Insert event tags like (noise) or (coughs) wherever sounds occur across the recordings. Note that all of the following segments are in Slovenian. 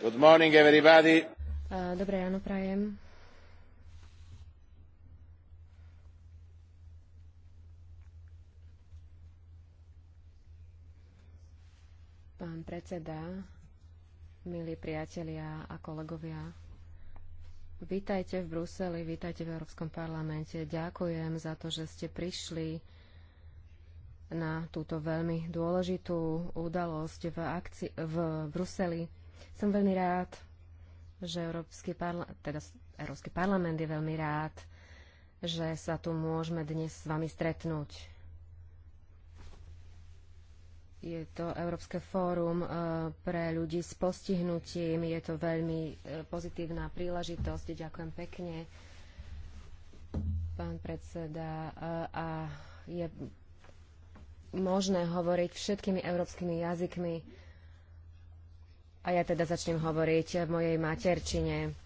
Good morning, everybody. Uh, eh, dobré ráno, prajem. Pán predseda, milí priatelia a kolegovia, vítajte v Bruseli, vítajte v Európskom parlamente. Ďakujem za to, že ste prišli na túto veľmi dôležitú udalosť v, akci- v Bruseli. Som veľmi rád, že Európsky, parla- teda Európsky parlament je veľmi rád, že sa tu môžeme dnes s vami stretnúť. Je to Európske fórum eh, pre ľudí s postihnutím. Je to veľmi eh, pozitívna príležitosť. Ďakujem pekne, pán predseda. Eh, a je možné hovoriť všetkými európskymi jazykmi. A ja teda začnem hovoriť v mojej materčine.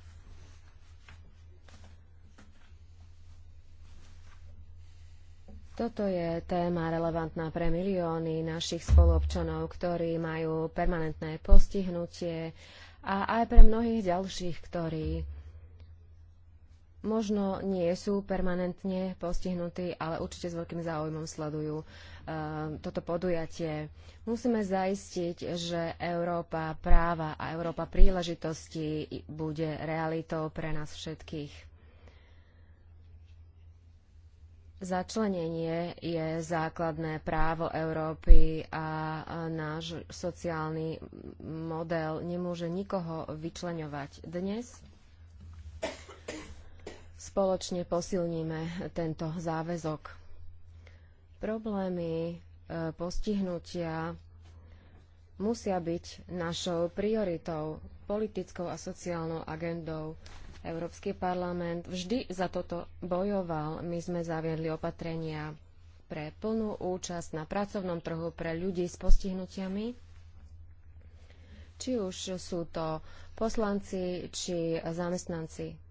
Toto je téma relevantná pre milióny našich spoluobčanov, ktorí majú permanentné postihnutie a aj pre mnohých ďalších, ktorí možno nie sú permanentne postihnutí, ale určite s veľkým záujmom sledujú uh, Ehm, toto podujatie. Musíme zaistiť, že Európa práva a Európa príležitosti bude realitou pre nás všetkých. Začlenenie je základné právo Európy a náš sociálny model nemôže nikoho vyčleňovať dnes. Spoločne posilníme tento záväzok problémy, e, postihnutia musia byť našou prioritou, politickou a sociálnou agendou. Európsky parlament vždy za toto bojoval. My sme zaviedli opatrenia pre plnú účasť na pracovnom trhu pre ľudí s postihnutiami. Či už sú to poslanci, či zamestnanci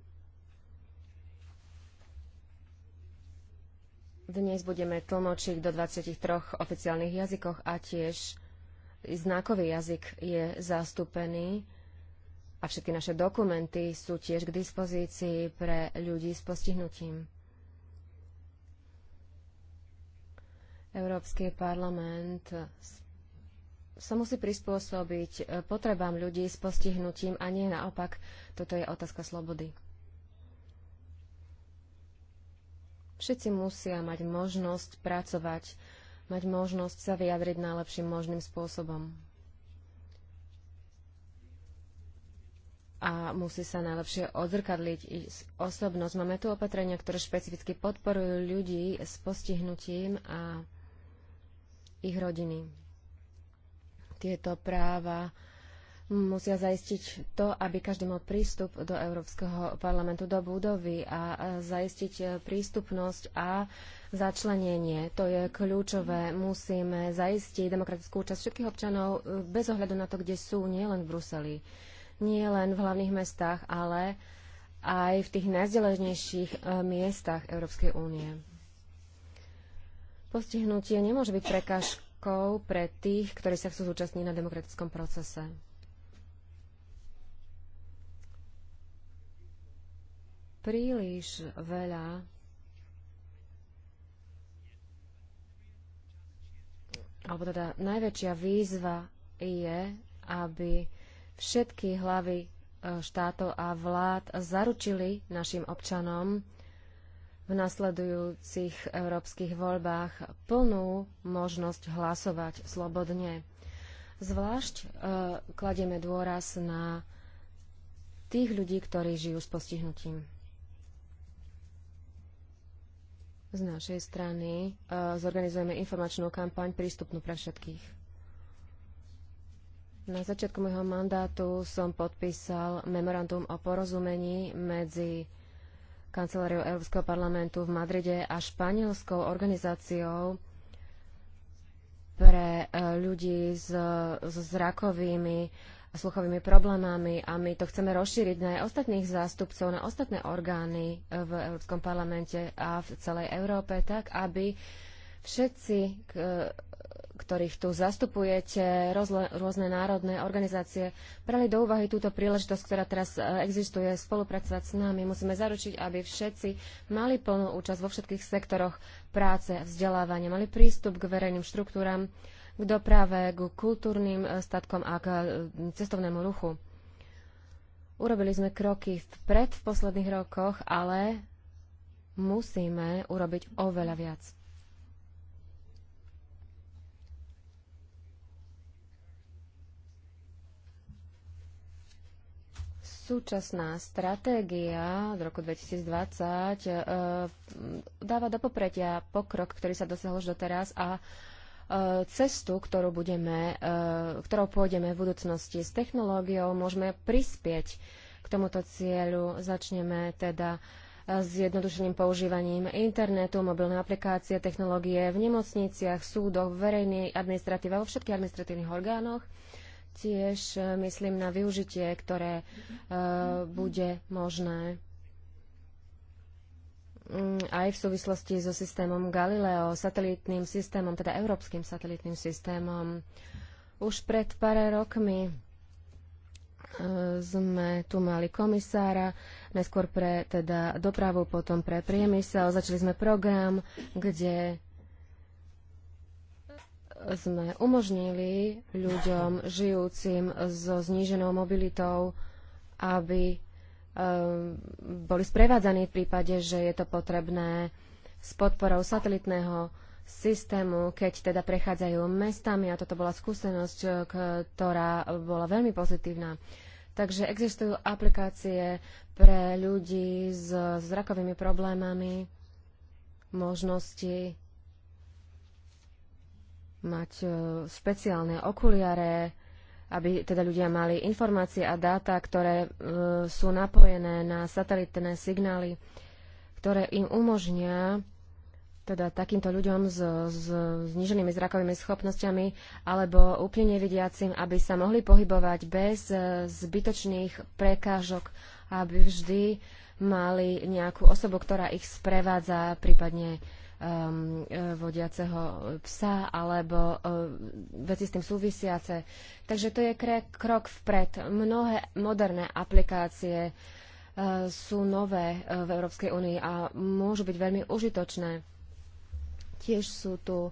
Dnes budeme tlmočiť do 23 oficiálnych jazykoch a tiež znakový jazyk je zastúpený a všetky naše dokumenty sú tiež k dispozícii pre ľudí s postihnutím. Európsky parlament sa musí prispôsobiť potrebám ľudí s postihnutím a nie naopak. Toto je otázka slobody. všetci musia mať možnosť pracovať, mať možnosť sa vyjadriť najlepším možným spôsobom. A musí sa najlepšie odzrkadliť ich osobnosť. Máme tu opatrenia, ktoré špecificky podporujú ľudí s postihnutím a ich rodiny. Tieto práva musia zaistiť to, aby každý mal prístup do Európskeho parlamentu, do budovy a zaistiť prístupnosť a začlenenie. To je kľúčové. Musíme zaistiť demokratickú účasť všetkých občanov e, bez ohľadu na to, kde sú, nielen v Bruseli, nielen v hlavných mestách, ale aj v tých najzdeležnejších e, miestach Európskej únie. Postihnutie nemôže byť prekážkou pre tých, ktorí sa chcú zúčastniť na demokratickom procese. príliš veľa alebo teda najväčšia výzva je, aby všetky hlavy e, štátov a vlád zaručili našim občanom v nasledujúcich európskych voľbách plnú možnosť hlasovať slobodne. Zvlášť e, kladieme dôraz na tých ľudí, ktorí žijú s postihnutím. Z našej strany uh, zorganizujeme informačnú kampaň prístupnú pre všetkých. Na začiatku môjho mandátu som podpísal memorandum o porozumení medzi Kanceláriou Európskeho parlamentu v Madride a Španielskou organizáciou pre uh, ľudí s, s zrakovými uh, sluchovými problémami a my to chceme rozšíriť na aj ostatných zástupcov, na ostatné orgány e, v Európskom parlamente a v celej Európe, tak aby všetci, k, e, ktorých tu zastupujete, rozle, rôzne národné organizácie, brali do úvahy túto príležitosť, ktorá teraz e, existuje, spolupracovať s nami. Musíme zaručiť, aby všetci mali plnú účasť vo všetkých sektoroch práce, vzdelávania, mali prístup k verejným štruktúram k doprave, k kultúrnym eh, statkom a k eh, cestovnému ruchu. Urobili sme kroky vpred v posledných rokoch, ale musíme urobiť oveľa viac. Súčasná stratégia z roku 2020 e, eh, dáva do popredia pokrok, ktorý sa dosiahol už doteraz a e, Eh, cestu, ktorú budeme, eh, ktorou pôjdeme v budúcnosti s technológiou, môžeme prispieť k tomuto cieľu. Začneme teda eh, s jednodušeným používaním internetu, mobilné aplikácie, technológie v nemocniciach, súdoch, verejnej administratíve, vo všetkých administratívnych orgánoch. Tiež myslím na využitie, ktoré uh, bude možné aj v súvislosti so systémom Galileo, satelitným systémom, teda európskym satelitným systémom. Už pred pár rokmi e, sme tu mali komisára, neskôr pre teda dopravu, potom pre priemysel. Začali sme program, kde sme umožnili ľuďom žijúcim so zníženou mobilitou, aby Eh, boli sprevádzaní v prípade, že je to potrebné s podporou satelitného systému, keď teda prechádzajú mestami a toto bola skúsenosť, eh, ktorá bola veľmi pozitívna. Takže existujú aplikácie pre ľudí s zrakovými problémami, možnosti mať špeciálne eh, okuliare, aby teda ľudia mali informácie a dáta, ktoré e, sú napojené na satelitné signály, ktoré im umožňa teda takýmto ľuďom s, s zniženými zrakovými schopnosťami alebo úplne nevidiacim, aby sa mohli pohybovať bez e, zbytočných prekážok, aby vždy mali nejakú osobu, ktorá ich sprevádza, prípadne um, eh, vodiaceho psa alebo uh, veci s tým súvisiace. Takže to je kre- krok vpred. Mnohé moderné aplikácie uh, sú nové uh, v Európskej únii a môžu byť veľmi užitočné. Tiež sú tu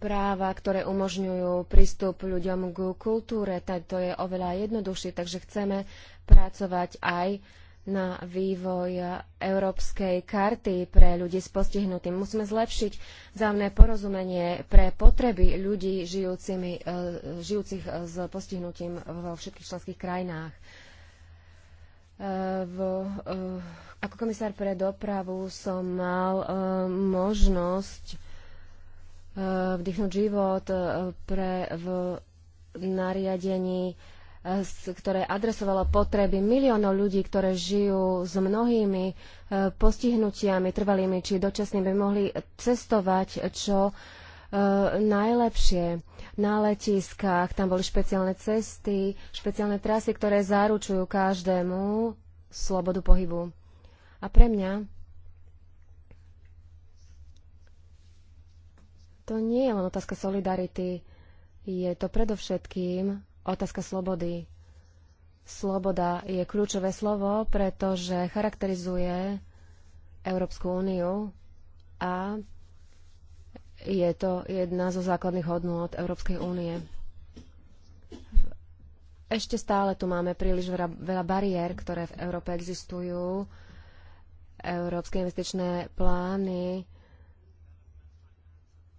práva, ktoré umožňujú prístup ľuďom k kultúre, tak to je oveľa jednoduchšie, takže chceme uh, pracovať aj na vývoj európskej karty pre ľudí s postihnutým. Musíme zlepšiť zájomné porozumenie pre potreby ľudí žijúcimi, e, žijúcich s postihnutím vo všetkých členských krajinách. E, v, e, ako komisár pre dopravu som mal možnosť vdychnúť život pre v nariadení Eh, ktoré adresovalo potreby miliónov ľudí, ktoré žijú s mnohými eh, postihnutiami trvalými či dočasnými, by mohli cestovať čo eh, najlepšie na letiskách. Tam boli špeciálne cesty, špeciálne trasy, ktoré zaručujú každému slobodu pohybu. A pre mňa to nie je len otázka solidarity, je to predovšetkým otázka slobody. Sloboda je kľúčové slovo, pretože charakterizuje Európsku úniu a je to jedna zo základných hodnôt Európskej únie. Ešte stále tu máme príliš veľa, veľa bariér, ktoré v Európe existujú. Európske investičné plány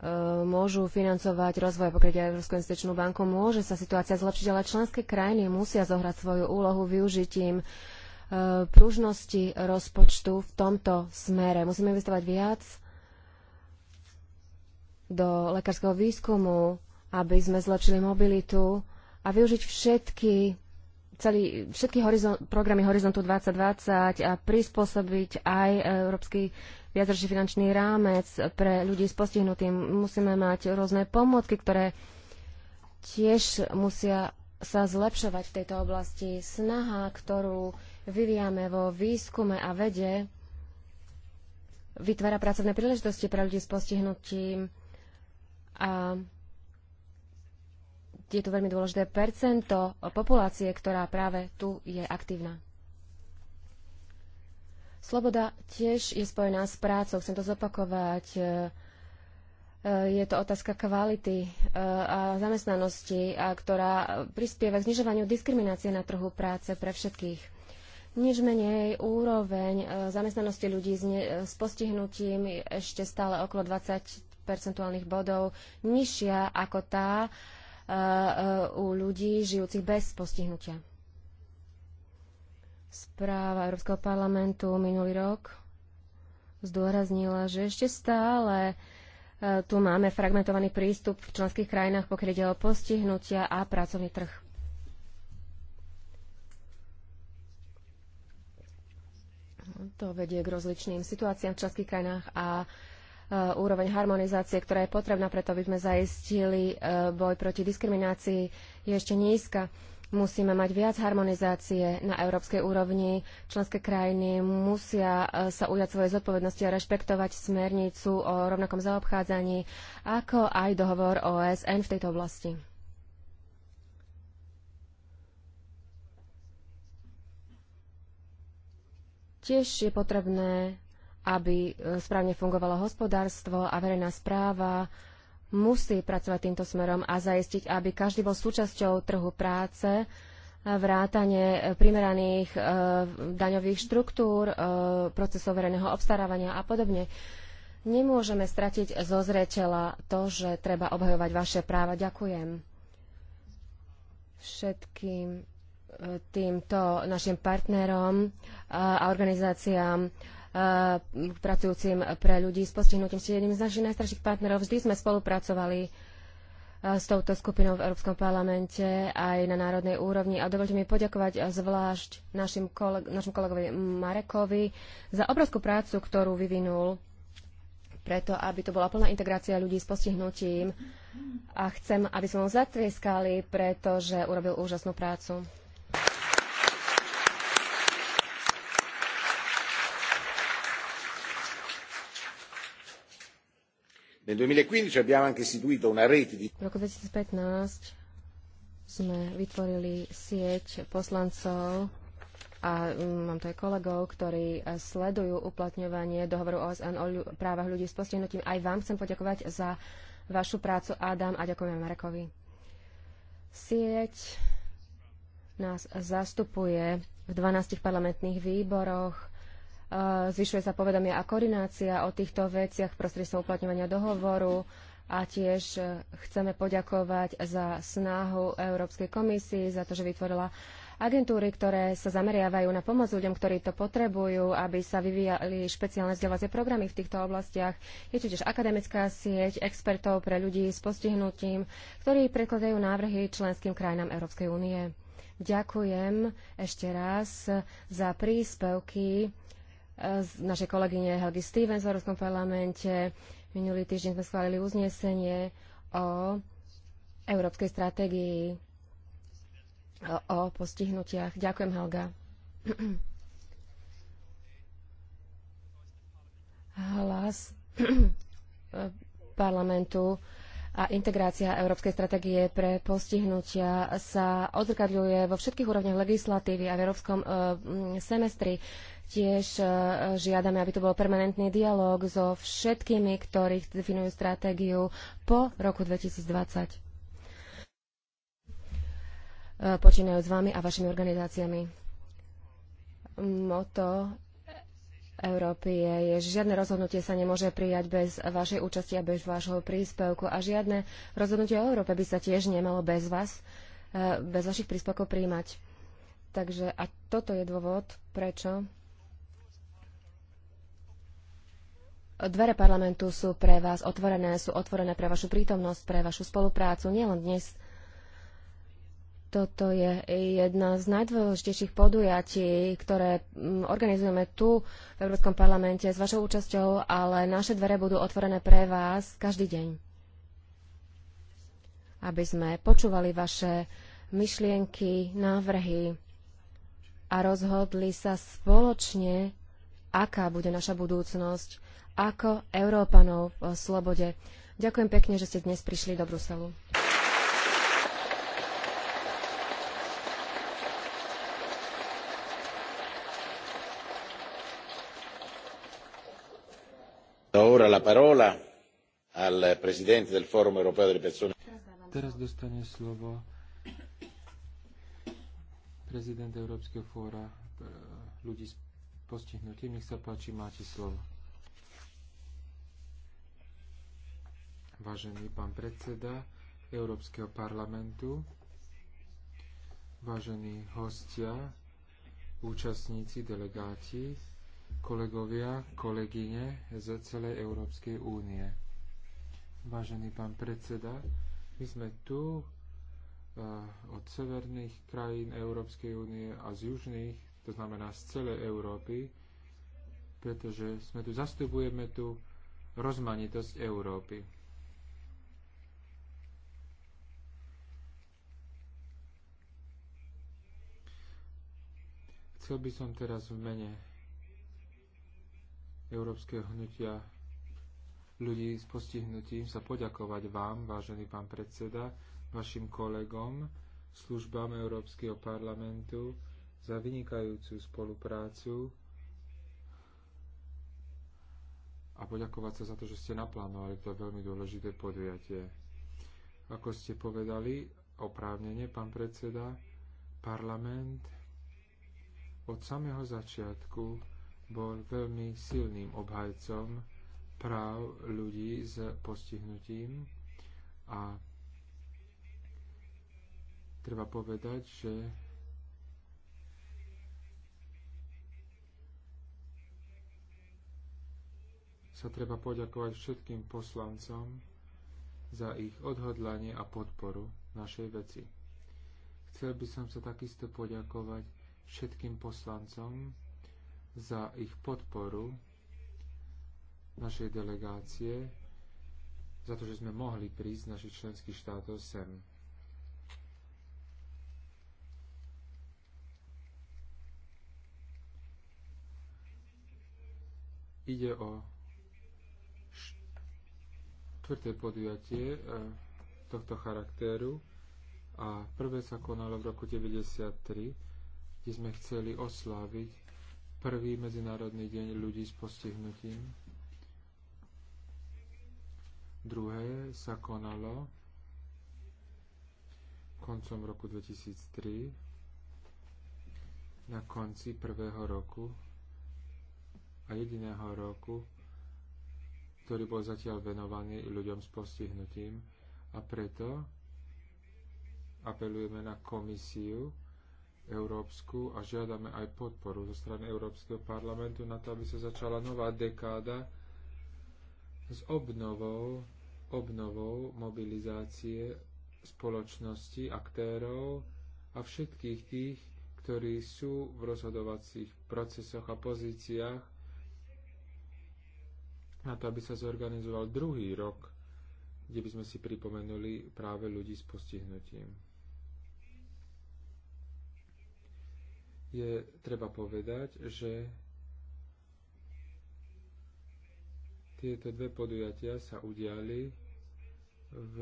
E, môžu financovať rozvoj pokrytia Európskou investičnú banku. Môže sa situácia zlepšiť, ale členské krajiny musia zohrať svoju úlohu využitím e, prúžnosti rozpočtu v tomto smere. Musíme investovať viac do lekárskeho výskumu, aby sme zlepšili mobilitu a využiť všetky, celý, všetky horizont, programy Horizontu 2020 a prispôsobiť aj Európsky viacročný finančný rámec pre ľudí s postihnutým. Musíme mať rôzne pomôcky, ktoré tiež musia sa zlepšovať v tejto oblasti. Snaha, ktorú vyvíjame vo výskume a vede, vytvára pracovné príležitosti pre ľudí s postihnutím a je to veľmi dôležité percento populácie, ktorá práve tu je aktívna. Sloboda tiež je spojená s prácou, chcem to zopakovať. E, e, je to otázka kvality e, a zamestnanosti, ktorá prispieva k znižovaniu diskriminácie na trhu práce pre všetkých. Nič menej úroveň zamestnanosti ľudí s postihnutím ešte stále okolo 20 percentuálnych bodov nižšia ako tá u ľudí žijúcich bez postihnutia. Správa Európskeho parlamentu minulý rok zdôraznila, že ešte stále e, tu máme fragmentovaný prístup v členských krajinách, pokiaľ ide o postihnutia a pracovný trh. To vedie k rozličným situáciám v členských krajinách a e, úroveň harmonizácie, ktorá je potrebná preto, aby sme zaistili e, boj proti diskriminácii, je ešte nízka musíme mať viac harmonizácie na európskej úrovni. Členské krajiny musia eh, sa ujať svoje zodpovednosti a rešpektovať smernicu o rovnakom zaobchádzaní, ako aj dohovor OSN v tejto oblasti. Tiež je potrebné, aby eh, správne fungovalo hospodárstvo a verejná správa, musí pracovať týmto smerom a zaistiť, aby každý bol súčasťou trhu práce, vrátanie eh, primeraných eh, daňových štruktúr, eh, procesov verejného obstarávania a podobne. Nemôžeme stratiť zo zreteľa to, že treba obhajovať vaše práva. Ďakujem všetkým týmto našim partnerom a organizáciám, uh, pracujúcim pre ľudí s postihnutím ste jedným z našich najstarších partnerov. Vždy sme spolupracovali eh, s touto skupinou v Európskom parlamente aj na národnej úrovni. A dovolte mi poďakovať eh, zvlášť našim koleg- našom kolegovi Marekovi za obrovskú prácu, ktorú vyvinul preto, aby to bola plná integrácia ľudí s postihnutím. A chcem, aby sme mu zatrieskali, pretože urobil úžasnú prácu. Nel 2015 abbiamo anche istituito una rete di... V roku 2015 sme vytvorili sieť poslancov a mm, mám tu aj kolegov, ktorí e, sledujú uplatňovanie dohovoru OSN o právach ľudí s postihnutím. Aj vám chcem poďakovať za vašu prácu, Adam, a ďakujem Marekovi. Sieť nás zastupuje v 12 parlamentných výboroch, zvyšuje sa povedomie a koordinácia o týchto veciach prostredníctvom uplatňovania dohovoru a tiež e, chceme poďakovať za snahu Európskej komisii, za to, že vytvorila agentúry, ktoré sa zameriavajú na pomoc ľuďom, ktorí to potrebujú, aby sa vyvíjali špeciálne vzdelávacie programy v týchto oblastiach. Je tiež akademická sieť expertov pre ľudí s postihnutím, ktorí prekladajú návrhy členským krajinám Európskej únie. Ďakujem ešte raz za príspevky z našej kolegyne Helgi Stevens v Európskom parlamente. Minulý týždeň sme schválili uznesenie o európskej stratégii o, o postihnutiach. Ďakujem, Helga. (clears throat) Hlas parlamentu a integrácia európskej stratégie pre postihnutia sa odzrkadľuje vo všetkých úrovniach legislatívy a v európskom e, semestri. E, tiež e, žiadame, aby to bol permanentný dialog so všetkými, ktorí definujú stratégiu po roku 2020. E, počínajú s vami a vašimi organizáciami. Moto Európy je, je, že žiadne rozhodnutie sa nemôže prijať bez vašej účasti a bez vášho príspevku a žiadne rozhodnutie o Európe by sa tiež nemalo bez vás, e, bez vašich príspevkov príjmať. Takže a toto je dôvod, prečo Dvere parlamentu sú pre vás otvorené, sú otvorené pre vašu prítomnosť, pre vašu spoluprácu, nielen dnes. Toto je jedna z najdôležitejších podujatí, ktoré mm, organizujeme tu v Európskom parlamente s vašou účasťou, ale naše dvere budú otvorené pre vás každý deň, aby sme počúvali vaše myšlienky, návrhy a rozhodli sa spoločne, aká bude naša budúcnosť ako Európanov v slobode. Ďakujem pekne, že ste dnes prišli do Bruselu. Ora la parola al presidente del Forum Europeo delle Persone. Teraz dostanie slovo prezident Európskeho fóra e, ľudí s postihnutím. Nech sa páči, máte slovo. Vážený pán predseda Európskeho parlamentu, vážení hostia, účastníci, delegáti, kolegovia, kolegyne zo celej Európskej únie. Vážený pán predseda, my sme tu uh, od severných krajín Európskej únie a z južných, to znamená z celej Európy, pretože sme tu, zastupujeme tu rozmanitosť Európy. chcel by som teraz v mene Európskeho hnutia ľudí s postihnutím sa poďakovať vám, vážený pán predseda, vašim kolegom, službám Európskeho parlamentu za vynikajúcu spoluprácu a poďakovať sa za to, že ste naplánovali to veľmi dôležité podujatie. Ako ste povedali, oprávnene, pán predseda, parlament od samého začiatku bol veľmi silným obhajcom práv ľudí s postihnutím a treba povedať, že sa treba poďakovať všetkým poslancom za ich odhodlanie a podporu našej veci. Chcel by som sa takisto poďakovať všetkým poslancom za ich podporu našej delegácie, za to, že sme mohli prísť z našich členských štátov sem. Ide o štvrté podujatie eh, tohto charakteru a prvé sa konalo v roku 1993 kde sme chceli osláviť prvý medzinárodný deň ľudí s postihnutím. Druhé sa konalo koncom roku 2003 na konci prvého roku a jediného roku, ktorý bol zatiaľ venovaný ľuďom s postihnutím a preto apelujeme na komisiu, Evropsku a žiadame aj podporu zo strany Európskeho parlamentu na to, aby sa začala nová dekáda s obnovou, obnovou mobilizácie spoločnosti, aktérov a všetkých tých, ktorí sú v rozhodovacích procesoch a pozíciách na to, aby sa zorganizoval druhý rok, kde by sme si pripomenuli práve ľudí s postihnutím. je treba povedať, že tieto dve podujatia sa udiali v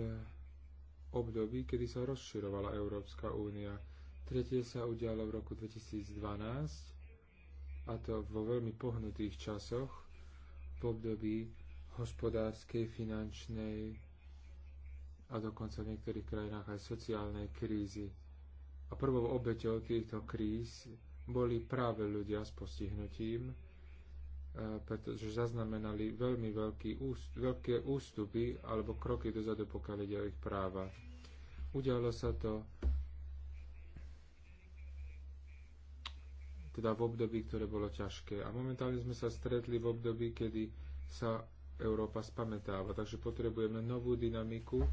období, kedy sa rozširovala Európska únia. Tretie sa udialo v roku 2012 a to vo veľmi pohnutých časoch v období hospodárskej, finančnej a dokonca v niektorých krajinách aj sociálnej krízy a prvou obeťou týchto kríz boli práve ľudia s postihnutím, e, pretože zaznamenali veľmi veľký úst, veľké ústupy alebo kroky dozadu, pokiaľ ide o ich práva. Udialo sa to teda v období, ktoré bolo ťažké. A momentálne sme sa stretli v období, kedy sa Európa spametáva. Takže potrebujeme novú dynamiku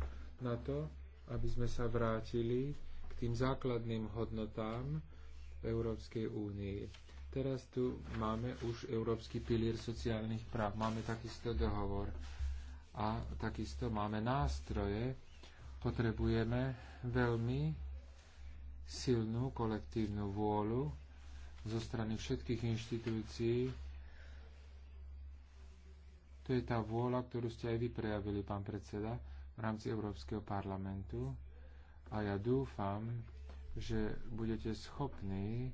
na to, aby sme sa vrátili tým základným hodnotám v Európskej únii. Teraz tu máme už Európsky pilier sociálnych práv, máme takisto dohovor a takisto máme nástroje. Potrebujeme veľmi silnú kolektívnu vôľu zo strany všetkých inštitúcií. To je tá vôľa, ktorú ste aj vy prejavili, pán predseda, v rámci Európskeho parlamentu. A ja dúfam, že budete schopní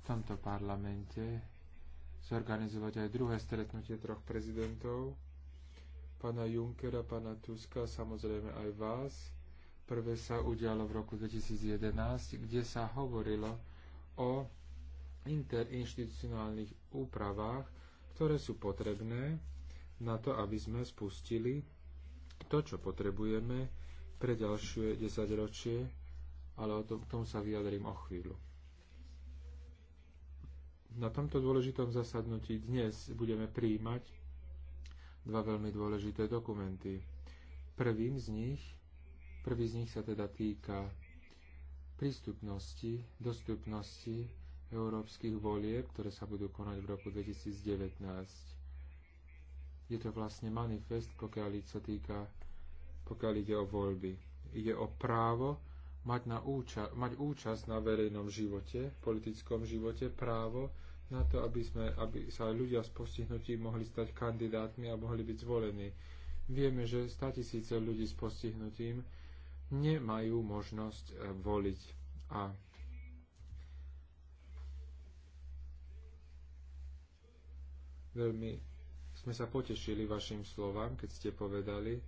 v tomto parlamente zorganizovať aj druhé stretnutie troch prezidentov, pána Junckera, pána Tuska, samozrejme aj vás. Prvé sa udialo v roku 2011, kde sa hovorilo o interinstitucionálnych úpravách, ktoré sú potrebné na to, aby sme spustili to, čo potrebujeme, pre ďalšie desaťročie, ale o tom, tom sa vyjadrím o chvíľu. Na tomto dôležitom zasadnutí dnes budeme prijímať dva veľmi dôležité dokumenty. Prvým z nich, prvý z nich sa teda týka prístupnosti, dostupnosti európskych volieb, ktoré sa budú konať v roku 2019. Je to vlastne manifest, pokiaľ sa týka pokiaľ ide o voľby. Ide o právo mať, na úča- mať účasť na verejnom živote, politickom živote, právo na to, aby, sme, aby sa ľudia s postihnutím mohli stať kandidátmi a mohli byť zvolení. Vieme, že statisíce ľudí s postihnutím nemajú možnosť eh, voliť. A veľmi sme sa potešili vašim slovám, keď ste povedali,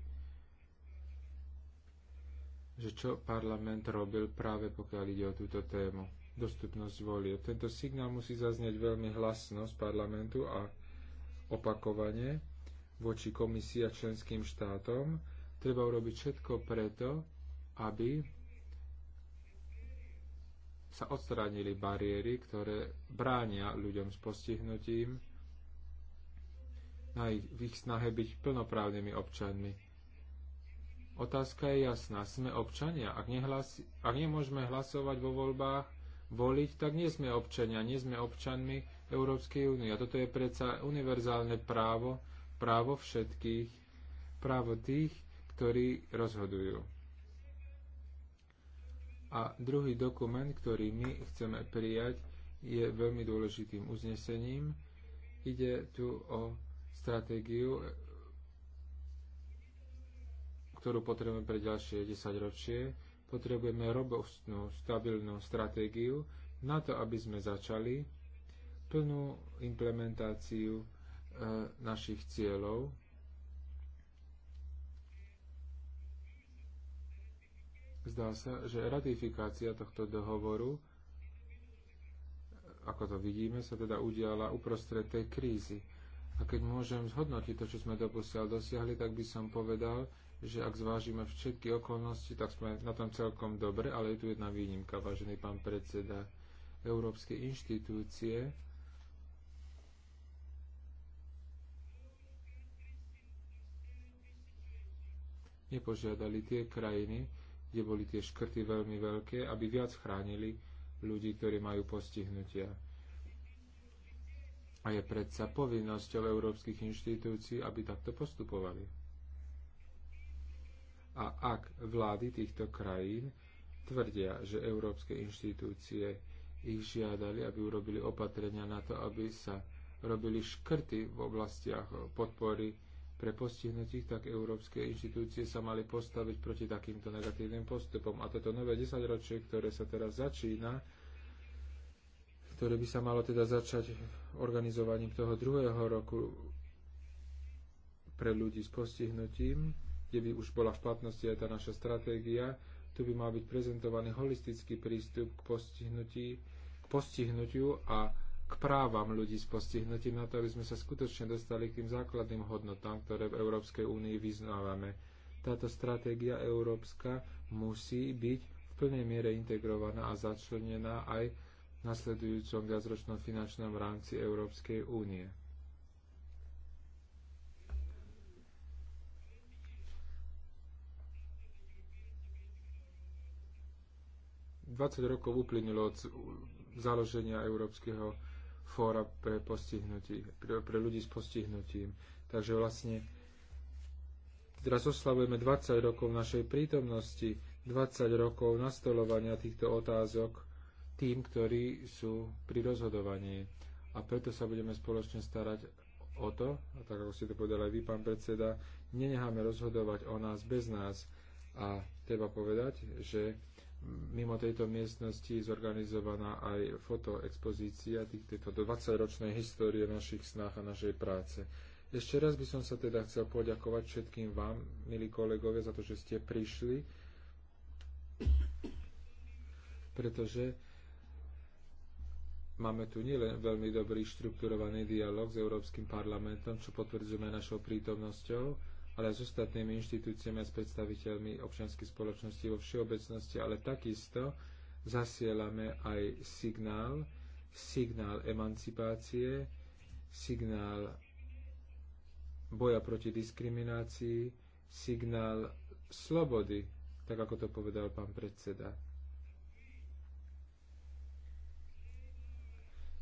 že čo parlament robil práve pokiaľ ide o túto tému. Dostupnosť volie. Tento signál musí zaznieť veľmi hlasno z parlamentu a opakovane voči komisii a členským štátom. Treba urobiť všetko preto, aby sa odstránili bariéry, ktoré bránia ľuďom s postihnutím na ich, v ich snahe byť plnoprávnymi občanmi. Otázka je jasná. Sme občania. Ak, nehlasi, ak nemôžeme hlasovať vo voľbách, voliť, tak nie sme občania, nie sme občanmi Európskej únie. A toto je predsa univerzálne právo, právo všetkých, právo tých, ktorí rozhodujú. A druhý dokument, ktorý my chceme prijať, je veľmi dôležitým uznesením. Ide tu o stratégiu ktorú potrebujeme pre ďalšie 10 ročie, potrebujeme robustnú, stabilnú stratégiu na to, aby sme začali plnú implementáciu e, našich cieľov. Zdá sa, že ratifikácia tohto dohovoru, ako to vidíme, sa teda udiala uprostred tej krízy. A keď môžem zhodnotiť to, čo sme doposiaľ dosiahli, tak by som povedal, že ak zvážime všetky okolnosti, tak sme na tom celkom dobre, ale je tu jedna výnimka, vážený pán predseda Európskej inštitúcie. Nepožiadali tie krajiny, kde boli tie škrty veľmi veľké, aby viac chránili ľudí, ktorí majú postihnutia. A je predsa povinnosťou európskych inštitúcií, aby takto postupovali. A ak vlády týchto krajín tvrdia, že európske inštitúcie ich žiadali, aby urobili opatrenia na to, aby sa robili škrty v oblastiach podpory pre postihnutých, tak európske inštitúcie sa mali postaviť proti takýmto negatívnym postupom. A toto nové desaťročie, ktoré sa teraz začína, ktoré by sa malo teda začať organizovaním toho druhého roku pre ľudí s postihnutím, kde by už bola v platnosti aj tá naša stratégia. Tu by mal byť prezentovaný holistický prístup k, k postihnutiu a k právam ľudí s postihnutím na to, aby sme sa skutočne dostali k tým základným hodnotám, ktoré v Európskej únii vyznávame. Táto stratégia európska musí byť v plnej miere integrovaná a začlenená aj v nasledujúcom viacročnom finančnom rámci Európskej únie. 20 rokov uplynulo od založenia Európskeho fóra pre, postihnutí, pre, pre ľudí s postihnutím. Takže vlastne teraz oslavujeme 20 rokov našej prítomnosti, 20 rokov nastolovania týchto otázok tým, ktorí sú pri rozhodovaní. A preto sa budeme spoločne starať o to, a tak ako ste to povedali aj vy, pán predseda, nenecháme rozhodovať o nás bez nás. A treba povedať, že mimo tejto miestnosti zorganizovaná aj fotoexpozícia týchto 20-ročnej histórie našich snách a našej práce. Ešte raz by som sa teda chcel poďakovať všetkým vám, milí kolegovia, za to, že ste prišli, pretože máme tu nielen veľmi dobrý štrukturovaný dialog s Európskym parlamentom, čo potvrdzujeme našou prítomnosťou, ale aj s ostatnými inštitúciami a s predstaviteľmi občianskej spoločnosti vo všeobecnosti, ale takisto zasielame aj signál, signál emancipácie, signál boja proti diskriminácii, signál slobody, tak ako to povedal pán predseda.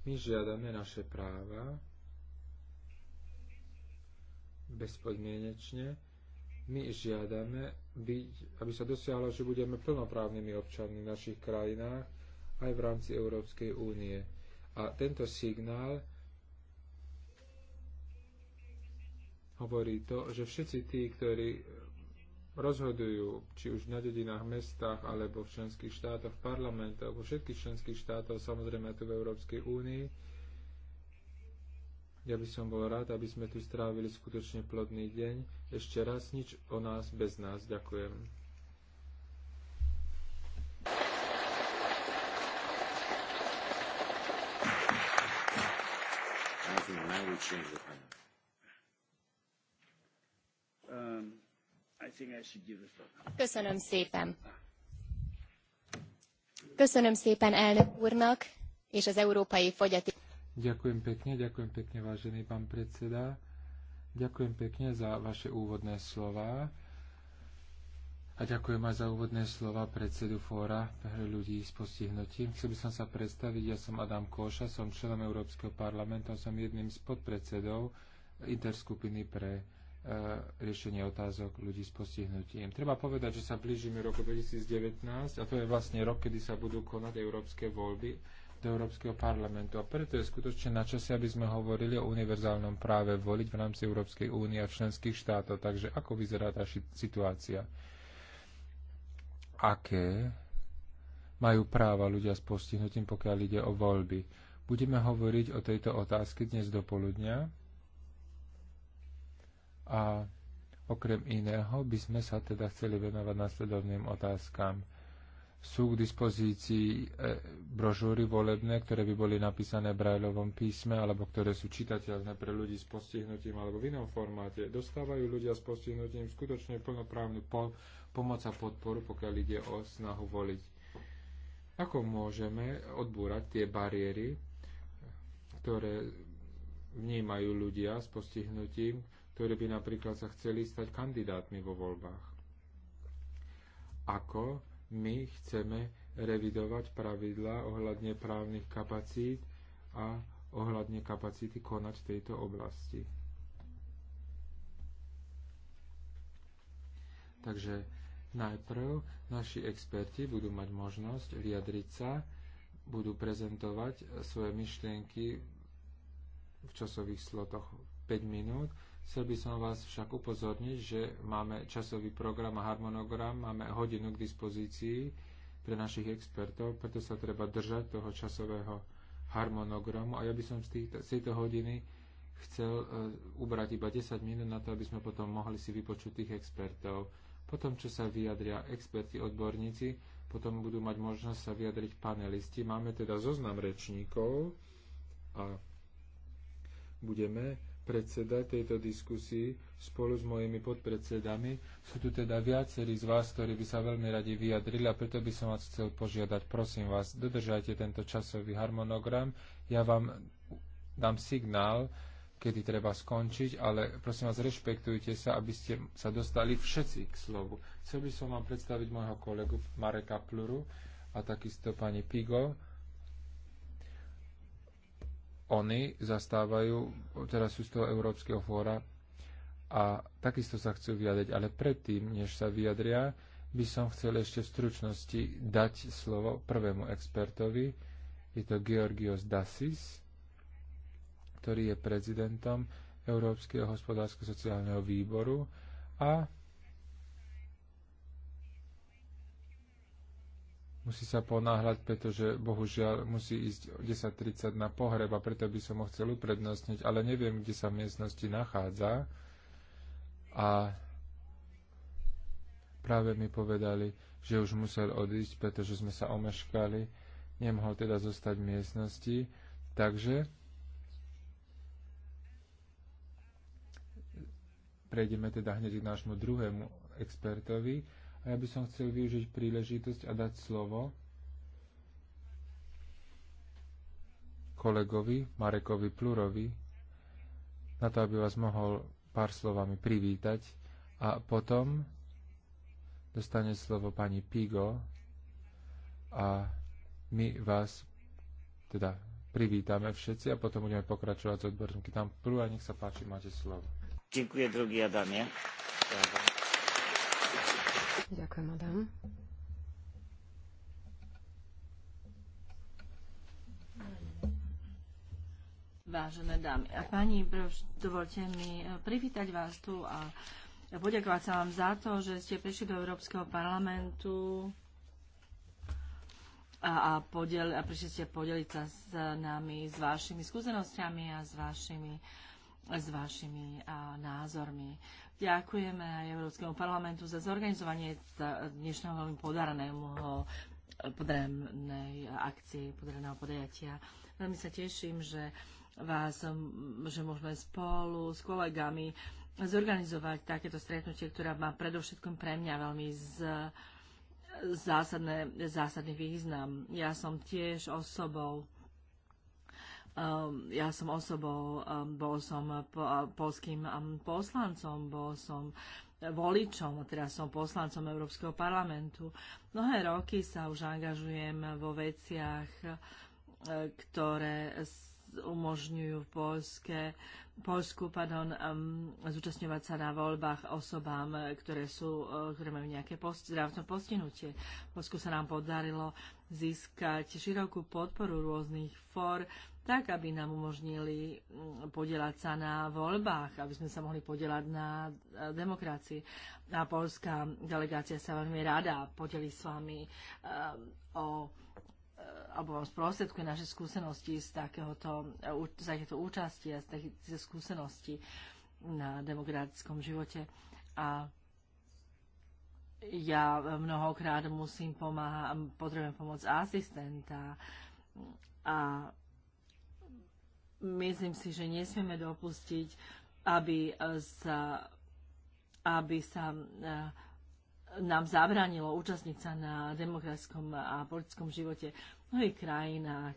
My žiadame naše práva, bezpodmienečne, my žiadame, byť, aby sa dosiahlo, že budeme plnoprávnymi občanmi v našich krajinách aj v rámci Európskej únie. A tento signál hovorí to, že všetci tí, ktorí rozhodujú, či už na dedinách, mestách, alebo v členských štátoch, v parlamentoch, vo všetkých členských štátoch, samozrejme tu v Európskej únii, Ja by som bol rád, aby sme tu strávili skutočne plodný deň. Ešte raz nič o nás bez nás. Ďakujem. Um, Köszönöm szépen. Köszönöm szépen elnök úrnak és az európai fogyatékos. Ďakujem pekne, ďakujem pekne, vážený pán predseda. Ďakujem pekne za vaše úvodné slova. A ďakujem aj za úvodné slova predsedu fóra pre ľudí s postihnutím. Chcel by som sa predstaviť, ja som Adam Koša, som členom Európskeho parlamentu, som jedným z podpredsedov interskupiny pre e, riešenie otázok ľudí s postihnutím. Treba povedať, že sa blížime roku 2019 a to je vlastne rok, kedy sa budú konať európske voľby do Európskeho parlamentu. A preto je skutočne na čase, aby ja, sme hovorili o univerzálnom práve voliť v rámci Európskej únie a členských štátov. Takže ako vyzerá tá situácia? Aké majú práva ľudia s postihnutím, pokiaľ ide o voľby? Budeme hovoriť o tejto otázke dnes do poludnia. A okrem iného by sme sa teda chceli venovať nasledovným otázkam sú k dispozícii e, brožúry volebné, ktoré by boli napísané v brajlovom písme, alebo ktoré sú čitateľné pre ľudí s postihnutím alebo v inom formáte. Dostávajú ľudia s postihnutím skutočne plnoprávnu pomoc a podporu, pokiaľ ide o snahu voliť. Ako môžeme odbúrať tie bariéry, ktoré vnímajú ľudia s postihnutím, ktorí by napríklad sa chceli stať kandidátmi vo voľbách? Ako my chceme revidovať pravidla ohľadne právnych kapacít a ohľadne kapacity konať v tejto oblasti. Takže najprv naši experti budú mať možnosť vyjadriť sa, budú prezentovať svoje myšlienky v časových slotoch 5 minút, chcel by som vás však upozorniť, že máme časový program a harmonogram, máme hodinu k dispozícii pre našich expertov, preto sa treba držať toho časového harmonogramu a ja by som z tejto hodiny chcel e, ubrať iba 10 minút na to, aby sme potom mohli si vypočuť tých expertov. Potom, čo sa vyjadria experti, odborníci, potom budú mať možnosť sa vyjadriť panelisti. Máme teda zoznam rečníkov a budeme predseda tejto diskusii spolu s mojimi podpredsedami. Sú tu teda viacerí z vás, ktorí by sa veľmi radi vyjadrili a preto by som vás chcel požiadať, prosím vás, dodržajte tento časový harmonogram. Ja vám dám signál, kedy treba skončiť, ale prosím vás, rešpektujte sa, aby ste sa dostali všetci k slovu. Chcel by som vám predstaviť môjho kolegu Mareka Pluru a takisto pani Pigo oni zastávajú, teraz sú z toho Európskeho fóra a takisto sa chcú vyjadriť, ale predtým, než sa vyjadria, by som chcel ešte v stručnosti dať slovo prvému expertovi, je to Georgios Dasis, ktorý je prezidentom Európskeho hospodársko-sociálneho výboru a musí sa ponáhľať, pretože bohužiaľ musí ísť 10.30 na pohreb a preto by som ho chcel uprednostniť, ale neviem, kde sa v miestnosti nachádza. A práve mi povedali, že už musel odísť, pretože sme sa omeškali, nemohol teda zostať v miestnosti. Takže prejdeme teda hneď k nášmu druhému expertovi. A ja by som chcel využiť príležitosť a dať slovo kolegovi Marekovi Plurovi na to, aby vás mohol pár slovami privítať. A potom dostane slovo pani Pigo a my vás teda privítame všetci a potom budeme pokračovať s odborníky. Tam Plur, a nech sa páči, máte slovo. Ďakujem, drugi Adamie. Ďakujem. Ďakujem, Adam. Vážené dámy a páni, dovolte mi eh, privítať vás tu a poďakovať sa vám za to, že ste prišli do Európskeho parlamentu a, a, podeli, a prišli ste podeliť sa s nami s vašimi skúsenostiami a s vašimi, s vašimi a, názormi. Ďakujeme aj Európskemu parlamentu za zorganizovanie dnešného veľmi podareného podarenej akcie, podareného podajatia. Veľmi sa teším, že vás, že môžeme spolu s kolegami zorganizovať takéto stretnutie, ktoré má predovšetkom pre mňa veľmi z, zásadné, zásadný význam. Ja som tiež osobou, Um, ja sem osoba, um, bol som uh, po, uh, polským um, poslancom, bol som uh, voličom, teraz som poslancom Európskeho parlamentu. Mnohé roky sa už angažujem vo veciach, ktoré umožňujú v Polske, Polsku pardon, um, zúčastňovať sa na voľbách osobám, ktoré, sú, ktoré majú nejaké post, zdravotné postihnutie. V Polsku sa nám podarilo získať širokú podporu rôznych fór, tak, aby nám umožnili mm, podielať sa na voľbách, aby sme sa mohli podielať na e, demokracii. A polská delegácia sa veľmi rada podeli s vami e, o e, alebo vám sprostredkuje naše skúsenosti z takéhoto z takéto účasti a z takéto skúsenosti na demokratickom živote. A ja mnohokrát musím pomáhať, potrebujem pomoc asistenta a myslím si, že nesmieme dopustiť, aby eh, sa, aby sa eh, nám zabránilo účastniť sa na demokratickom a politickom živote v mnohých krajinách.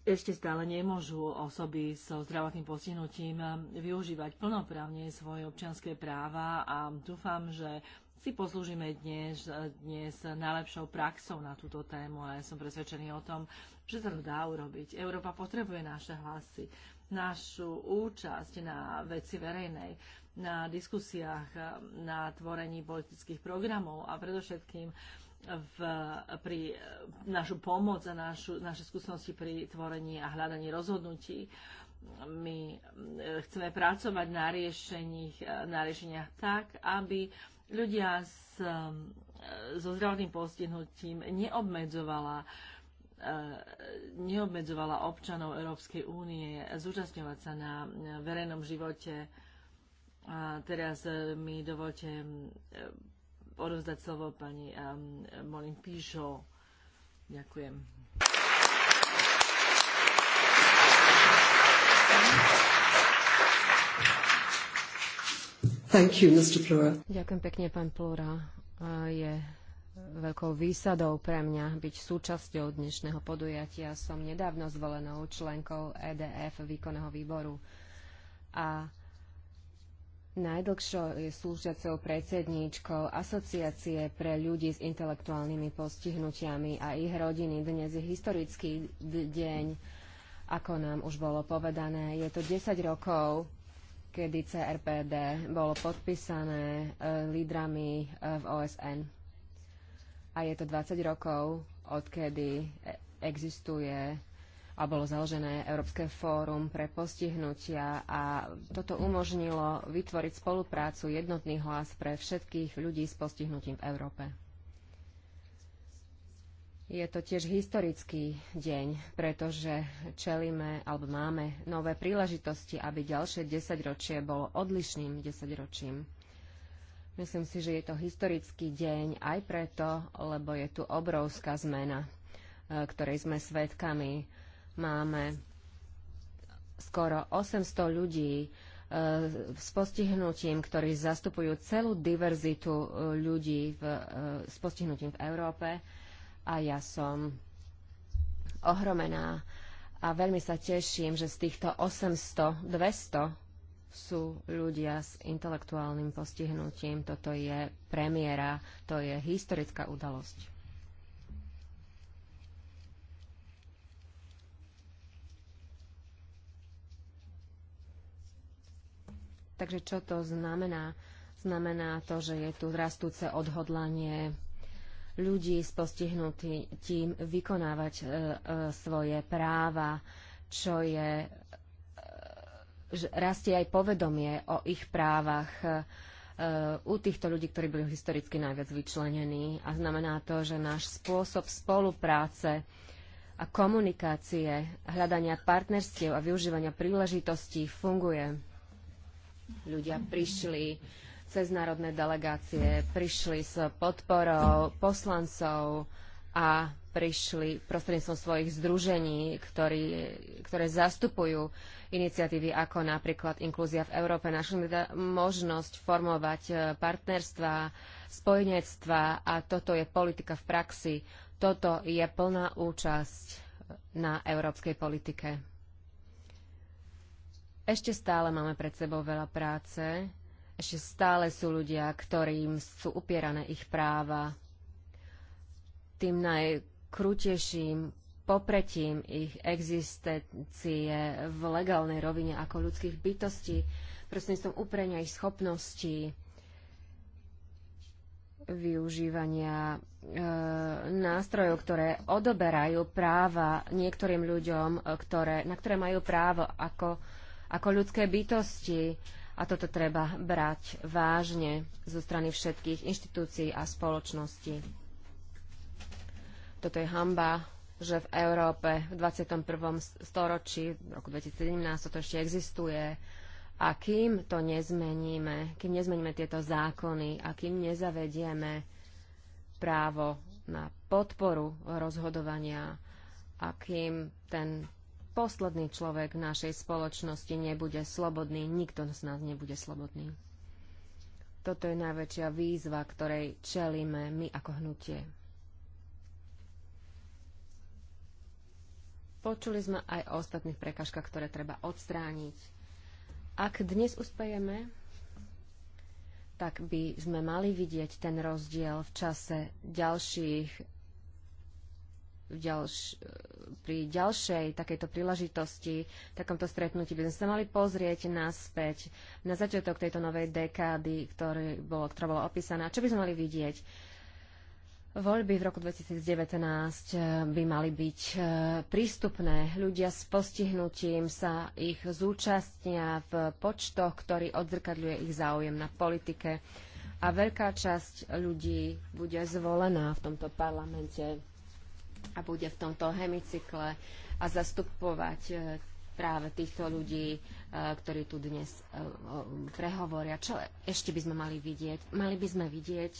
Ešte stále nemôžu osoby so zdravotným postihnutím eh, využívať plnoprávne svoje občianské práva a dúfam, že si poslúžime dnes, dnes najlepšou praxou na túto tému a ja som presvedčený o tom, že sa to dá urobiť. Európa potrebuje naše hlasy, našu účasť na veci verejnej, na diskusiách, na tvorení politických programov a predovšetkým v, pri našu pomoc a našu, naše skúsenosti pri tvorení a hľadaní rozhodnutí. My chceme pracovať na riešeniach, na riešeniach tak, aby ľudia s, um, so zdravotným postihnutím neobmedzovala uh, neobmedzovala občanov Európskej únie zúčastňovať sa na verejnom živote. A teraz uh, mi dovolte um, odovzdať slovo pani um, Molin Píšo. Ďakujem. Thank you. Thank you, Mr. Plura. Ďakujem pekne, pán Plura. Je veľkou výsadou pre mňa byť súčasťou dnešného podujatia. Som nedávno zvolenou členkou EDF výkonného výboru a najdlhšou je súčasťou predsedníčkou Asociácie pre ľudí s intelektuálnymi postihnutiami a ich rodiny. Dnes je historický d- deň, ako nám už bolo povedané. Je to 10 rokov kedy CRPD bolo podpísané eh, lídrami eh, v OSN. A je to 20 rokov, odkedy eh, existuje a bolo založené Európske fórum pre postihnutia a toto umožnilo vytvoriť spoluprácu jednotný hlas pre všetkých ľudí s postihnutím v Európe. Je to tiež historický deň, pretože čelíme alebo máme nové príležitosti, aby ďalšie desaťročie bolo odlišným desaťročím. Myslím si, že je to historický deň aj preto, lebo je tu obrovská zmena, e, ktorej sme svedkami. Máme skoro 800 ľudí e, s postihnutím, ktorí zastupujú celú diverzitu e, ľudí v, s postihnutím v Európe a ja som ohromená a veľmi sa teším, že z týchto 800, 200 sú ľudia s intelektuálnym postihnutím. Toto je premiéra, to je historická udalosť. Takže čo to znamená? Znamená to, že je tu rastúce odhodlanie ľudí s postihnutím vykonávať e, e, svoje práva, čo je, e, že rastie aj povedomie o ich právach e, u týchto ľudí, ktorí boli historicky najviac vyčlenení. A znamená to, že náš spôsob spolupráce a komunikácie, hľadania partnerstiev a využívania príležitostí funguje. Ľudia prišli, ceznárodné delegácie prišli s podporou poslancov a prišli prostredníctvom svojich združení, ktorý, ktoré zastupujú iniciatívy ako napríklad Inklúzia v Európe. Našli sme teda možnosť formovať e, partnerstva, spojenectva a toto je politika v praxi. Toto je plná účasť e, na európskej politike. Ešte stále máme pred sebou veľa práce že stále sú ľudia, ktorým sú upierané ich práva. Tým najkrutejším popretím ich existencie v legálnej rovine ako ľudských bytostí, prostredníctvom uprenia ich schopností využívania e, nástrojov, ktoré odoberajú práva niektorým ľuďom, e, ktoré, na ktoré majú právo ako, ako ľudské bytosti. E, A toto treba brať vážne zo strany všetkých inštitúcií a spoločností. Toto je hamba, že v Európe v 21. storočí, v roku 2017, toto ešte existuje. A kým to nezmeníme, kým nezmeníme tieto zákony a kým nezavedieme právo na podporu rozhodovania a kým ten posledný človek v našej spoločnosti nebude slobodný, nikto z nás nebude slobodný. Toto je najväčšia výzva, ktorej čelíme my ako hnutie. Počuli sme aj o ostatných prekažkách, ktoré treba odstrániť. Ak dnes uspejeme, tak by sme mali vidieť ten rozdiel v čase ďalších v ďalš- pri ďalšej takejto príležitosti, takomto stretnutí by sme sa mali pozrieť naspäť na začiatok tejto novej dekády, ktorý bolo, ktorá bola opísaná. Čo by sme mali vidieť? Voľby v roku 2019 eh, by mali byť eh, prístupné. Ľudia s postihnutím sa ich zúčastnia v počtoch, ktorý odzrkadľuje ich záujem na politike. A veľká časť ľudí bude zvolená v tomto parlamente a bude v tomto hemicykle a zastupovať e, práve týchto ľudí, e, ktorí tu dnes e, prehovoria. Čo ešte by sme mali vidieť? Mali by sme vidieť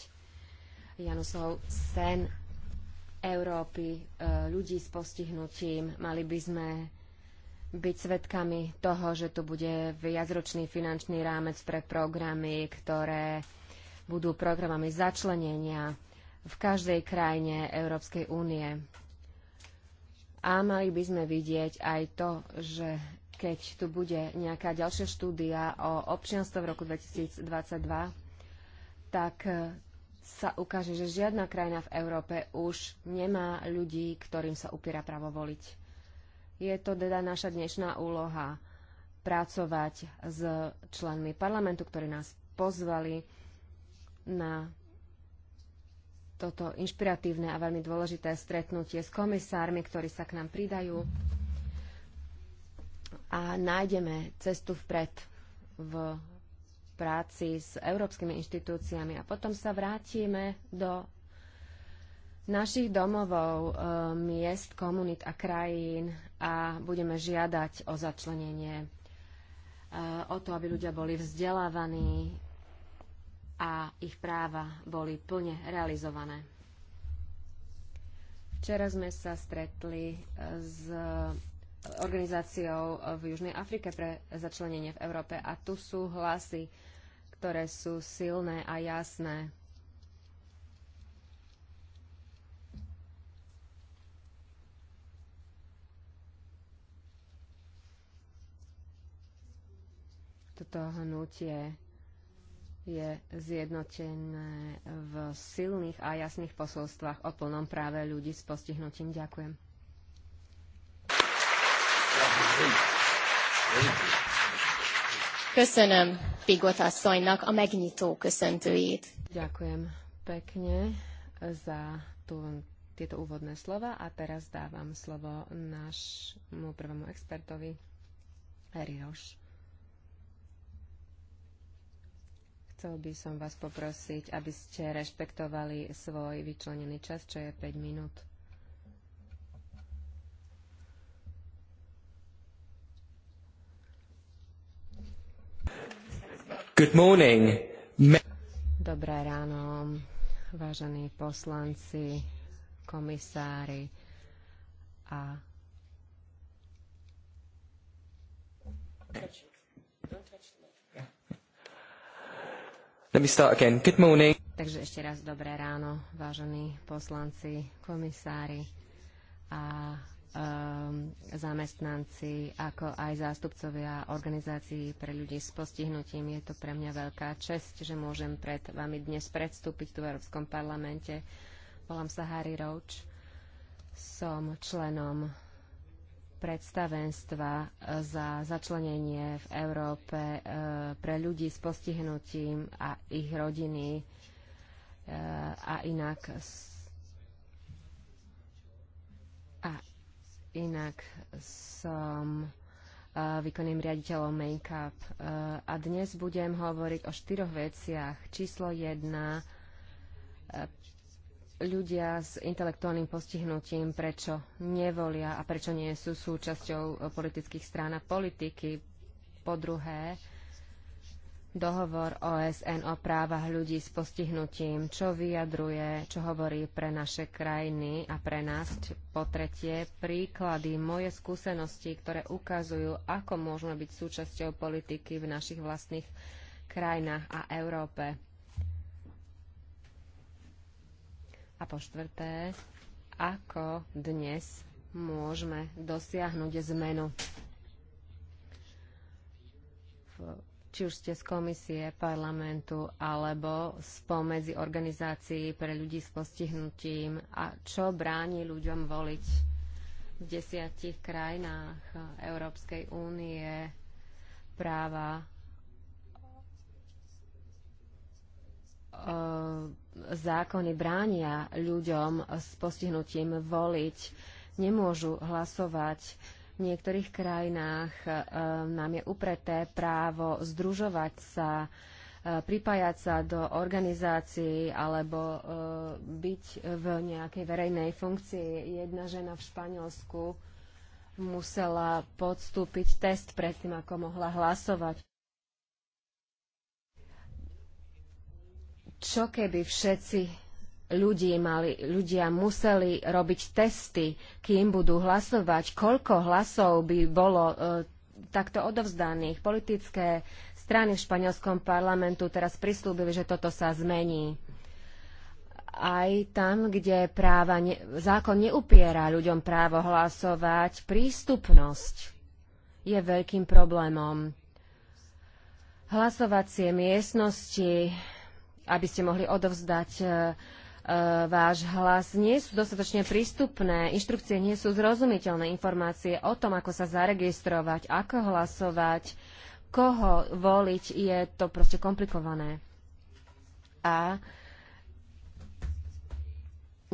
Janusov sen Európy, ľudí s postihnutím. Mali by sme byť svedkami toho, že tu bude viacročný finančný rámec pre programy, ktoré budú programami začlenenia v každej krajine Európskej únie. A mali by sme vidieť aj to, že keď tu bude nejaká ďalšia štúdia o občianstve v roku 2022, tak e, sa ukáže, že žiadna krajina v Európe už nemá ľudí, ktorým sa upiera právo voliť. Je to teda naša dnešná úloha pracovať s členmi parlamentu, ktorí nás pozvali na toto inšpiratívne a veľmi dôležité stretnutie s komisármi, ktorí sa k nám pridajú a nájdeme cestu vpred v práci s európskymi inštitúciami a potom sa vrátime do našich domovov, eh, miest, komunít a krajín a budeme žiadať o začlenenie, eh, o to, aby ľudia boli vzdelávaní, a ich práva boli plne realizované. Včera sme sa stretli e, s organizáciou v Južnej Afrike pre začlenenie v Európe a tu sú hlasy, ktoré sú silné a jasné. Toto hnutie je zjednotené v silných a jasných posolstvách o plnom práve ľudí s postihnutím. Ďakujem. Köszönöm Pigotasszonynak a megnyitó köszöntőjét. Ďakujem pekne za tú, tieto úvodné slova a teraz dávam slovo nášmu prvému expertovi Eri Roche. chcel by som vás poprosiť, aby ste rešpektovali svoj vyčlenený čas, čo je 5 minút. Good morning. Dobré ráno, vážení poslanci, komisári a Don't touch. Don't touch. Let me start again. Good morning. Takže ešte raz dobré ráno, vážení poslanci, komisári a um, zamestnanci, ako aj zástupcovia organizácií pre ľudí s postihnutím. Je to pre mňa veľká čest, že môžem pred vami dnes predstúpiť tu v Európskom parlamente. Volám sa Harry Roach, som členom predstavenstva eh, za začlenenie v Európe eh, pre ľudí s postihnutím a ich rodiny eh, a inak a inak som výkonným riaditeľom make-up a dnes budem hovoriť o štyroch veciach. Číslo jedna ľudia s intelektuálnym postihnutím, prečo nevolia a prečo nie sú súčasťou eh, politických strán a politiky. Po druhé, dohovor OSN o právach ľudí s postihnutím, čo vyjadruje, čo hovorí pre naše krajiny a pre nás. Po tretie, príklady, moje skúsenosti, ktoré ukazujú, ako môžeme byť súčasťou politiky v našich vlastných krajinách a Európe. A po štvrté, ako dnes môžeme dosiahnuť zmenu? Či už ste z komisie, parlamentu alebo spomedzi organizácií pre ľudí s postihnutím a čo bráni ľuďom voliť v desiatich krajinách Európskej únie práva uh, zákony bránia ľuďom s postihnutím voliť, nemôžu hlasovať. V niektorých krajinách e, nám je upreté právo združovať sa, e, pripájať sa do organizácií alebo e, byť v nejakej verejnej funkcii. Jedna žena v Španielsku musela podstúpiť test predtým, ako mohla hlasovať. čo keby všetci ľudí mali, ľudia museli robiť testy, kým budú hlasovať, koľko hlasov by bolo e, takto odovzdaných. Politické strany v španielskom parlamentu teraz prislúbili, že toto sa zmení. Aj tam, kde práva ne, zákon neupiera ľuďom právo hlasovať, prístupnosť je veľkým problémom. Hlasovacie miestnosti aby ste mohli odovzdať e, e, váš hlas. Nie sú dostatočne prístupné, inštrukcie nie sú zrozumiteľné informácie o tom, ako sa zaregistrovať, ako hlasovať, koho voliť, je to proste komplikované. A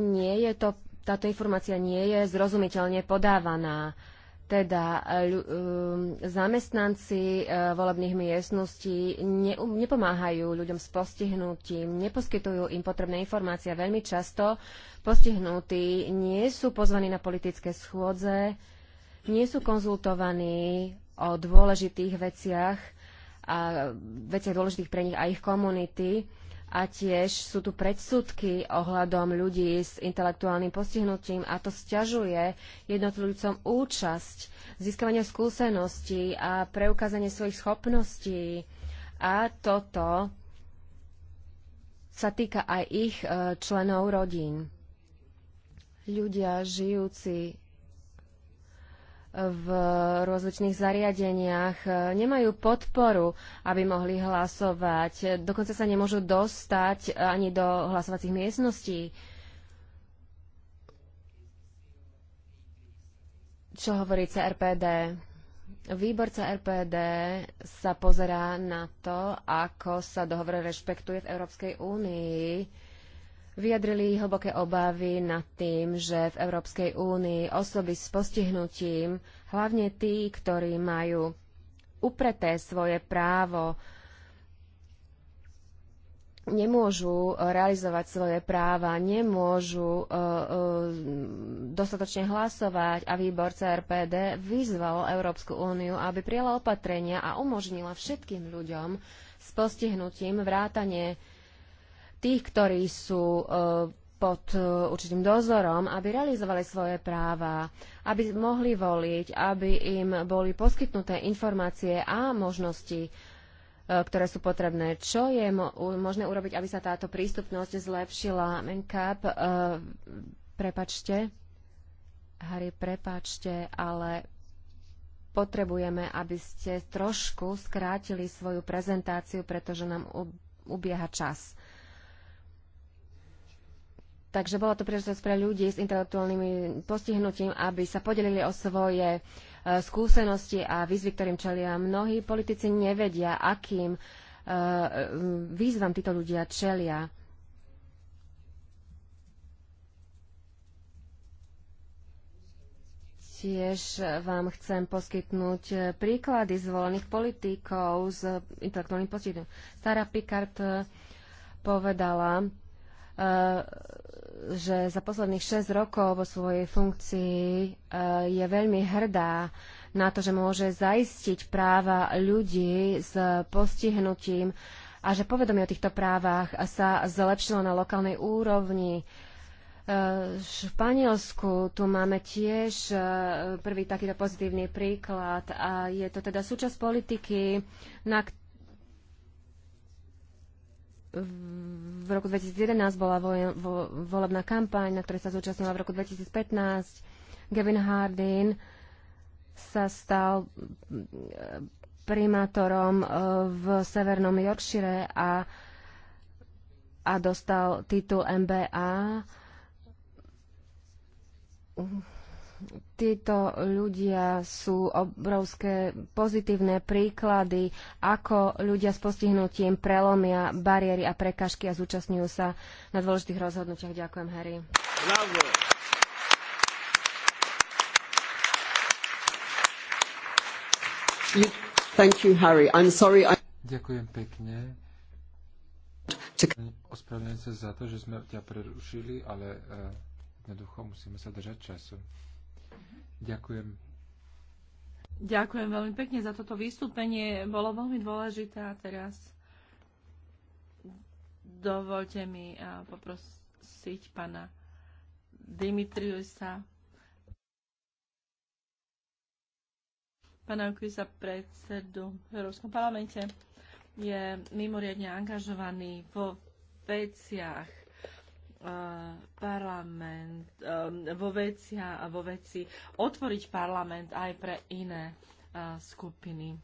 nie je to, táto informácia nie je zrozumiteľne podávaná. Uh, teda eh, eh, zamestnanci eh, volebných miestností nepomáhajú ľuďom s postihnutím, neposkytujú im potrebné informácie. Veľmi často postihnutí nie sú pozvaní na politické schôdze, nie sú konzultovaní o dôležitých veciach a veciach dôležitých pre nich a ich komunity a tiež sú tu predsudky ohľadom ľudí s intelektuálnym postihnutím a to stiažuje jednotlivcom účasť, získavanie skúseností a preukázanie svojich schopností. A toto sa týka aj ich e, členov rodín. Ľudia žijúci v rôznych zariadeniach, e, nemajú podporu, aby mohli hlasovať. Dokonca sa nemôžu dostať ani do hlasovacích miestností. Čo hovorí CRPD? Výbor CRPD sa pozerá na to, ako sa dohovor rešpektuje v Európskej únii vyjadrili hlboké obavy nad tým, že v Európskej únii osoby s postihnutím, hlavne tí, ktorí majú upreté svoje právo, nemôžu eh, realizovať svoje práva, nemôžu uh, uh, dostatočne hlasovať a výbor CRPD vyzval Európsku úniu, aby prijala opatrenia a umožnila všetkým ľuďom s postihnutím vrátanie uh, tých, ktorí sú e, pod e, určitým dozorom, aby realizovali svoje práva, aby mohli voliť, aby im boli poskytnuté informácie a možnosti, e, ktoré sú potrebné. Čo je možné urobiť, aby sa táto prístupnosť zlepšila? Menkap, prepačte, Harry, prepačte, ale potrebujeme, aby ste trošku skrátili svoju prezentáciu, pretože nám ubieha čas. Takže bolo to príležitosť pre ľudí s intelektuálnym postihnutím, aby sa podelili o svoje e, skúsenosti a výzvy, ktorým čelia. Mnohí politici nevedia, akým e, výzvam títo ľudia čelia. Tiež vám chcem poskytnúť e, príklady zvolených politikov s intelektuálnym postihnutím. Sara Picard povedala, Eh, že za posledných 6 rokov vo svojej funkcii eh, je veľmi hrdá na to, že môže zaistiť práva ľudí s postihnutím a že povedomie o týchto právach sa zlepšilo na lokálnej úrovni. Eh, v Španielsku tu máme tiež prvý takýto pozitívny príklad a je to teda súčasť politiky, na ktorú v roku 2011 bola vo, vo, volebná kampaň, na ktorej sa zúčastnila v roku 2015. Gavin Hardin sa stal mm, primátorom e, v Severnom Yorkshire a, a dostal titul MBA. Títo ľudia sú obrovské pozitívne príklady, ako ľudia s postihnutím prelomia bariéry a prekažky a zúčastňujú sa na dôležitých rozhodnutiach. Ďakujem, Harry. Bravo. Thank you, Harry. I'm sorry, I... Ďakujem pekne. Ospravedlňujem sa za to, že sme ťa prerušili, ale uh, jednoducho musíme sa držať času. Ďakujem. Ďakujem veľmi pekne za toto vystúpenie. Bolo veľmi dôležité a teraz dovolte mi poprosiť pana Dimitriusa. Pana Kvisa, predsedu v Európskom parlamente, je mimoriadne angažovaný vo veciach parlament, vo, vecia, vo veci otvoriť parlament aj pre iné skupiny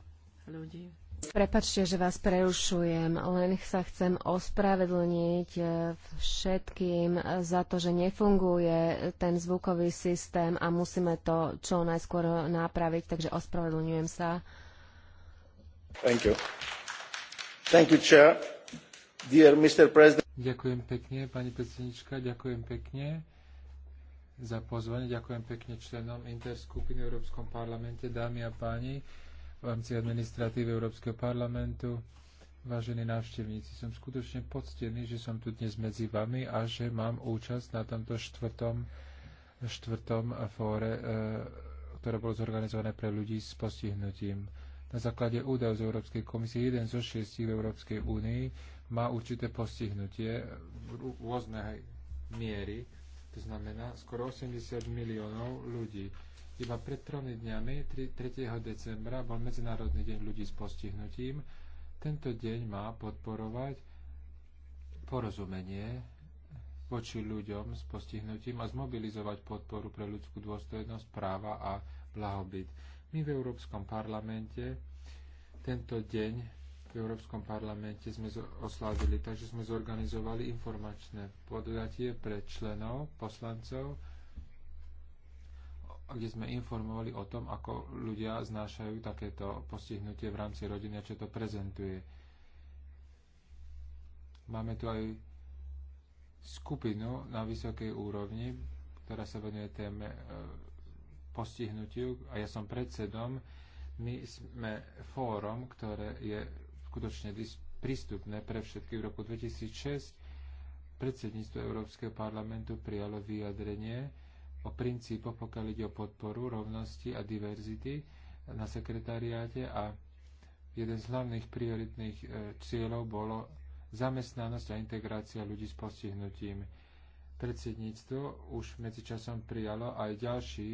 ľudí. Prepačte, že vás prerušujem, len sa chcem ospravedlniť e, všetkým za to, že nefunguje ten zvukový systém a musíme to čo najskôr napraviť, takže ospravedlňujem sa. Thank you. Thank you, chair. Dear Mr. President, Ďakujem pekne, pani predsednička, ďakujem pekne za pozvanie, ďakujem pekne členom interskupiny v Európskom parlamente, dámy a páni, v rámci administratívy Európskeho parlamentu, vážení návštevníci, som skutočne poctený, že som tu dnes medzi vami a že mám účasť na tomto štvrtom, štvrtom fóre, e, ktoré bolo zorganizované pre ľudí s postihnutím. Na základe údajov z Európskej komisie, jeden zo šiestich v Európskej únii, má určité postihnutie v rôznej miery. To znamená skoro 80 miliónov ľudí. Iba pred tromi dňami, 3. decembra, bol Medzinárodný deň ľudí s postihnutím. Tento deň má podporovať porozumenie voči ľuďom s postihnutím a zmobilizovať podporu pre ľudskú dôstojnosť, práva a blahobyt. My v Európskom parlamente tento deň v Európskom parlamente sme oslavili, takže sme zorganizovali informačné podujatie pre členov, poslancov, kde sme informovali o tom, ako ľudia znášajú takéto postihnutie v rámci rodiny a čo to prezentuje. Máme tu aj skupinu na vysokej úrovni, ktorá sa venuje téme e, postihnutiu a ja som predsedom. My sme fórom, ktoré je skutočne prístupné pre všetky v roku 2006 predsedníctvo Európskeho parlamentu prijalo vyjadrenie o princípoch, pokiaľ ide o podporu rovnosti a diverzity na sekretariáte a jeden z hlavných prioritných e, cieľov bolo zamestnanosť a integrácia ľudí s postihnutím. Predsedníctvo už medzičasom prijalo aj ďalší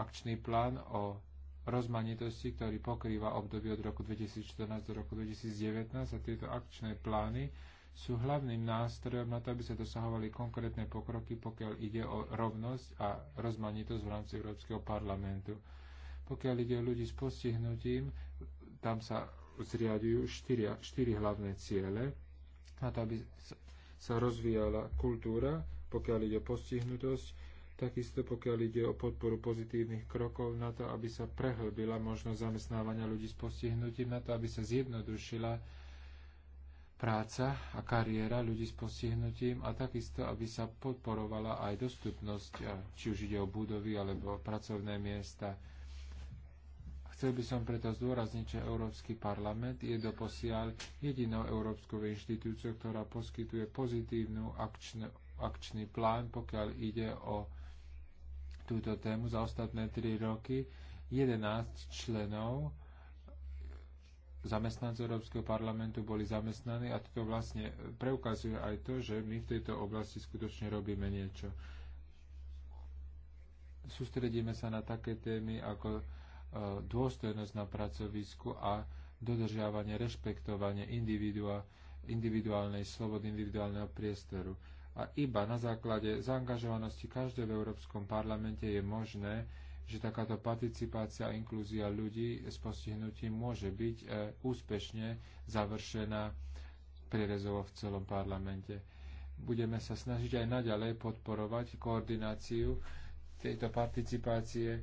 akčný plán o rozmanitosti, ktorý pokrýva obdobie od roku 2014 do roku 2019 a tieto akčné plány sú hlavným nástrojom na to, aby sa dosahovali konkrétne pokroky, pokiaľ ide o rovnosť a rozmanitosť v rámci Európskeho parlamentu. Pokiaľ ide o ľudí s postihnutím, tam sa zriadujú štyri, štyri hlavné ciele na to, aby sa rozvíjala kultúra, pokiaľ ide o postihnutosť, takisto pokiaľ ide o podporu pozitívnych krokov na to, aby sa prehlbila možnosť zamestnávania ľudí s postihnutím, na to, aby sa zjednodušila práca a kariéra ľudí s postihnutím a takisto, aby sa podporovala aj dostupnosť, či už ide o budovy alebo o pracovné miesta. Chcel by som preto zdôrazniť, že Európsky parlament je doposiaľ jedinou európskou inštitúciou, ktorá poskytuje pozitívnu akčnú akčný plán, pokiaľ ide o túto tému za ostatné 3 roky 11 členov zamestnanci Európskeho parlamentu boli zamestnaní a toto vlastne preukazuje aj to, že my v tejto oblasti skutočne robíme niečo. Sústredíme sa na také témy ako e, dôstojnosť na pracovisku a dodržiavanie, rešpektovanie individua, individuálnej slobody, individuálneho priestoru a iba na základe zaangažovanosti každej v Európskom parlamente je možné, že takáto participácia a inklúzia ľudí s postihnutím môže byť e, úspešne završená prirezovo v celom parlamente. Budeme sa snažiť aj naďalej podporovať koordináciu tejto participácie.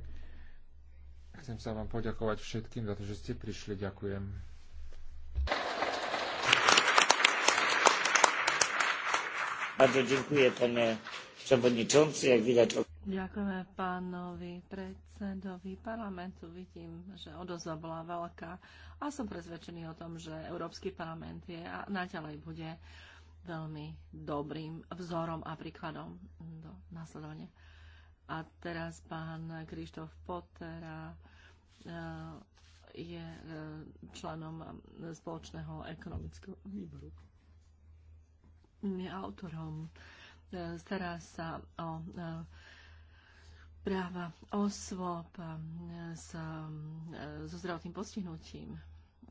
Chcem sa vám poďakovať všetkým za to, že ste prišli. Ďakujem. Bardzo dziękuję panie przewodniczący. Jak widać. Ďakujeme pánovi predsedovi parlamentu. Vidím, že odozva bola veľká a som presvedčený o tom, že Európsky parlament je a naďalej bude veľmi dobrým vzorom a príkladom do nasledovania. A teraz pán Krištof Potera eh, je eh, členom eh, spoločného ekonomického výboru autorom, e, stará sa o e, práva osôb e, so zdravotným postihnutím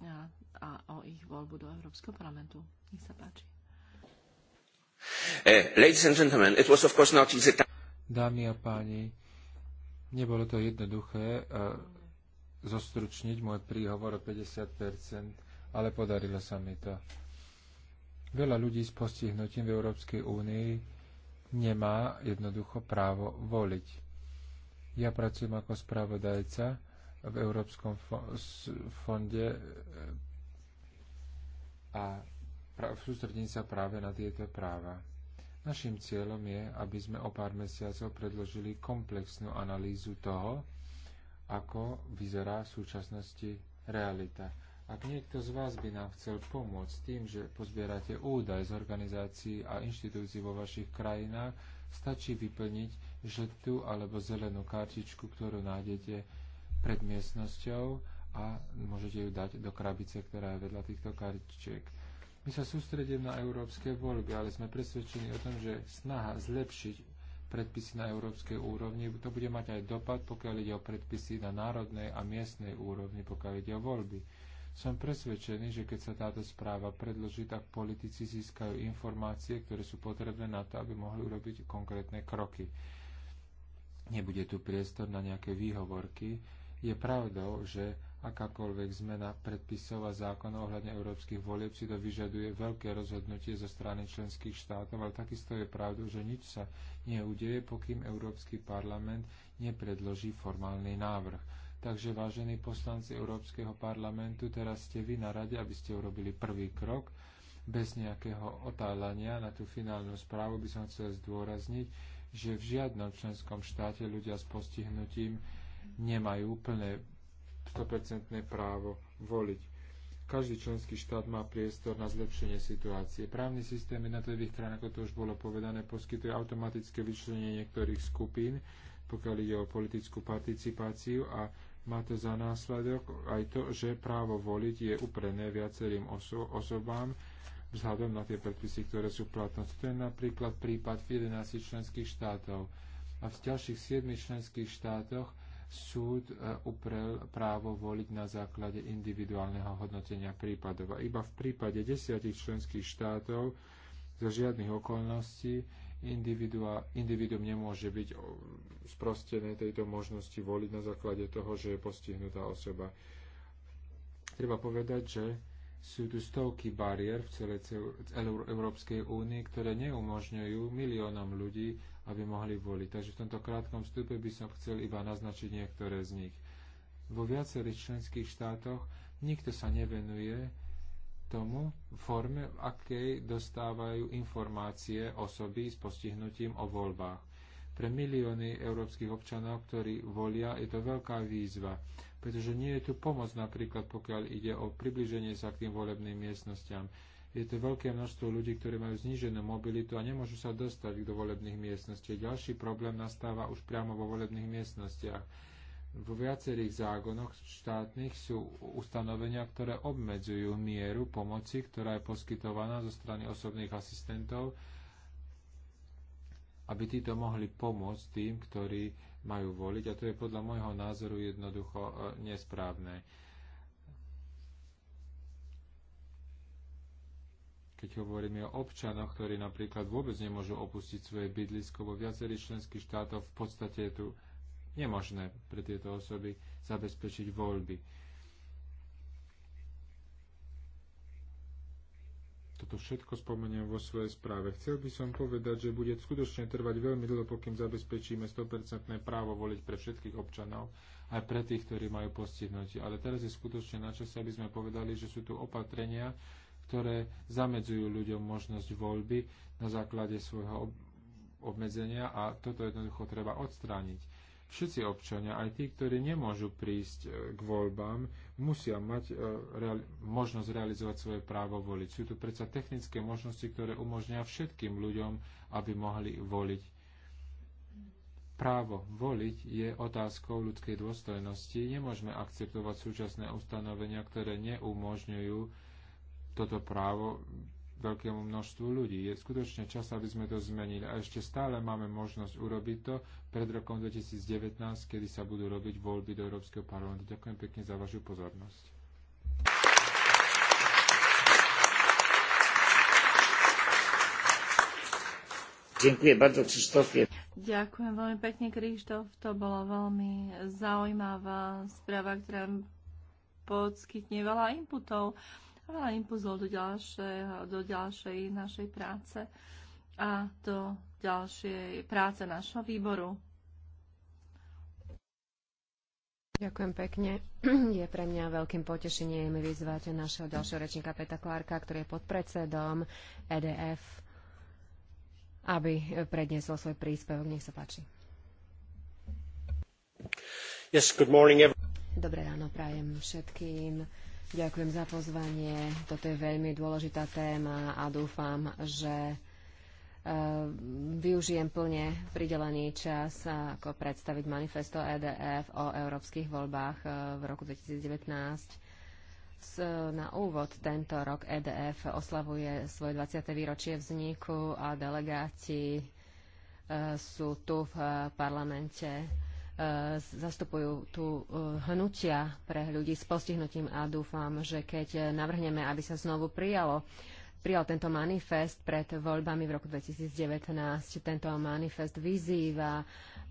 a, a o ich voľbu do Európskeho parlamentu. Nech sa páči. Dámy a páni, nebolo to jednoduché zostručniť môj príhovor o 50%, ale podarilo sa mi to. Veľa ľudí s postihnutím v Európskej únii nemá jednoducho právo voliť. Ja pracujem ako spravodajca v Európskom fonde eh, a sústredím sa práve na tieto práva. Našim cieľom je, aby sme o pár mesiacov predložili komplexnú analýzu toho, ako vyzerá v súčasnosti realita. Ak niekto z vás by nám chcel pomôcť tým, že pozbierate údaj z organizácií a inštitúcií vo vašich krajinách, stačí vyplniť žltú alebo zelenú kartičku, ktorú nájdete pred miestnosťou a môžete ju dať do krabice, ktorá je vedľa týchto kartičiek. My sa sústredíme na európske voľby, ale sme presvedčení o tom, že snaha zlepšiť predpisy na európskej úrovni, to bude mať aj dopad, pokiaľ ide o predpisy na národnej a miestnej úrovni, pokiaľ ide o voľby. Som presvedčený, že keď sa táto správa predloží, tak politici získajú informácie, ktoré sú potrebné na to, aby mohli urobiť konkrétne kroky. Nebude tu priestor na nejaké výhovorky. Je pravdou, že akákoľvek zmena predpisov a zákonov ohľadne európskych volieb si to vyžaduje veľké rozhodnutie zo strany členských štátov, ale takisto je pravdou, že nič sa neudeje, pokým Európsky parlament nepredloží formálny návrh. Takže, vážení poslanci Európskeho parlamentu, teraz ste vy na rade, aby ste urobili prvý krok. Bez nejakého otáľania na tú finálnu správu by som chcel zdôrazniť, že v žiadnom členskom štáte ľudia s postihnutím nemajú úplne 100% právo voliť. Každý členský štát má priestor na zlepšenie situácie. Právny systém jednotlivých krajín, ako to už bolo povedané, poskytuje automatické vyčlenie niektorých skupín, pokiaľ ide o politickú participáciu a máte za následok aj to, že právo voliť je upredné viacerým oso- osobám vzhľadom na tie predpisy, ktoré sú platnosti. To je napríklad prípad v 11 členských štátov. A v ďalších 7 členských štátoch súd e, uprel právo voliť na základe individuálneho hodnotenia prípadov. A iba v prípade 10 členských štátov za žiadnych okolností individua, individuum nemôže byť sprostené tejto možnosti voliť na základe toho, že je postihnutá osoba. Treba povedať, že sú tu stovky bariér v celej Európskej únii, ktoré neumožňujú miliónom ľudí, aby mohli voliť. Takže v tomto krátkom vstupe by som chcel iba naznačiť niektoré z nich. Vo viacerých členských štátoch nikto sa nevenuje tomu forme, v akej dostávajú informácie osoby s postihnutím o voľbách. Pre milióny európskych občanov, ktorí volia, je to veľká výzva, pretože nie je tu pomoc napríklad, pokiaľ ide o približenie sa k tým volebným miestnostiam. Je to veľké množstvo ľudí, ktorí majú zníženú mobilitu a nemôžu sa dostať do volebných miestností. Ďalší problém nastáva už priamo vo volebných miestnostiach w viacerých zákonoch štátnych sú ustanovenia, ktoré obmedzujú mieru pomoci, ktorá je poskytovaná zo strany osobných asistentov, aby títo mohli pomôcť tým, ktorí majú voliť. A to je podľa môjho názoru jednoducho e, nesprávne. Keď hovoríme o občanoch, ktorí napríklad vôbec nemôžu opustiť svoje bydlisko, vo viacerých členských štátoch v podstate je tu nemožné pre tieto osoby zabezpečiť voľby. Toto všetko spomeniem vo svojej správe. Chcel by som povedať, že bude skutočne trvať veľmi dlho, pokým zabezpečíme 100% právo voliť pre všetkých občanov, aj pre tých, ktorí majú postihnutie. Ale teraz je skutočne na čase, aby sme povedali, že sú tu opatrenia, ktoré zamedzujú ľuďom možnosť voľby na základe svojho obmedzenia a toto jednoducho treba odstrániť všetci občania, aj tí, ktorí nemôžu prísť eh, k voľbám, musia mať eh, reali- možnosť realizovať svoje právo voliť. Sú tu predsa technické možnosti, ktoré umožňujú všetkým ľuďom, aby mohli voliť. Právo voliť je otázkou ľudskej dôstojnosti. Nemôžeme akceptovať súčasné ustanovenia, ktoré neumožňujú toto právo veľkému množstvu ľudí. Je skutočne čas, aby sme to zmenili. A ešte stále máme možnosť urobiť to pred rokom 2019, kedy sa budú robiť voľby do Európskeho parlamentu. Ďakujem pekne za vašu pozornosť. Ďakujem bardzo, Krzysztofie. Ďakujem veľmi pekne, Krištof. To bola veľmi zaujímavá správa, ktorá poskytne veľa inputov a impulzol do ďalšieho, do ďalšej našej práce a do ďalšej práce našho výboru. Ďakujem pekne. (clears throat) Je pre mňa veľkým potešením vyzvať našeho ďalšieho rečníka Peta Klárka, ktorý je podpredsedom EDF, aby predniesol svoj príspevok. Nech sa páči. Yes, good morning, Dobré ráno prajem všetkým. Ďakujem za pozvanie. Toto je veľmi dôležitá téma a dúfam, že e, využijem plne pridelený čas ako predstaviť manifesto EDF o európskych voľbách e, v roku 2019. Na úvod tento rok EDF oslavuje svoje 20. výročie vzniku a delegáti e, sú tu v parlamente. Eh, zastupujú tu eh, hnutia pre ľudí s postihnutím a dúfam, že keď navrhneme, aby sa znovu prijalo, prijal tento manifest pred voľbami v roku 2019. Tento manifest vyzýva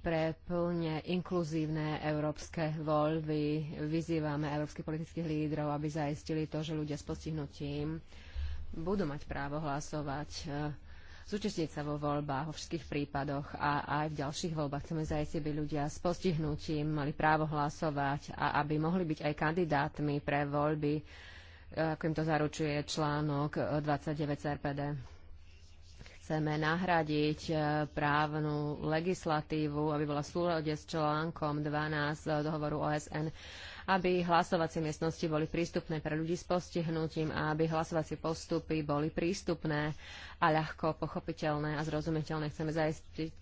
pre plne inkluzívne európske voľby. Vyzývame európskych politických lídrov, aby zaistili to, že ľudia s postihnutím budú mať právo hlasovať. Uh, zúčastniť sa vo voľbách, vo všetkých prípadoch a, a aj v ďalších voľbách. Chceme za aby ľudia s postihnutím mali právo hlasovať a aby mohli byť aj kandidátmi pre voľby, e, ako im to zaručuje článok 29 RPD. Chceme nahradiť e, právnu legislatívu, aby bola v súlade s článkom 12 dohovoru OSN aby hlasovacie miestnosti boli prístupné pre ľudí s postihnutím a aby hlasovacie postupy boli prístupné a ľahko pochopiteľné a zrozumiteľné. Chceme zaistiť,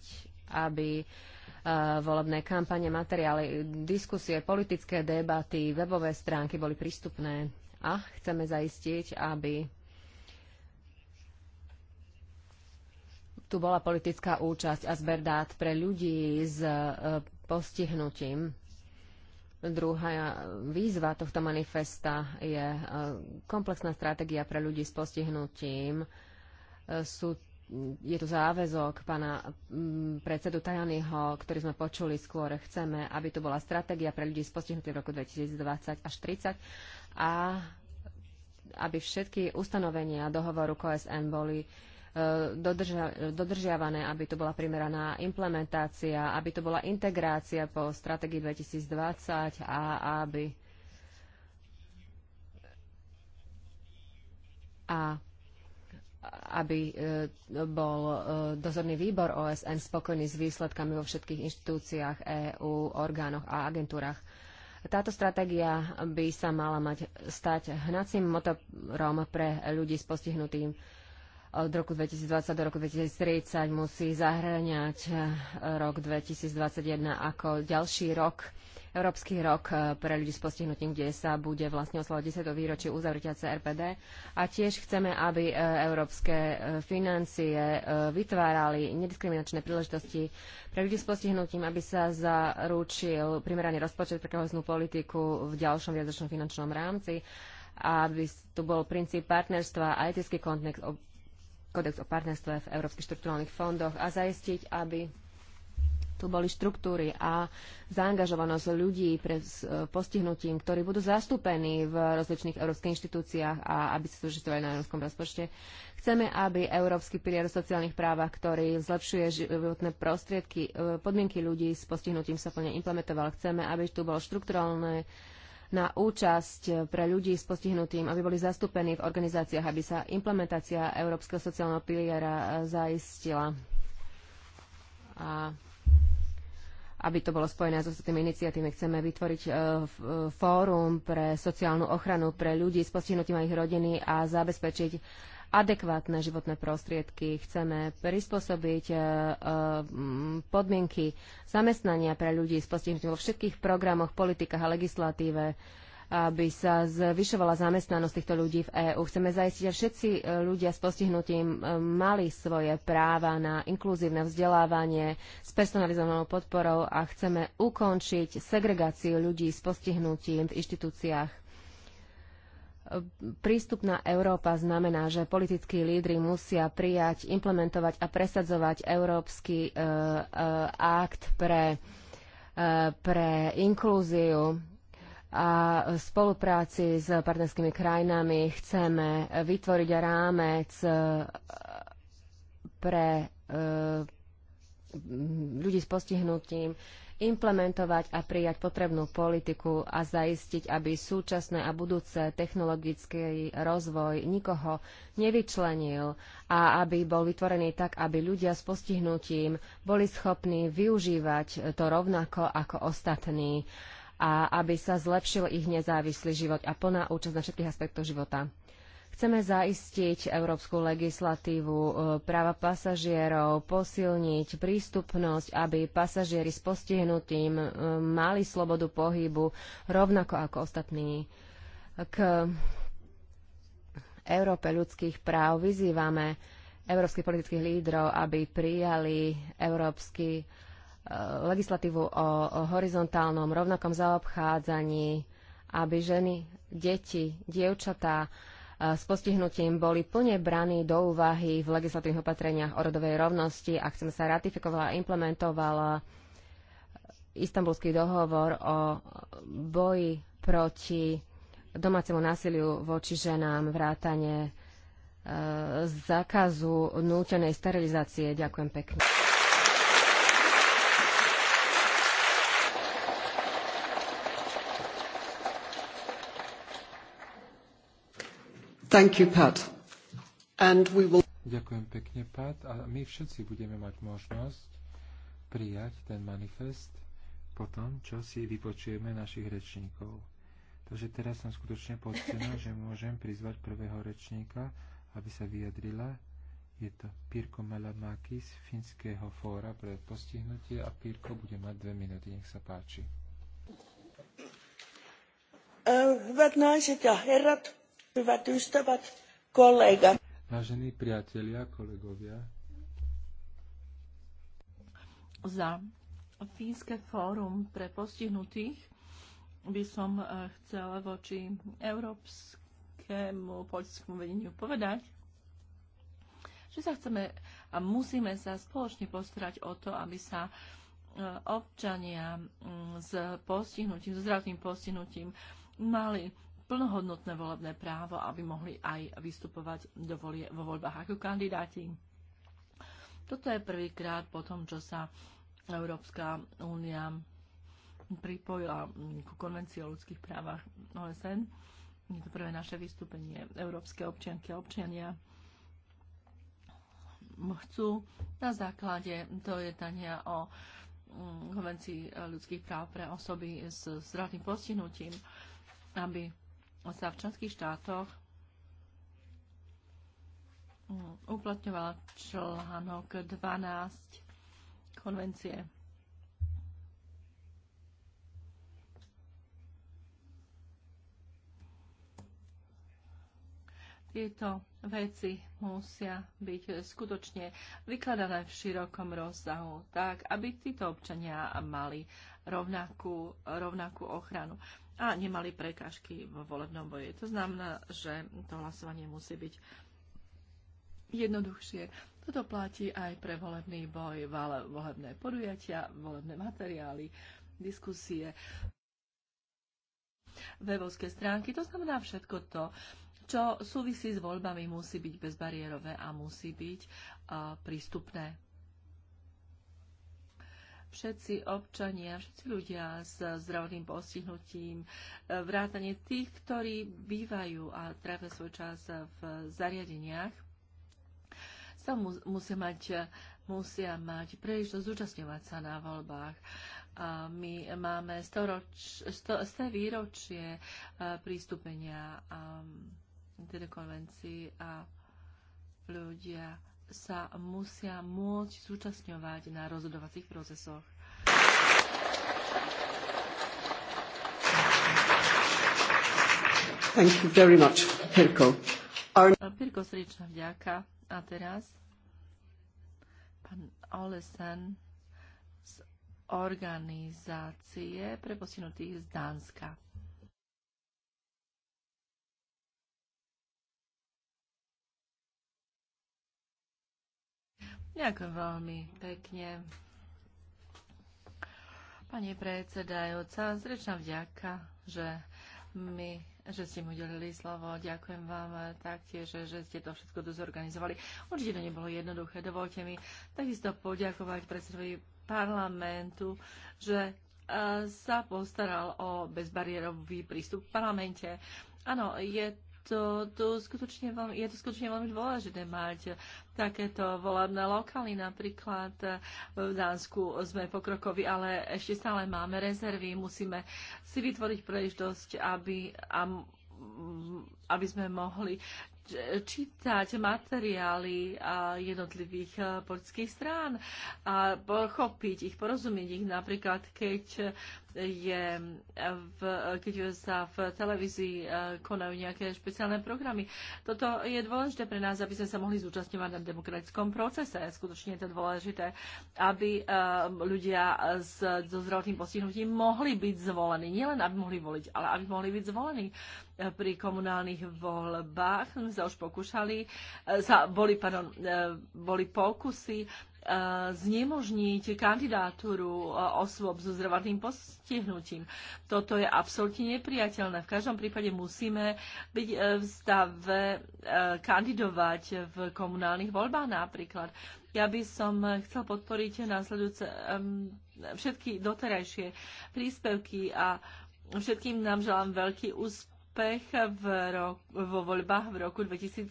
aby eh, volebné kampane, materiály, diskusie, politické debaty, webové stránky boli prístupné a chceme zaistiť, aby tu bola politická účasť a zber dát pre ľudí s eh, postihnutím. Druhá výzva tohto manifesta je e, komplexná stratégia pre ľudí s postihnutím. E, sú, je tu záväzok pána predsedu Tajanyho, ktorý sme počuli skôr. Chceme, aby tu bola stratégia pre ľudí s postihnutím v roku 2020 až 2030 a aby všetky ustanovenia dohovoru KSN boli uh, Eh, dodrža, dodržiavané, aby to bola primeraná implementácia, aby to bola integrácia po stratégii 2020 a aby a aby eh, bol eh, dozorný výbor OSN spokojný s výsledkami vo všetkých inštitúciách, EÚ, orgánoch a agentúrach. Táto stratégia by sa mala mať stať hnacím motorom pre ľudí s postihnutým uh, od roku 2020 do roku 2030 musí zahraniať eh, rok 2021 ako ďalší rok, Európsky rok eh, pre ľudí s postihnutím, kde sa bude vlastne oslovať 10. výročie uzavretia CRPD. A tiež chceme, aby eh, európske financie vytvárali nediskriminačné príležitosti pre ľudí s postihnutím, aby sa zaručil primeraný rozpočet pre kohoznú politiku v ďalšom viacročnom finančnom rámci aby tu bol princíp partnerstva a etický kontext kodex o partnerstve v európskych štruktúrnych fondoch a zaistiť, aby tu boli štruktúry a zaangažovanosť ľudí pre, s e, postihnutím, ktorí budú zastúpení v rozličných európskych inštitúciách a aby sa zúžitovali na európskom rozpočte. Chceme, aby európsky pilier o sociálnych právach, ktorý zlepšuje životné prostriedky, e, podmienky ľudí s postihnutím sa plne implementoval. Chceme, aby tu bol štruktúrálne uh, na účasť eh, pre ľudí s postihnutým, aby boli zastúpení v organizáciách, aby sa implementácia Európskeho sociálneho piliera eh, zaistila a aby to bolo spojené s so ostatnými iniciatívami. Chceme vytvoriť eh, fórum pre sociálnu ochranu pre ľudí s postihnutím a ich rodiny a zabezpečiť adekvátne životné prostriedky, chceme prispôsobiť e, e, podmienky zamestnania pre ľudí s postihnutím vo všetkých programoch, politikách a legislatíve aby sa zvyšovala zamestnanosť týchto ľudí v EÚ. Chceme zajistiť, že všetci e, ľudia s postihnutím mali svoje práva na inkluzívne vzdelávanie s personalizovanou podporou a chceme ukončiť segregáciu ľudí s postihnutím v inštitúciách Prístupná Európa znamená, že politickí lídry musia prijať, implementovať a presadzovať Európsky uh, uh, akt pre, uh, pre inklúziu a v spolupráci s partnerskými krajinami chceme vytvoriť rámec uh, pre uh, ľudí s postihnutím, uh, implementovať a prijať potrebnú politiku a zaistiť, aby súčasné a budúce technologický rozvoj nikoho nevyčlenil a aby bol vytvorený tak, aby ľudia s postihnutím boli schopní využívať to rovnako ako ostatní a aby sa zlepšil ich nezávislý život a plná účasť na všetkých aspektoch života. Chceme zaistiť európsku legislatívu eh, práva pasažierov, posilniť prístupnosť, aby pasažieri s postihnutím eh, mali slobodu pohybu rovnako ako ostatní k Európe ľudských práv. Vyzývame európskych politických lídrov, aby prijali európsky eh, legislatívu o horizontálnom rovnakom zaobchádzaní, aby ženy, deti, dievčatá s postihnutím boli plne braní do úvahy v legislatívnych opatreniach o rodovej rovnosti a chcem sa ratifikovala a implementovala istambulský dohovor o boji proti domácemu násiliu voči ženám vrátane e, zákazu nútenej sterilizácie. Ďakujem pekne. Thank you, Pat. And we will... Ďakujem pekne, Pat. A my všetci budeme mať možnosť prijať ten manifest po tom, čo si vypočujeme našich rečníkov. Takže teraz som skutočne poctená, že môžem prizvať prvého rečníka, aby sa vyjadrila. Je to Pirko Malamaki z Finského fóra pre postihnutie a Pirko bude mať dve minúty. Nech sa páči. Uh, hyvät naiset ja herrat, sprevádzkovať kolega. Vážení priatelia, kolegovia. Za Fínske fórum pre postihnutých by som eh, chcela voči európskemu politickému vedeniu povedať, že sa chceme a musíme sa spoločne postarať o to, aby sa eh, občania mm, s postihnutím, s zdravým postihnutím mali plnohodnotné volebné právo, aby mohli aj vystupovať do volie, vo voľbách ako kandidáti. Toto je prvýkrát po tom, čo sa Európska únia pripojila ku konvencii o ľudských právach OSN. Je to prvé naše vystúpenie. Európske občianky a občania chcú na základe to jednania o mm, konvencii ľudských práv pre osoby s zdravým postihnutím, aby sa v členských štátoch mm, uplatňovala článok 12 konvencie. Tieto veci musia byť skutočne vykladané v širokom rozsahu, tak aby títo občania mali rovnakú, rovnakú ochranu a nemali prekážky vo volebnom boji. To znamená, že to hlasovanie musí byť jednoduchšie. Toto platí aj pre volebný boj, volebné podujatia, volebné materiály, diskusie, vevovské stránky. To znamená všetko to, čo súvisí s voľbami, musí byť bezbariérové a musí byť uh, prístupné všetci občania, všetci ľudia s zdravotným postihnutím, vrátanie tých, ktorí bývajú a trávia svoj čas v zariadeniach, sa mu, musia mať, musia mať príležitosť zúčastňovať sa na voľbách. A my máme 100, roč, 100, 100 výročie prístupenia a, teda konvencii a ľudia sa musia môcť zúčastňovať na rozhodovacích procesoch. Thank you very much, Pirko. Our... Pirko, srdečná vďaka. A teraz pán Olesen z organizácie pre postihnutých z Dánska. Ďakujem veľmi pekne. Pani predsedajúca, zrečná vďaka, že my že ste mu udelili slovo. Ďakujem vám taktiež, že ste to všetko dozorganizovali. Určite to nebolo jednoduché. Dovolte mi takisto poďakovať predsedovi parlamentu, že e, sa postaral o bezbariérový prístup v parlamente. Áno, je to, to skutočne veľmi, je to skutočne veľmi dôležité mať takéto volebné lokály. Napríklad e, v Dánsku sme pokrokovi, ale ešte stále máme rezervy. Musíme si vytvoriť príležitosť, aby, aby sme mohli čítať materiály jednotlivých politických strán a pochopiť ich, porozumieť ich. Napríklad, keď, je v, keď sa v televízii konajú nejaké špeciálne programy. Toto je dôležité pre nás, aby sme sa mohli zúčastňovať na demokratickom procese. Skutočne je to dôležité, aby ľudia so zdravotným postihnutím mohli byť zvolení. Nielen, aby mohli voliť, ale aby mohli byť zvolení pri komunálnych voľbách sa už pokúšali, e, sa, boli, pardon, e, boli pokusy e, znemožniť kandidatúru osôb so zdravotným postihnutím. Toto je absolútne nepriateľné. V každom prípade musíme byť v stave kandidovať v komunálnych voľbách napríklad. Ja by som chcel podporiť následujúce všetky doterajšie príspevky a všetkým nám želám veľký úspech grupech v, vo voľbách v roku 2019,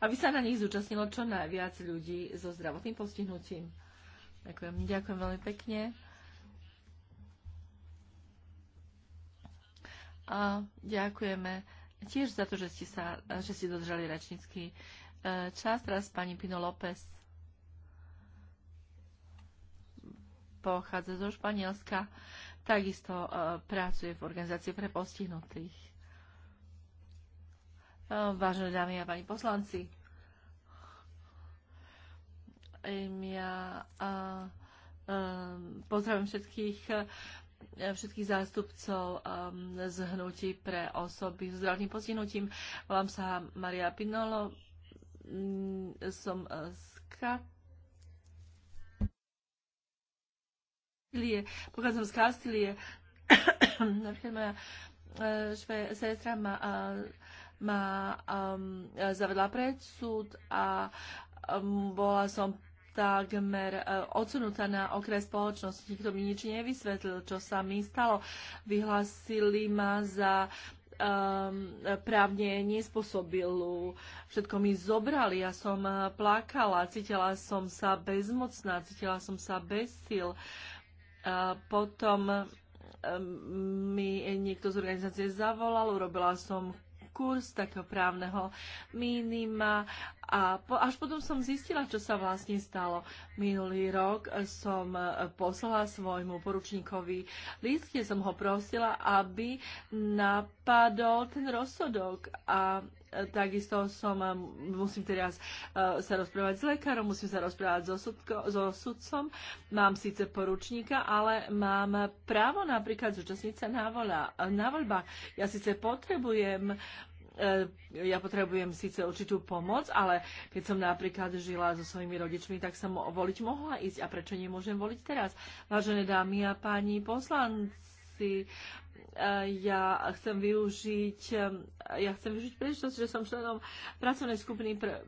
aby sa na nich zúčastnilo čo najviac ľudí so zdravotným postihnutím. Ďakujem, ďakujem veľmi pekne. A ďakujeme tiež za to, že ste, sa, že ste dodržali rečnícky e, čas. Teraz pani Pino López pochádza zo Španielska takisto e, pracuje v organizácii pre postihnutých. E, vážené dámy a páni poslanci, ja e, pozdravím všetkých všetkých zástupcov z hnutí pre osoby s zdravotným postihnutím. Volám sa Maria Pinolo, som z Kat скастили, по которым скастили, например, шве, сестра ма, а, ма а, завела пред суд, а была сам takmer odsunutá na okres spoločnosti. Nikto mi nič nevysvetlil, čo sa mi stalo. Vyhlasili ma za um, právne nespôsobilú. Všetko mi zobrali. Ja som eh, plakala. Cítila som sa bezmocná. Cítila som sa bez sil. Uh, A potom e, mi niekto z organizácie zavolal, urobila som kurz takého právneho minima a po, až potom som zistila, čo sa vlastne stalo. Minulý rok som poslala svojmu poručníkovi list, kde som ho prosila, aby napadol ten rozsudok a takisto som, eh, musím teraz ja, eh, sa rozprávať s lekárom, musím sa rozprávať so, sudko, so sudcom, mám síce poručníka, ale mám právo napríklad zúčastniť sa na, voľa, eh, na voľba. Ja síce potrebujem ja potrebujem síce určitú pomoc, ale keď som napríklad žila so svojimi rodičmi, tak som voliť mohla ísť. A prečo nemôžem voliť teraz? Vážené dámy a páni poslanci, Eh, ja chcem využiť, eh, ja chcem využiť príležitosť, že som členom pracovnej skupiny pre eh,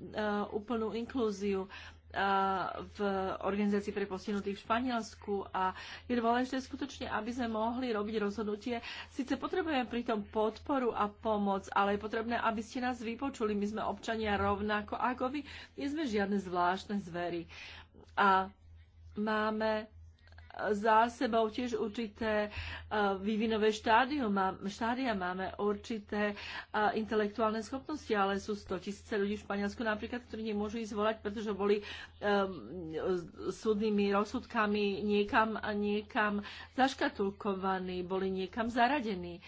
úplnú inklúziu v organizácii pre postihnutých v Španielsku a je dôležité skutočne, aby sme mohli robiť rozhodnutie. Sice potrebujeme pritom podporu a pomoc, ale je potrebné, aby ste nás vypočuli. My sme občania rovnako ako vy. Nie sme žiadne zvláštne zvery. A máme za sebou tiež určité eh, vývinové štádiuma, štádia máme určité eh, intelektuálne schopnosti, ale sú 100 tisíce ľudí v Španielsku napríklad, ktorí nemôžu ísť volať, pretože boli um, súdnymi rozsudkami niekam a niekam zaškatulkovaní, boli niekam zaradení.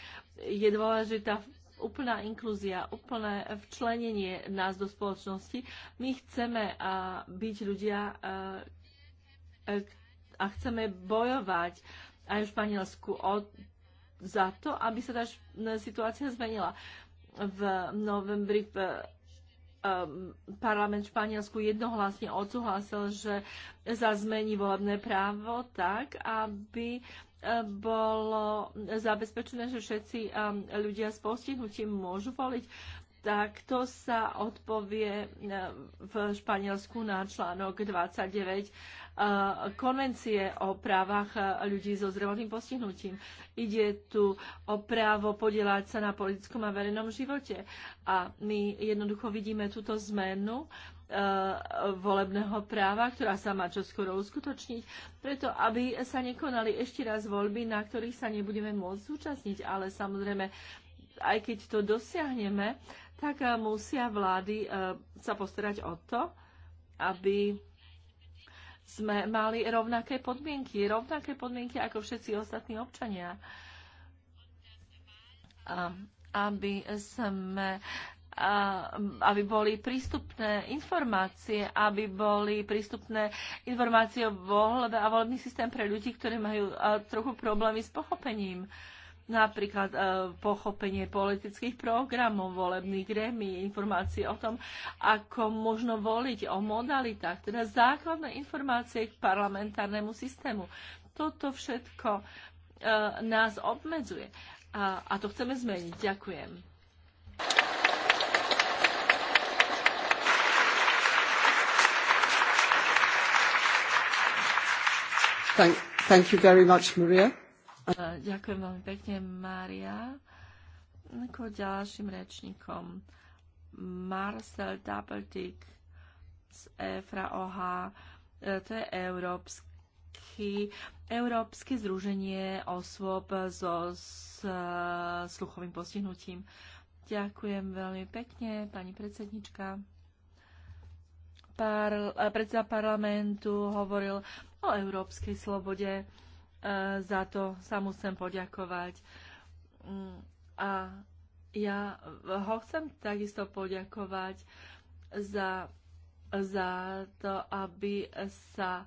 Je dôležitá úplná inklúzia, úplné včlenenie nás do spoločnosti. My chceme uh, byť ľudia, uh, a chceme bojovať aj v Španielsku o, za to, aby sa tá situácia zmenila. V novembri v, um, parlament Španielsku jednohlasne odsúhlasil, že sa zmení volebné právo tak, aby eh, bolo zabezpečené, že všetci um, ľudia s postihnutím môžu voliť, tak to sa odpovie eh, v Španielsku na článok 29 konvencie o právach ľudí so zdravotným postihnutím. Ide tu o právo podielať sa na politickom a verejnom živote. A my jednoducho vidíme túto zmenu volebného práva, ktorá sa má čoskoro uskutočniť, preto aby sa nekonali ešte raz voľby, na ktorých sa nebudeme môcť zúčastniť. Ale samozrejme, aj keď to dosiahneme, tak musia vlády sa postarať o to, aby sme mali rovnaké podmienky, rovnaké podmienky ako všetci ostatní občania. A aby sme a, aby boli prístupné informácie, aby boli prístupné informácie o voľbe a volebný systém pre ľudí, ktorí majú a, trochu problémy s pochopením. A, napríklad e, pochopenie politických programov, volebných grémy, informácie o tom, ako možno voliť o modalitách, teda základné informácie k parlamentárnemu systému. Toto všetko e, nás obmedzuje a, a to chceme zmeniť. Ďakujem. Thank, thank you very much, Maria. Eh, ďakujem veľmi pekne, Mária. Ako ďalším rečníkom, Marcel Dabeltik z EFRA OH, to je Európsky, Európske združenie osôb so s, eh, sluchovým postihnutím. Ďakujem veľmi pekne, pani predsednička. Par, predseda parlamentu hovoril o európskej slobode. E, za to sa musím poďakovať. Mm, a ja ho chcem takisto poďakovať za, za to, aby sa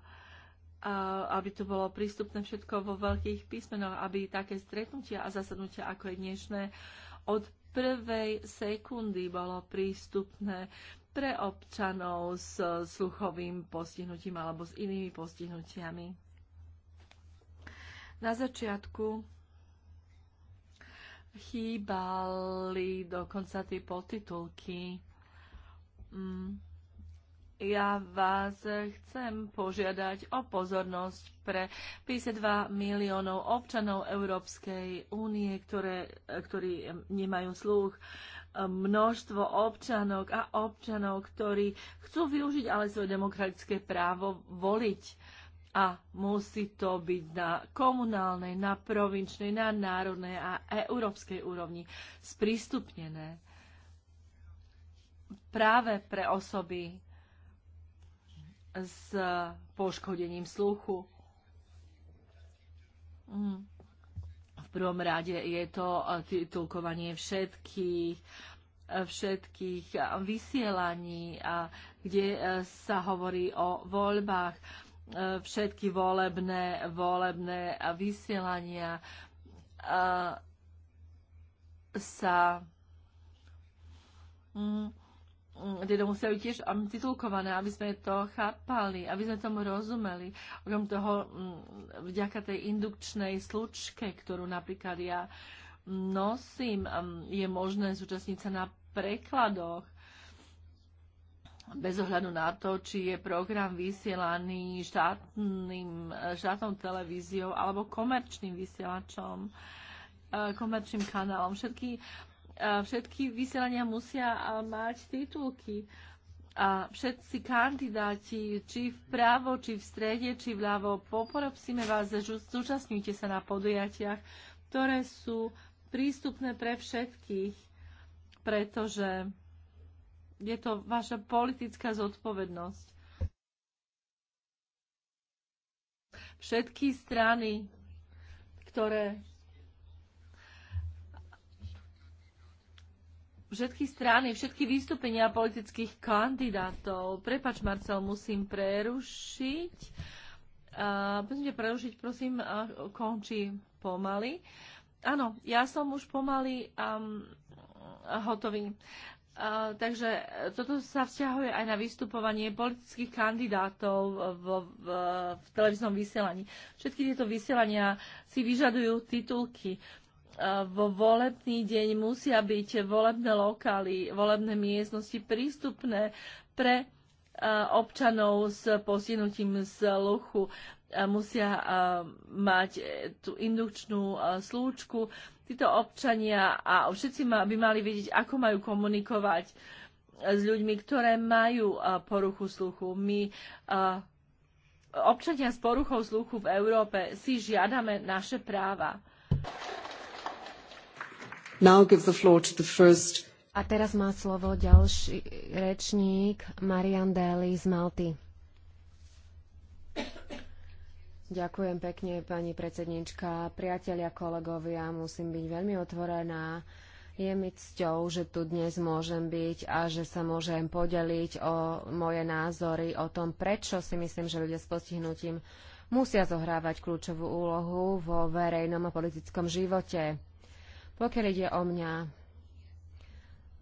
aby tu bolo prístupné všetko vo veľkých písmenoch, aby také stretnutia a zasadnutia, ako je dnešné, od prvej sekundy bolo prístupné pre občanov s sluchovým postihnutím alebo s inými postihnutiami na začiatku chýbali dokonca tie podtitulky. Mm. Ja vás chcem požiadať o pozornosť pre 52 miliónov občanov Európskej únie, ktoré, ktorí nemajú sluch, množstvo občanok a občanov, ktorí chcú využiť ale svoje demokratické právo voliť a musí to byť na komunálnej, na provinčnej, na národnej a európskej úrovni sprístupnené práve pre osoby s poškodením sluchu. Mm. V prvom rade je to titulkovanie všetkých, všetkých vysielaní, kde sa hovorí o voľbách. E, všetky volebné, volebné a vysielania e, sa mm, mm, teda musia byť tiež titulkované, aby sme to chápali, aby sme tomu rozumeli. Okrem toho, mm, vďaka tej indukčnej slučke, ktorú napríklad ja nosím, je možné zúčastniť sa na prekladoch bez ohľadu na to, či je program vysielaný štátnym, štátnou televíziou alebo komerčným vysielačom, e, komerčným kanálom. Všetky, e, všetky vysielania musia e, mať titulky. A všetci kandidáti, či vpravo, či v strede, či vľavo, poporopsíme vás, zúčastňujte sa na podujatiach, ktoré sú prístupné pre všetkých, pretože je to vaša politická zodpovednosť. Všetky strany, ktoré všetky strany, všetky vystúpenia politických kandidátov. Prepač, Marcel, musím prerušiť. Uh, musím ťa prerušiť, prosím, uh, končí pomaly. Áno, ja som už pomaly um, hotový takže toto sa vzťahuje aj na vystupovanie politických kandidátov v, v, v televíznom vysielaní. Všetky tieto vysielania si vyžadujú titulky. Vo volebný deň musia byť volebné lokály, volebné miestnosti prístupné pre Eh, občanov s postihnutím sluchu eh, musia eh, mať tú indukčnú slúčku. Títo občania a všetci by mali vidieť, ako majú komunikovať s ľuďmi, ktoré majú poruchu sluchu. My občania s poruchou sluchu v Európe si žiadame naše práva. Now give the floor to the first A teraz má slovo ďalší rečník Marian Daly z Malty. Ďakujem pekne, pani predsednička. Priatelia, kolegovia, musím byť veľmi otvorená. Je mi cťou, že tu dnes môžem byť a že sa môžem podeliť o moje názory, o tom, prečo si myslím, že ľudia s postihnutím musia zohrávať kľúčovú úlohu vo verejnom a politickom živote. Pokiaľ ide o mňa,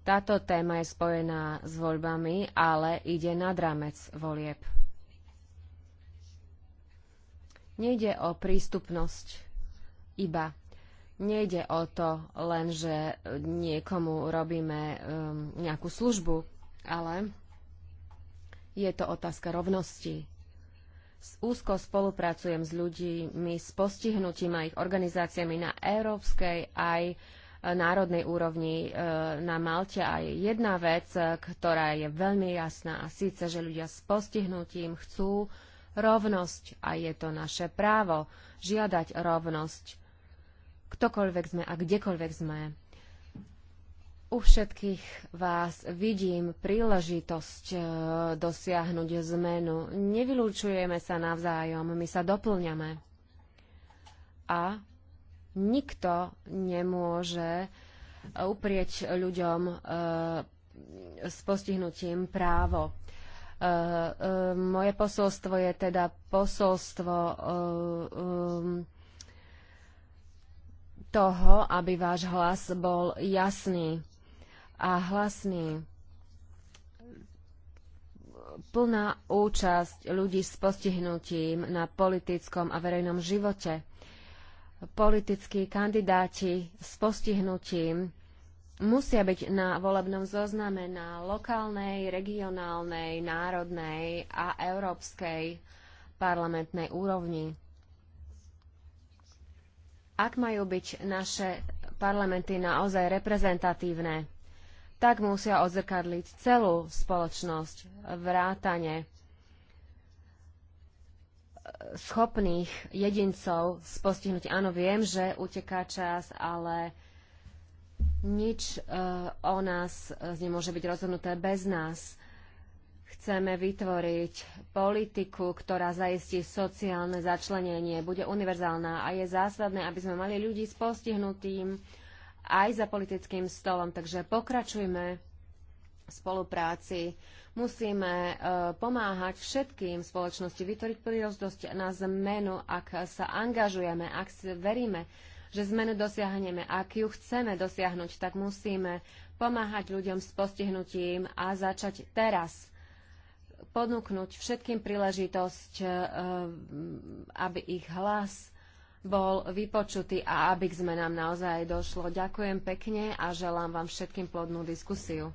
Táto téma je spojená s voľbami, ale ide nad rámec volieb. Nejde o prístupnosť iba. Nejde o to len, že niekomu robíme um, nejakú službu, ale je to otázka rovnosti. S úzko spolupracujem s ľuďmi, s postihnutím a ich organizáciami na európskej aj uh, Eh, národnej úrovni eh, na Malte aj jedna vec, eh, ktorá je veľmi jasná a síce, že ľudia s postihnutím chcú rovnosť a je to naše právo žiadať rovnosť ktokoľvek sme a kdekoľvek sme. U všetkých vás vidím príležitosť dosiahnuť zmenu. Nevylúčujeme sa navzájom, my sa doplňame. A nikto nemôže eh, uprieť ľuďom eh, s postihnutím právo. Eh, moje posolstvo je teda posolstvo toho, aby váš hlas bol jasný a hlasný. Plná účasť ľudí s postihnutím na politickom a verejnom živote – politickí kandidáti s postihnutím musia byť na volebnom zozname na lokálnej, regionálnej, národnej a európskej parlamentnej úrovni. Ak majú byť naše parlamenty naozaj reprezentatívne, tak musia odzrkadliť celú spoločnosť vrátane rátane schopných jedincov z postihnutí. Áno, viem, že uteká čas, ale nič uh, o nás e, nemôže byť rozhodnuté bez nás. Chceme vytvoriť politiku, ktorá zaistí sociálne začlenenie, bude univerzálna a je zásadné, aby sme mali ľudí s postihnutým aj za politickým stolom. Takže pokračujme v spolupráci. Uh, musíme eh, pomáhať všetkým spoločnosti vytvoriť príležitosť na zmenu, ak sa angažujeme, ak si veríme, že zmenu dosiahneme, ak ju chceme dosiahnuť, tak musíme pomáhať ľuďom s postihnutím a začať teraz ponúknuť všetkým príležitosť, eh, aby ich hlas bol vypočutý a aby k zmenám naozaj došlo. Ďakujem pekne a želám vám všetkým plodnú diskusiu.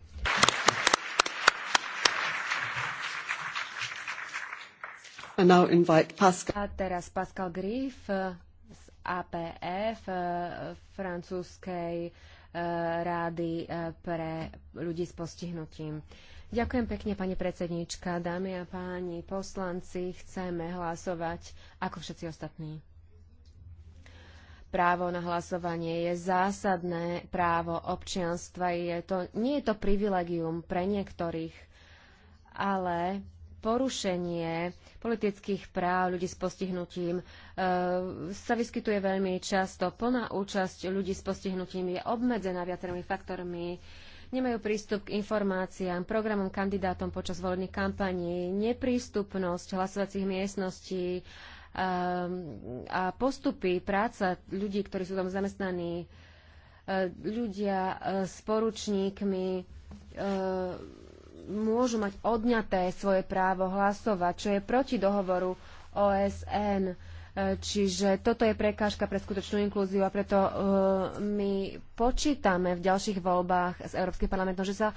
I now invite Pascal. Teraz Pascal Grif z uh, APF, uh, francúzskej uh, rády pre ľudí s postihnutím. Ďakujem pekne, pani predsednička, dámy a páni poslanci, chceme hlasovať ako všetci ostatní. Právo na hlasovanie je zásadné právo občianstva. Je to, nie je to privilegium pre niektorých, ale porušenie uh, politických práv, ľudí s postihnutím eh, sa vyskytuje veľmi často. Plná účasť ľudí s postihnutím je obmedzená viacerými faktormi nemajú prístup k informáciám, programom kandidátom počas volebných kampaní, neprístupnosť hlasovacích miestností um, a postupy práca ľudí, ktorí sú tam zamestnaní, uh, ľudia uh, s poručníkmi. Uh, môžu mať odňaté svoje právo hlasovať, čo je proti dohovoru OSN. E, čiže toto je prekážka pre skutočnú inklúziu a preto uh, my počítame v ďalších voľbách s Európskym parlamentom, že sa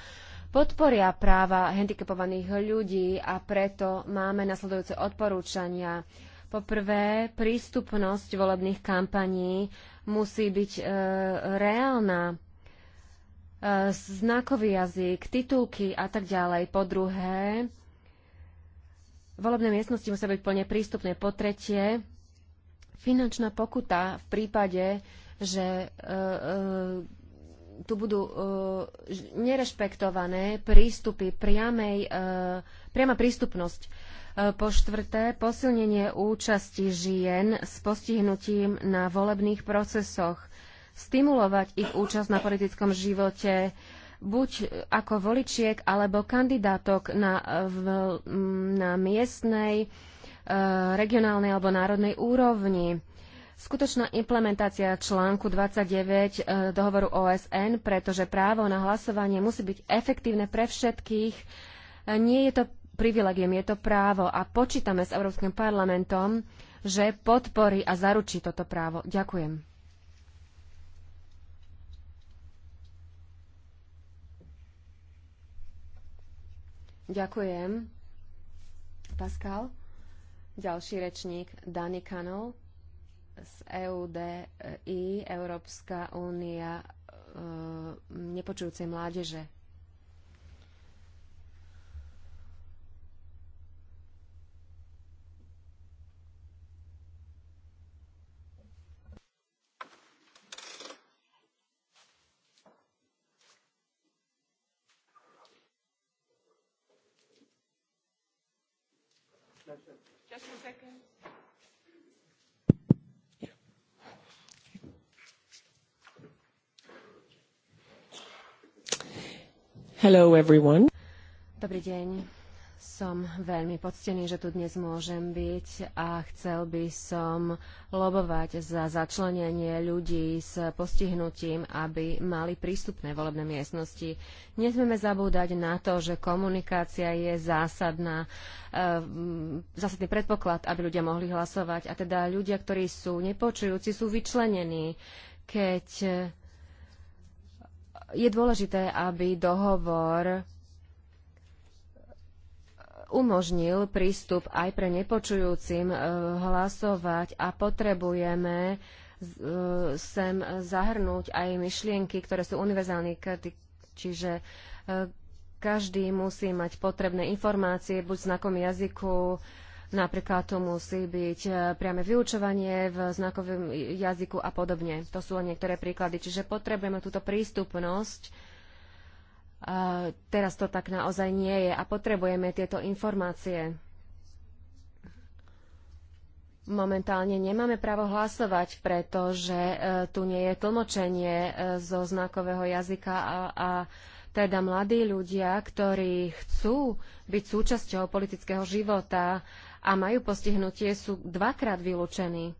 podporia práva handicapovaných ľudí a preto máme nasledujúce odporúčania. Poprvé, prístupnosť volebných kampaní musí byť e, reálna. E, znakový jazyk, titulky a tak ďalej. Po druhé, volebné miestnosti musia byť plne prístupné. Po tretie, finančná pokuta v prípade, že uh, uh, tu budú uh, nerešpektované prístupy priamej, uh, priama prístupnosť. Po štvrté, posilnenie účasti žien s postihnutím na volebných procesoch stimulovať ich účasť na politickom živote buď ako voličiek alebo kandidátok na, v, na miestnej, e, regionálnej alebo národnej úrovni. Skutočná implementácia článku 29 e, dohovoru OSN, pretože právo na hlasovanie musí byť efektívne pre všetkých, e, nie je to privilegium, je to právo a počítame s Európskym parlamentom, že podporí a zaručí toto právo. Ďakujem. Ďakujem. Pascal, ďalší rečník, Dani Kanov z EUDI, Európska únia e, nepočujúcej mládeže. Hello everyone. Dobrý deň. Som veľmi poctený, že tu dnes môžem byť a chcel by som lobovať za začlenenie ľudí s postihnutím, aby mali prístupné volebné miestnosti. Nesmieme zabúdať na to, že komunikácia je zásadná, e, zásadný predpoklad, aby ľudia mohli hlasovať. A teda ľudia, ktorí sú nepočujúci, sú vyčlenení, keď je dôležité, aby dohovor umožnil prístup aj pre nepočujúcim e, hlasovať a potrebujeme e, sem zahrnúť aj myšlienky, ktoré sú univerzálne, čiže e, každý musí mať potrebné informácie buď v znakom jazyku, napríklad tomu musí byť eh, priame vyučovanie v znakovom jazyku a podobne. To sú niektoré príklady. Čiže potrebujeme túto prístupnosť. Teraz to tak naozaj nie je a potrebujeme tieto informácie. Momentálne nemáme právo hlasovať, pretože eh, tu nie je tlmočenie eh, zo znakového jazyka a, a teda mladí ľudia, ktorí chcú byť súčasťou politického života, uh, a majú postihnutie, sú dvakrát vylúčení.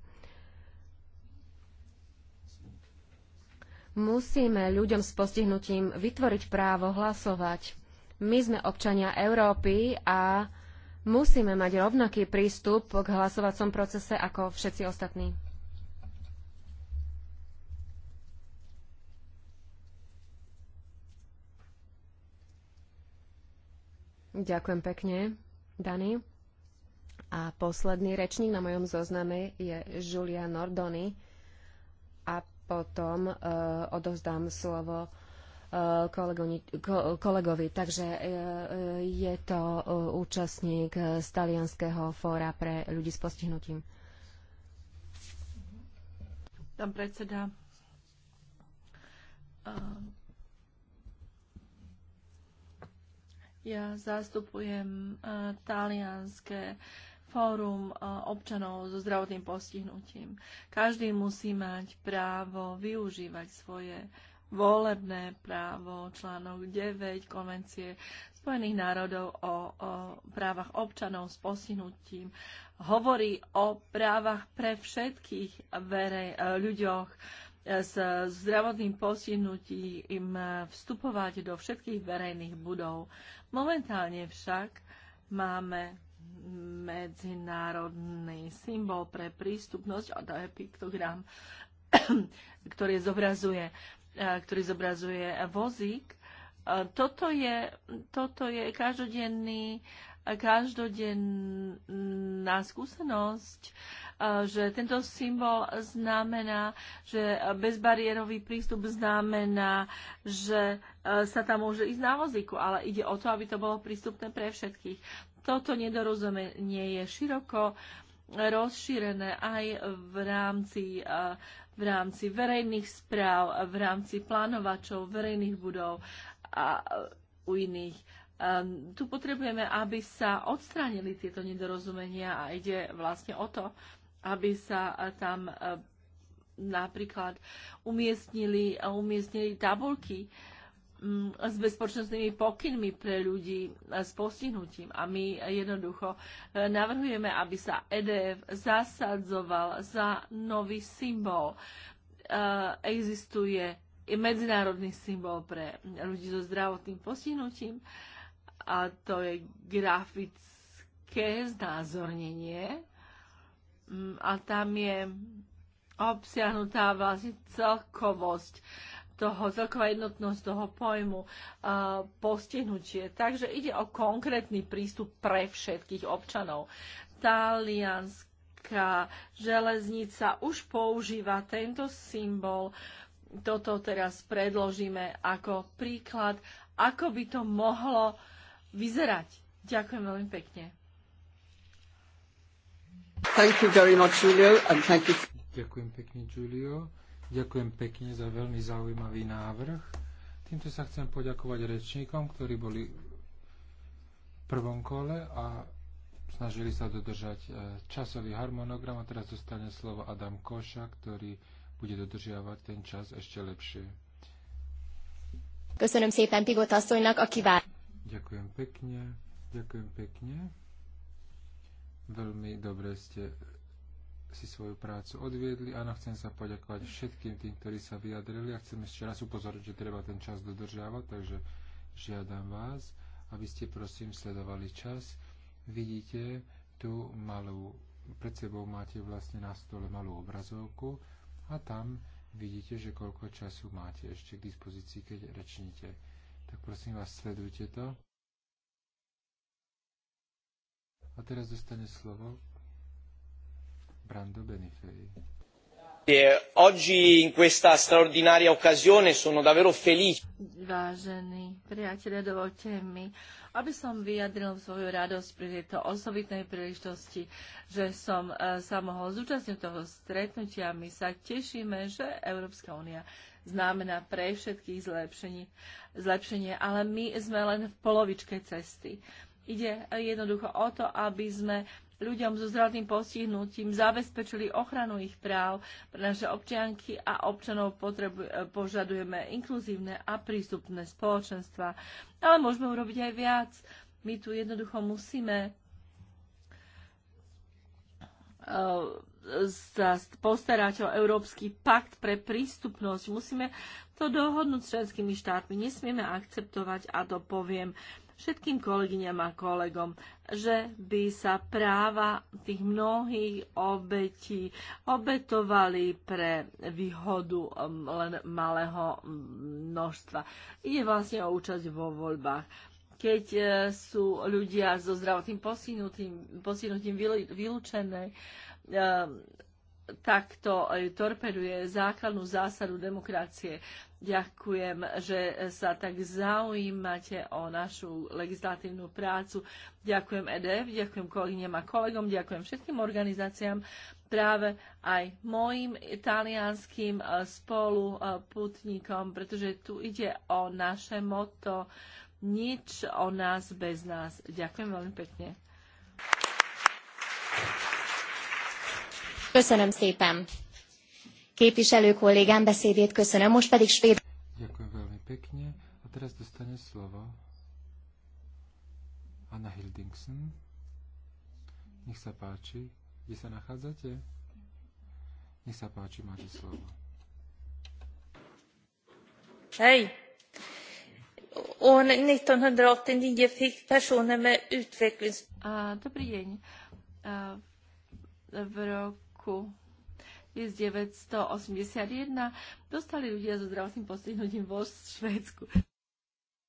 Musíme ľuďom s postihnutím vytvoriť právo hlasovať. My sme občania Európy a musíme mať rovnaký prístup k hlasovacom procese ako všetci ostatní. Ďakujem pekne, Dani. A posledný rečník na mojom zozname je Julia Nordoni. A potom uh, odovzdám slovo uh, kolegoni, ko, kolegovi. Takže uh, je to uh, účastník z Talianského fóra pre ľudí s postihnutím. Pán predseda. Uh, ja zastupujem uh, Talianské uh, fórum eh, občanov so zdravotným postihnutím. Každý musí mať právo využívať svoje volebné právo článok 9 Konvencie Spojených národov o, o právach občanov s postihnutím. Hovorí o právach pre všetkých verej, eh, ľuďoch eh, s zdravotným postihnutím im vstupovať do všetkých verejných budov. Momentálne však máme medzinárodný symbol pre prístupnosť a to je piktogram, (coughs) ktorý zobrazuje, e, ktorý zobrazuje vozík. E, toto je, toto je každodenný, e, každodenná skúsenosť, že tento symbol znamená, že bezbariérový prístup znamená, že sa tam môže ísť na vozíku, ale ide o to, aby to bolo prístupné pre všetkých toto nedorozumenie je široko rozšírené aj v rámci, v rámci verejných správ, v rámci plánovačov verejných budov a u iných. Tu potrebujeme, aby sa odstránili tieto nedorozumenia a ide vlastne o to, aby sa e, tam e, napríklad umiestnili, e, umiestnili tabulky, Mm, s bezpočnostnými pokynmi pre ľudí s postihnutím. A my jednoducho e, navrhujeme, aby sa EDF zasadzoval za nový symbol. E, existuje medzinárodný symbol pre ľudí so zdravotným postihnutím a to je grafické znázornenie. Mm, a tam je obsiahnutá vlastne celkovosť uh, toho celková jednotnosť toho pojmu a, postihnutie. Takže ide o konkrétny prístup pre všetkých občanov. Talianská železnica už používa tento symbol. Toto teraz predložíme ako príklad, ako by to mohlo vyzerať. Ďakujem veľmi pekne. Thank you very much, Julio, and thank you. Ďakujem pekne, Julio. Ďakujem pekne za veľmi zaujímavý návrh. Týmto sa chcem poďakovať rečníkom, ktorí boli v prvom kole a snažili sa dodržať e, časový harmonogram a teraz dostane slovo Adam Koša, ktorý bude dodržiavať ten čas ešte lepšie. Köszönöm szépen Pigot asszonynak, aki vár. Ďakujem pekne, ďakujem pekne. Veľmi dobre ste si svoju prácu odviedli. Áno, chcem sa poďakovať všetkým tým, ktorí sa vyjadrili a chcem ešte raz upozorniť, že treba ten čas dodržávať, takže žiadam vás, aby ste prosím sledovali čas. Vidíte tú malú, pred sebou máte vlastne na stole malú obrazovku a tam vidíte, že koľko času máte ešte k dispozícii, keď rečnite. Tak prosím vás, sledujte to. A teraz dostane slovo E oggi in questa straordinaria occasione sono davvero felice. Vážení priatelia, dovolte mi, aby som vyjadril svoju radosť pri tejto osobitnej príležitosti, že som e, sa mohol zúčastniť toho stretnutia. My sa tešíme, že Európska únia znamená pre všetkých zlepšenie, zlepšenie, ale my sme len v polovičke cesty. Ide jednoducho o to, aby sme ľuďom so zdravotným postihnutím, zabezpečili ochranu ich práv. Pre naše občianky a občanov potrebu- e, požadujeme inkluzívne a prístupné spoločenstva. Ale môžeme urobiť aj viac. My tu jednoducho musíme e, postarať o Európsky pakt pre prístupnosť. Musíme to dohodnúť s členskými štátmi. Nesmieme akceptovať, a to poviem všetkým kolegyňam a kolegom, že by sa práva tých mnohých obetí obetovali pre výhodu um, len malého um, množstva. Ide vlastne o účasť vo voľbách. Keď eh, sú ľudia so zdravotným posunutím, posunutím vylúčené, vylu- takto eh, torpeduje základnú zásadu demokracie. Ďakujem, že sa tak zaujímate o našu legislatívnu prácu. Ďakujem EDF, ďakujem kolegyňam a kolegom, ďakujem všetkým organizáciám, práve aj mojim italianským eh, spoluputníkom, eh, pretože tu ide o naše moto nič o nás bez nás. Ďakujem veľmi pekne. képviselő kollégám beszédét köszönöm most pedig svéd Ďakujem veľmi pekne. A teraz dostane slovo Anna Hildingsen. Nech sa páči. Kde sa nachádzate? Nech sa páči, máte slovo. Hej. Uh, dobrý deň. Uh, v roku roku iz 981 dostali ľudia so zdravotným postihnutím vo Švédsku.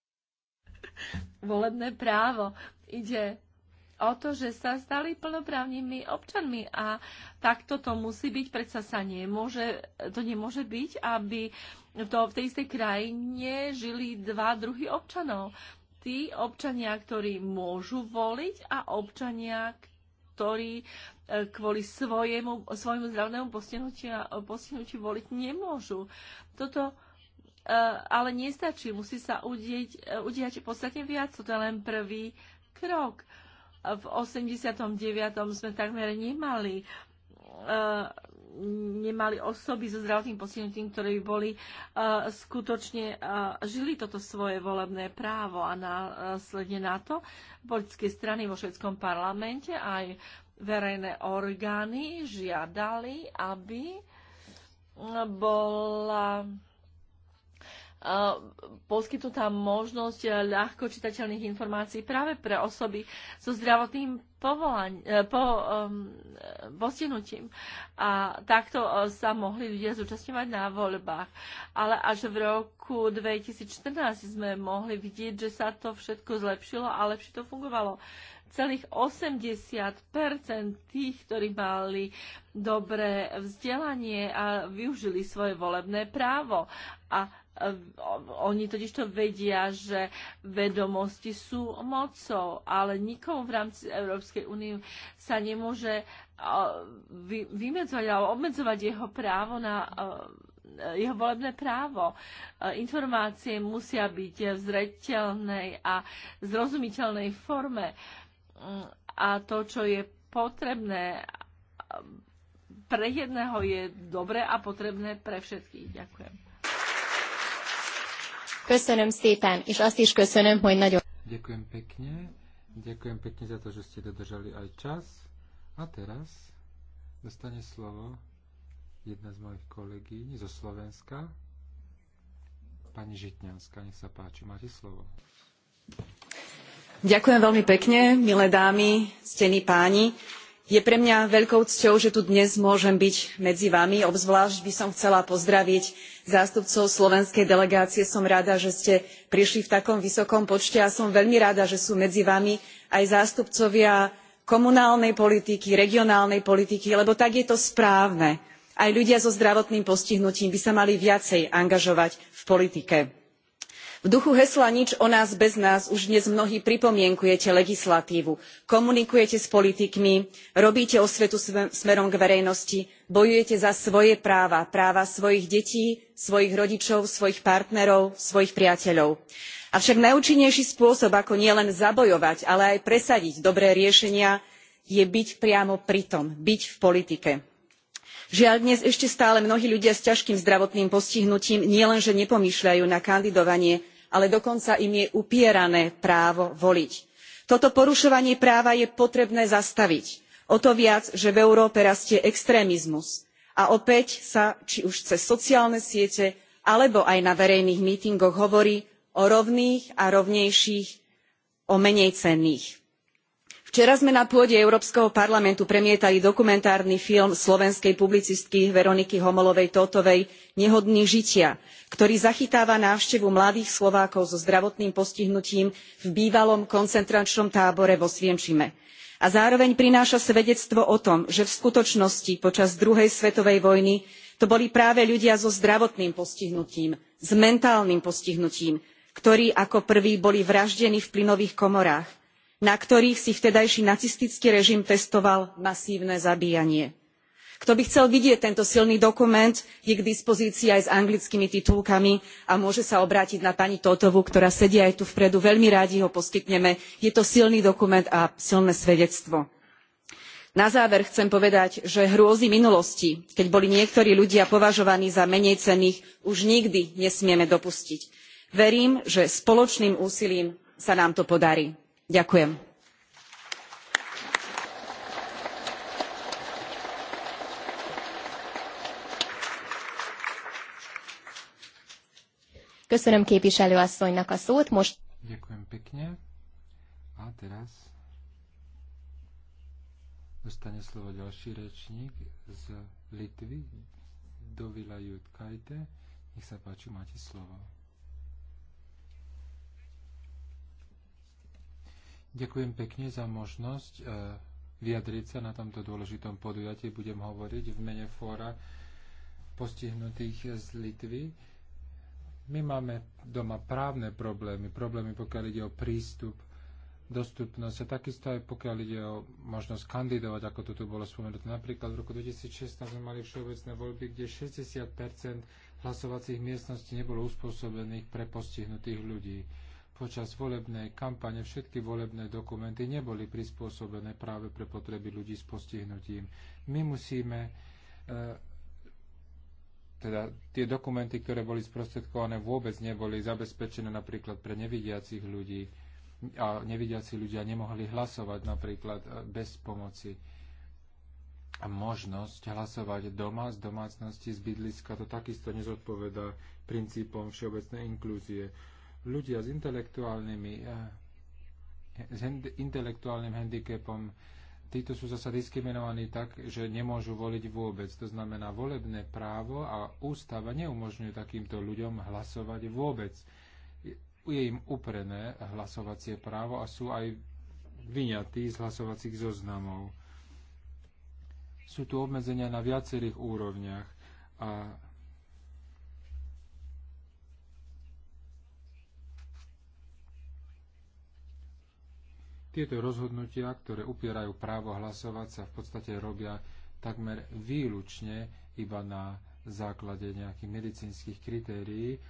(laughs) Volebné právo ide o to, že sa stali plnoprávnymi občanmi a takto to musí byť, predsa sa nemôže, to nemôže byť, aby to v tej istej krajine žili dva druhy občanov. Tí občania, ktorí môžu voliť a občania, ktorí Eh, kvôli svojemu, svojmu zdravnému postihnutiu voliť nemôžu. Toto eh, ale nestačí, musí sa udieť, eh, udiať v podstate viac, to je len prvý krok. V 89. sme takmer nemali, nemali osoby so zdravotným postihnutím, ktoré by boli skutočne žili toto svoje volebné právo a následne na to politické strany vo švedskom parlamente aj verejné orgány žiadali, aby bola poskytnutá možnosť ľahko čitateľných informácií práve pre osoby so zdravotným povolaň, e, po, um, e, postihnutím. A takto e, sa mohli ľudia zúčastňovať na voľbách. Ale až v roku 2014 sme mohli vidieť, že sa to všetko zlepšilo a lepšie to fungovalo celých 80% tých, ktorí mali dobré vzdelanie a využili svoje volebné právo. A e, oni totiž to vedia, že vedomosti sú mocou, ale nikomu v rámci Európskej únie sa nemôže e, vymedzovať alebo obmedzovať jeho právo na e, jeho volebné právo. Informácie musia byť v zretelnej a zrozumiteľnej forme a to, čo je potrebné pre jedného je dobre a potrebné pre všetkých. Ďakujem. Köszönöm szépen, és azt is köszönöm, hogy nagyon... Ďakujem pekne. Ďakujem pekne za to, že ste dodržali aj čas. A teraz dostane slovo jedna z mojich kolegyň zo Slovenska, pani Žitňanská. Nech sa páči, máte slovo. Thank you ďakujem veľmi pekne milé dámy ctení páni je pre mňa veľkou cťou že tu dnes môžem byť medzi vami obzvlášť by som chcela pozdraviť zástupcov slovenskej delegácie som rada že ste prišli v takom vysokom počte a som veľmi rada že sú medzi vami aj zástupcovia komunálnej politiky regionálnej politiky lebo tak je to správne aj ľudia so zdravotným postihnutím by sa mali viacej angažovať v politike v duchu hesla nič o nás bez nás už dnes mnohí pripomienkujete legislatívu komunikujete s politikmi robíte osvetu smerom k verejnosti bojujete za svoje práva práva svojich detí svojich rodičov svojich partnerov svojich priateľov. avšak najúčinnejší spôsob ako nielen zabojovať ale aj presadiť dobré riešenia je byť priamo pritom byť v politike žiaľ dnes ešte stále mnohí ľudia s ťažkým zdravotným postihnutím nielenže nepomýšľajú na kandidovanie ale dokonca im je upierané právo voliť. toto porušovanie práva je potrebné zastaviť o to viac že v európe rastie extrémizmus a opäť sa či už cez sociálne siete alebo aj na verejných mítingoch hovorí o rovných a rovnejších o menejcenných včera sme na pôde európskeho parlamentu premietali dokumentárny film slovenskej publicistky veroniky homolovej tótovej nehodný žitia ktorý zachytáva návštevu mladých slovákov so zdravotným postihnutím v bývalom koncentračnom tábore v osvienčime a zároveň prináša svedectvo o tom že v skutočnosti počas druhej svetovej vojny to boli práve ľudia so zdravotným postihnutím s mentálnym postihnutím ktorí ako prví boli vraždení v plynových komorách na ktorých si vtedajší nacistický režim testoval masívne zabíjanie. Kto by chcel vidieť tento silný dokument, je k dispozícii aj s anglickými titulkami a môže sa obrátiť na pani Totovu, ktorá sedí aj tu vpredu. Veľmi rádi ho poskytneme. Je to silný dokument a silné svedectvo. Na záver chcem povedať, že hrôzy minulosti, keď boli niektorí ľudia považovaní za menej cených, už nikdy nesmieme dopustiť. Verím, že spoločným úsilím sa nám to podarí ďakujem köszönöm képviselő asszonynak a szót most ďakujem pekne a teraz dostane slovo ďalší rečník z Litvy Dovila Jutkajte nech sa páči máte slovo Ďakujem pekne za možnosť e, vyjadriť sa na tomto dôležitom podujatí. Budem hovoriť v mene fóra postihnutých z Litvy. My máme doma právne problémy, problémy pokiaľ ide o prístup, dostupnosť a takisto aj pokiaľ ide o možnosť kandidovať, ako to tu bolo spomenuté. Napríklad v roku 2016 sme mali všeobecné voľby, kde 60 hlasovacích miestností nebolo uspôsobených pre postihnutých ľudí počas volebnej kampane všetky volebné dokumenty neboli prispôsobené práve pre potreby ľudí s postihnutím. My musíme e, teda tie dokumenty, ktoré boli sprostredkované, vôbec neboli zabezpečené napríklad pre nevidiacich ľudí a nevidiaci ľudia nemohli hlasovať napríklad e, bez pomoci a možnosť hlasovať doma z domácnosti, z bydliska, to takisto nezodpoveda princípom všeobecnej inklúzie ľudia s, intelektuálnymi, eh, s hend- intelektuálnym handicapom, títo sú zase diskriminovaní tak, že nemôžu voliť vôbec. To znamená, volebné právo a ústava neumožňujú takýmto ľuďom hlasovať vôbec. Je im uprené hlasovacie právo a sú aj vyňatí z hlasovacích zoznamov. Sú tu obmedzenia na viacerých úrovniach a Tieto rozhodnutia, ktoré upierajú právo hlasovať, sa v podstate robia takmer výlučne iba na základe nejakých medicínskych kritérií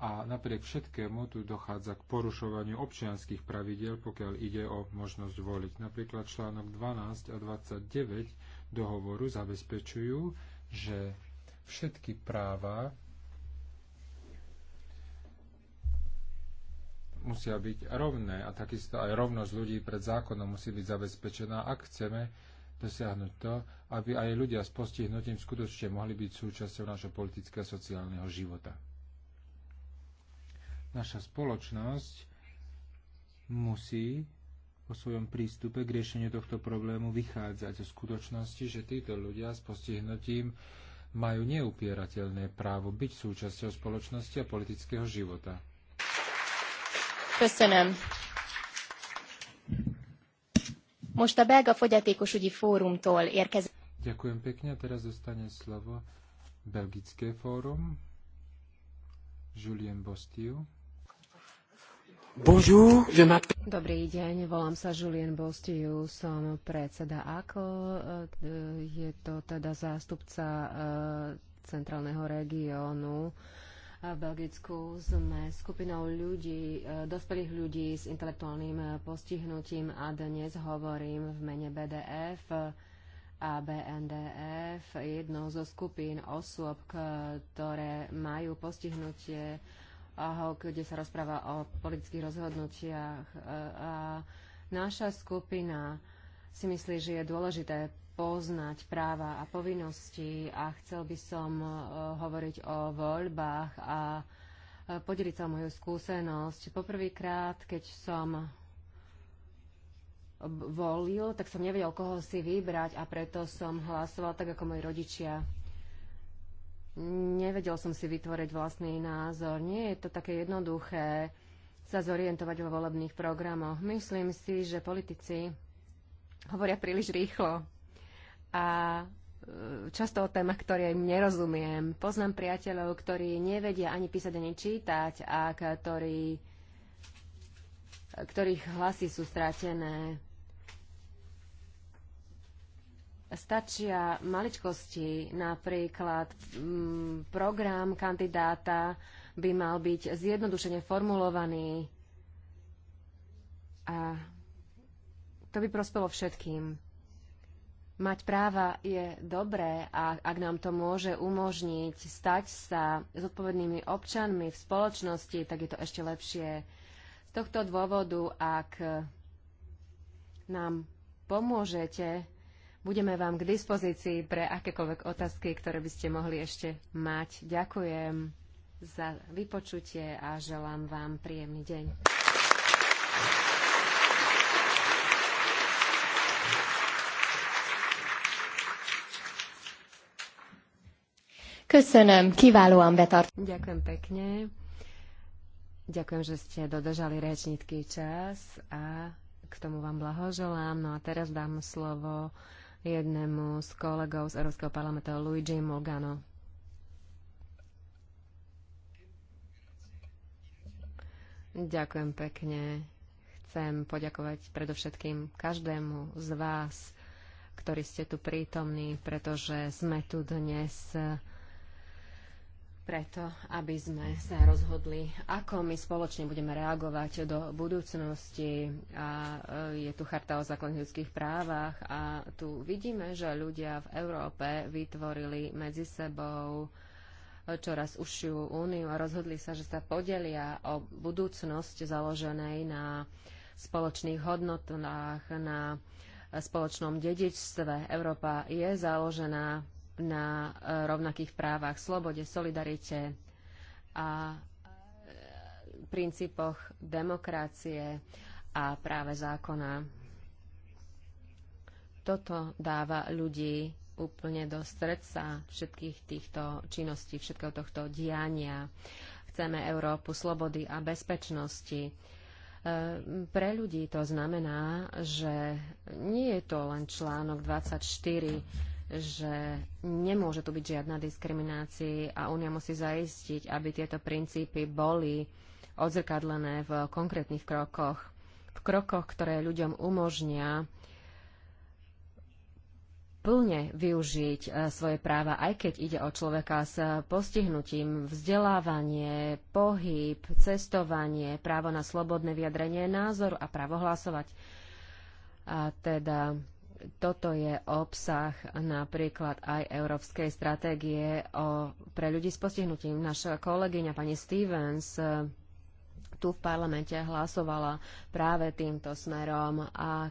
a napriek všetkému tu dochádza k porušovaniu občianských pravidel, pokiaľ ide o možnosť voliť. Napríklad článok 12 a 29 dohovoru zabezpečujú, že všetky práva musia byť rovné a takisto aj rovnosť ľudí pred zákonom musí byť zabezpečená, ak chceme dosiahnuť to, aby aj ľudia s postihnutím skutočne mohli byť súčasťou našho politického a sociálneho života. Naša spoločnosť musí o svojom prístupe k riešeniu tohto problému vychádzať zo skutočnosti, že títo ľudia s postihnutím majú neupierateľné právo byť súčasťou spoločnosti a politického života. Most a belga fogyatékosügyi fórumtól érkezik. Ďakujem pekne, teraz dostane slovo Belgické fórum. Julien Bostiu. Bonjour, je Dobrý deň, volám sa Julien Bostiu, som predseda AKO, je to teda zástupca eh, centrálneho regiónu v Belgicku sme skupinou ľudí, e, dospelých ľudí s intelektuálnym e, postihnutím a dnes hovorím v mene BDF a BNDF, jednou zo skupín osôb, ktoré majú postihnutie, kde sa rozpráva o politických rozhodnutiach. E, a naša skupina si myslí, že je dôležité poznať práva a povinnosti a chcel by som eh, hovoriť o voľbách a eh, podeliť sa o moju skúsenosť. Poprvýkrát, keď som volil, tak som nevedel, koho si vybrať a preto som hlasoval tak, ako moji rodičia. Nevedel som si vytvoriť vlastný názor. Nie je to také jednoduché sa zorientovať vo volebných programoch. Myslím si, že politici hovoria príliš rýchlo a e, často o témach, ktoré im nerozumiem. Poznám priateľov, ktorí nevedia ani písať, ani čítať a ktorí, ktorých hlasy sú stratené. Stačia maličkosti, napríklad m, mm, program kandidáta by mal byť zjednodušene formulovaný a to by prospelo všetkým. Mať práva je dobré a ak nám to môže umožniť stať sa zodpovednými občanmi v spoločnosti, tak je to ešte lepšie. Z tohto dôvodu, ak nám pomôžete, budeme vám k dispozícii pre akékoľvek otázky, ktoré by ste mohli ešte mať. Ďakujem za vypočutie a želám vám príjemný deň. Köszönöm, kiválóan betart. Ďakujem pekne. Ďakujem, že ste dodržali rečnícky čas a k tomu vám blahoželám. No a teraz dám slovo jednému z kolegov z Európskeho parlamentu Luigi Mulgano. Ďakujem pekne. Chcem poďakovať predovšetkým každému z vás, ktorí ste tu prítomní, pretože sme tu dnes uh, preto, aby sme sa rozhodli, ako my spoločne budeme reagovať do budúcnosti. A e, je tu charta o základných ľudských právach a tu vidíme, že ľudia v Európe vytvorili medzi sebou e, čoraz užšiu úniu a rozhodli sa, že sa podelia o budúcnosť založenej na spoločných hodnotách, na spoločnom dedičstve. Európa je založená na eh, rovnakých právach, slobode, solidarite a eh, princípoch demokracie a práve zákona. Toto dáva ľudí úplne do stredca všetkých týchto činností, všetkého tohto diania. Chceme Európu slobody a bezpečnosti. Eh, pre ľudí to znamená, že nie je to len článok 24, že nemôže tu byť žiadna diskriminácia a Únia musí zaistiť, aby tieto princípy boli odzrkadlené v konkrétnych krokoch. V krokoch, ktoré ľuďom umožnia plne využiť e, svoje práva, aj keď ide o človeka s postihnutím, vzdelávanie, pohyb, cestovanie, právo na slobodné vyjadrenie názoru a právo hlasovať. A teda toto je obsah napríklad aj Európskej stratégie o, pre ľudí s postihnutím. Naša kolegyňa pani Stevens e, tu v parlamente hlasovala práve týmto smerom a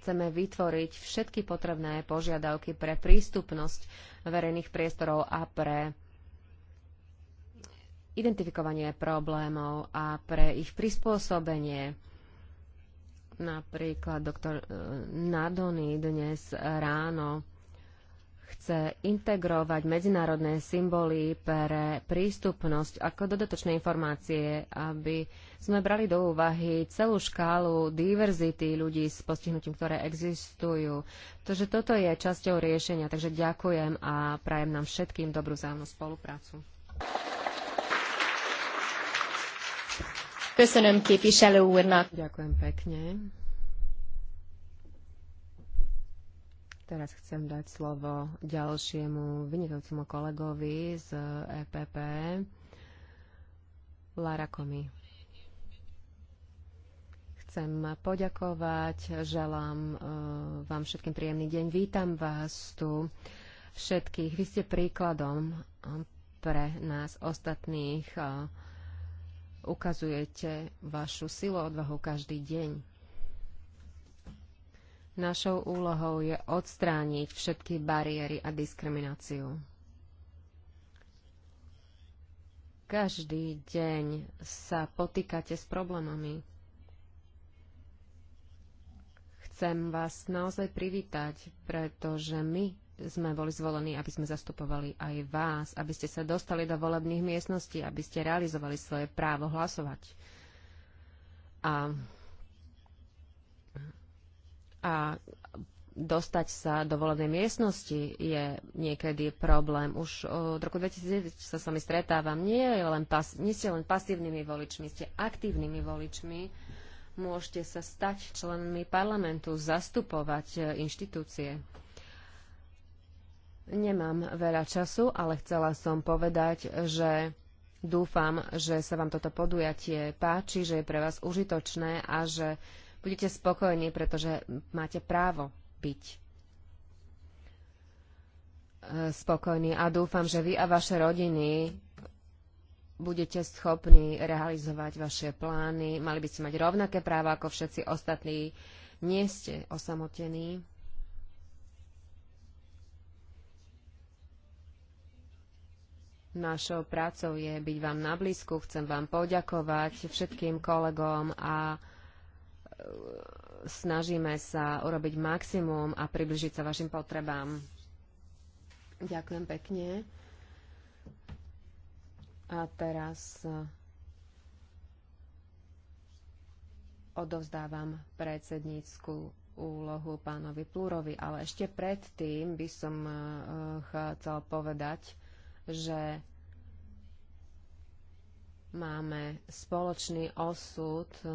chceme vytvoriť všetky potrebné požiadavky pre prístupnosť verejných priestorov a pre identifikovanie problémov a pre ich prispôsobenie napríklad doktor eh, Nadony dnes ráno chce integrovať medzinárodné symboly pre prístupnosť ako dodatočné informácie, aby sme brali do úvahy celú škálu diverzity ľudí s postihnutím, ktoré existujú. Takže to, toto je časťou riešenia, takže ďakujem a prajem nám všetkým dobrú zájomnú spoluprácu. köszönöm képviselő úrnak Teraz chcem dať slovo ďalšiemu vynikajúcemu kolegovi z EPP, Lara Komi. Chcem poďakovať, želám e, vám všetkým príjemný deň. Vítam vás tu všetkých. Vy ste príkladom pre nás ostatných e, ukazujete vašu silu odvahu každý deň. Našou úlohou je odstrániť všetky bariéry a diskrimináciu. Každý deň sa potýkate s problémami. Chcem vás naozaj privítať, pretože my sme boli zvolení, aby sme zastupovali aj vás, aby ste sa dostali do volebných miestností, aby ste realizovali svoje právo hlasovať. A, a dostať sa do volebnej miestnosti je niekedy problém. Už od roku 2009 sa s vami stretávam. Nie, len pas, nie ste len pasívnymi voličmi, ste aktívnymi voličmi. Môžete sa stať členmi parlamentu, zastupovať e, inštitúcie. Nemám veľa času, ale chcela som povedať, že dúfam, že sa vám toto podujatie páči, že je pre vás užitočné a že budete spokojní, pretože máte právo byť e, spokojní a dúfam, že vy a vaše rodiny budete schopní realizovať vaše plány, mali by ste mať rovnaké práva ako všetci ostatní, nie ste osamotení. Našou prácou je byť vám na blízku. Chcem vám poďakovať všetkým kolegom a e, snažíme sa urobiť maximum a približiť sa vašim potrebám. Ďakujem pekne. A teraz e, odovzdávam predsednícku úlohu pánovi Plúrovi, ale ešte predtým by som e, chcel povedať, že máme spoločný osud. E,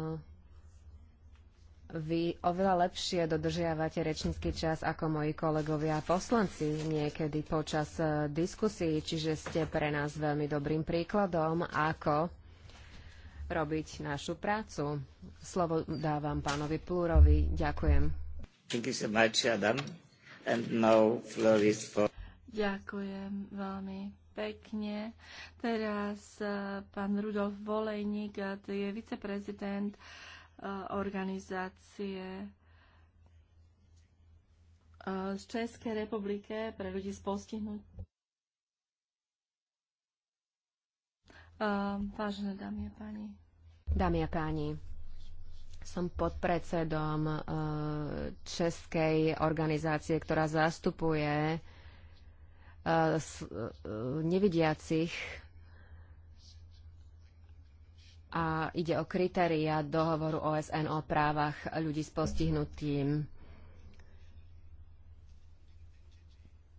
vy oveľa lepšie dodržiavate rečnícky čas ako moji kolegovia poslanci niekedy počas e, diskusí, čiže ste pre nás veľmi dobrým príkladom, ako robiť našu prácu. Slovo dávam pánovi Plúrovi. Ďakujem. Thank you so much, Adam. And now floor is for... Ďakujem veľmi pekne. Teraz eh, pán Rudolf Volejník, eh, to je viceprezident eh, organizácie z Českej republike pre ľudí s postihnutím. Vážené dámy a páni. Dámy a páni, som podpredsedom Českej organizácie, ktorá zastupuje uh, nevidiacich a ide o kritéria dohovoru OSN o právach ľudí s postihnutím.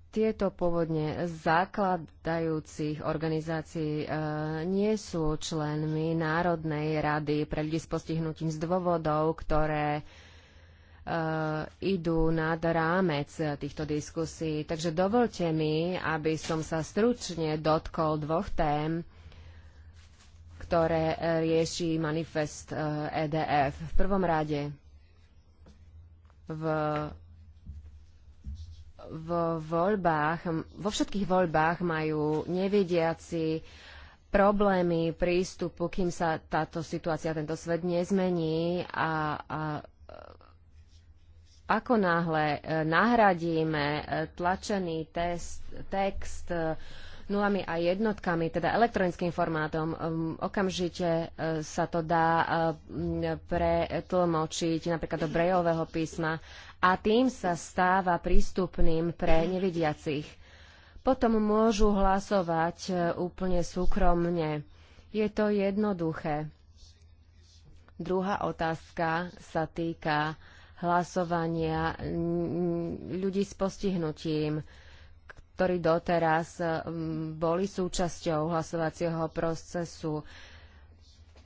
Tieto pôvodne zakladajúcich organizácií e, nie sú členmi Národnej rady pre ľudí s postihnutím z dôvodov, ktoré e, uh, eh, idú nad rámec eh, týchto diskusí. Takže dovolte mi, aby som sa stručne dotkol dvoch tém, ktoré eh, rieši manifest uh, EDF. V prvom rade v vo voľbách, vo všetkých voľbách majú nevidiaci problémy prístupu, kým sa táto situácia, tento svet nezmení a, a ako náhle eh, nahradíme eh, tlačený test, text eh, nulami a jednotkami, teda elektronickým formátom, mm, okamžite sa to dá mm, pretlmočiť napríklad do brejového písma a tým sa stáva prístupným pre nevidiacich. Potom môžu hlasovať úplne súkromne. Je to jednoduché. Druhá otázka sa týka uh, hlasovania ľudí s postihnutím, ktorí doteraz boli súčasťou hlasovacieho procesu.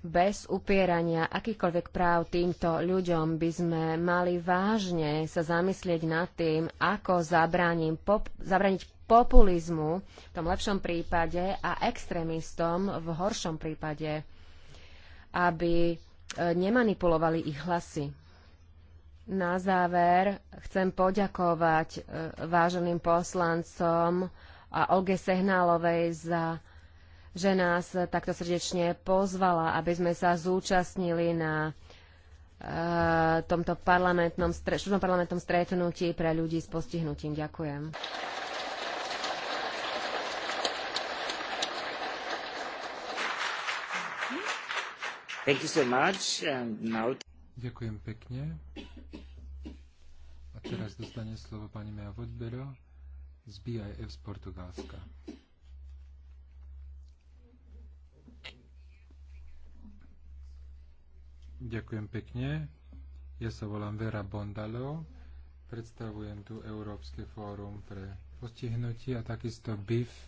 Bez upierania akýkoľvek práv týmto ľuďom by sme mali vážne sa zamyslieť nad tým, ako zabraním, pop, zabraniť populizmu v tom lepšom prípade a extrémistom v horšom prípade, aby e, nemanipulovali ich hlasy. Na záver chcem poďakovať e, váženým poslancom a Olge Sehnálovej za že nás takto srdečne pozvala, aby sme sa zúčastnili na e, tomto parlamentnom, stre, parlamentnom stretnutí pre ľudí s postihnutím. Ďakujem. Thank you so much. And now... Ďakujem pekne. A teraz dostane slovo pani Mea Vodbero z BIF z Portugalska. Ďakujem pekne. Ja sa volám Vera Bondalo. Predstavujem tu Európske fórum pre postihnutie a takisto BIF, e,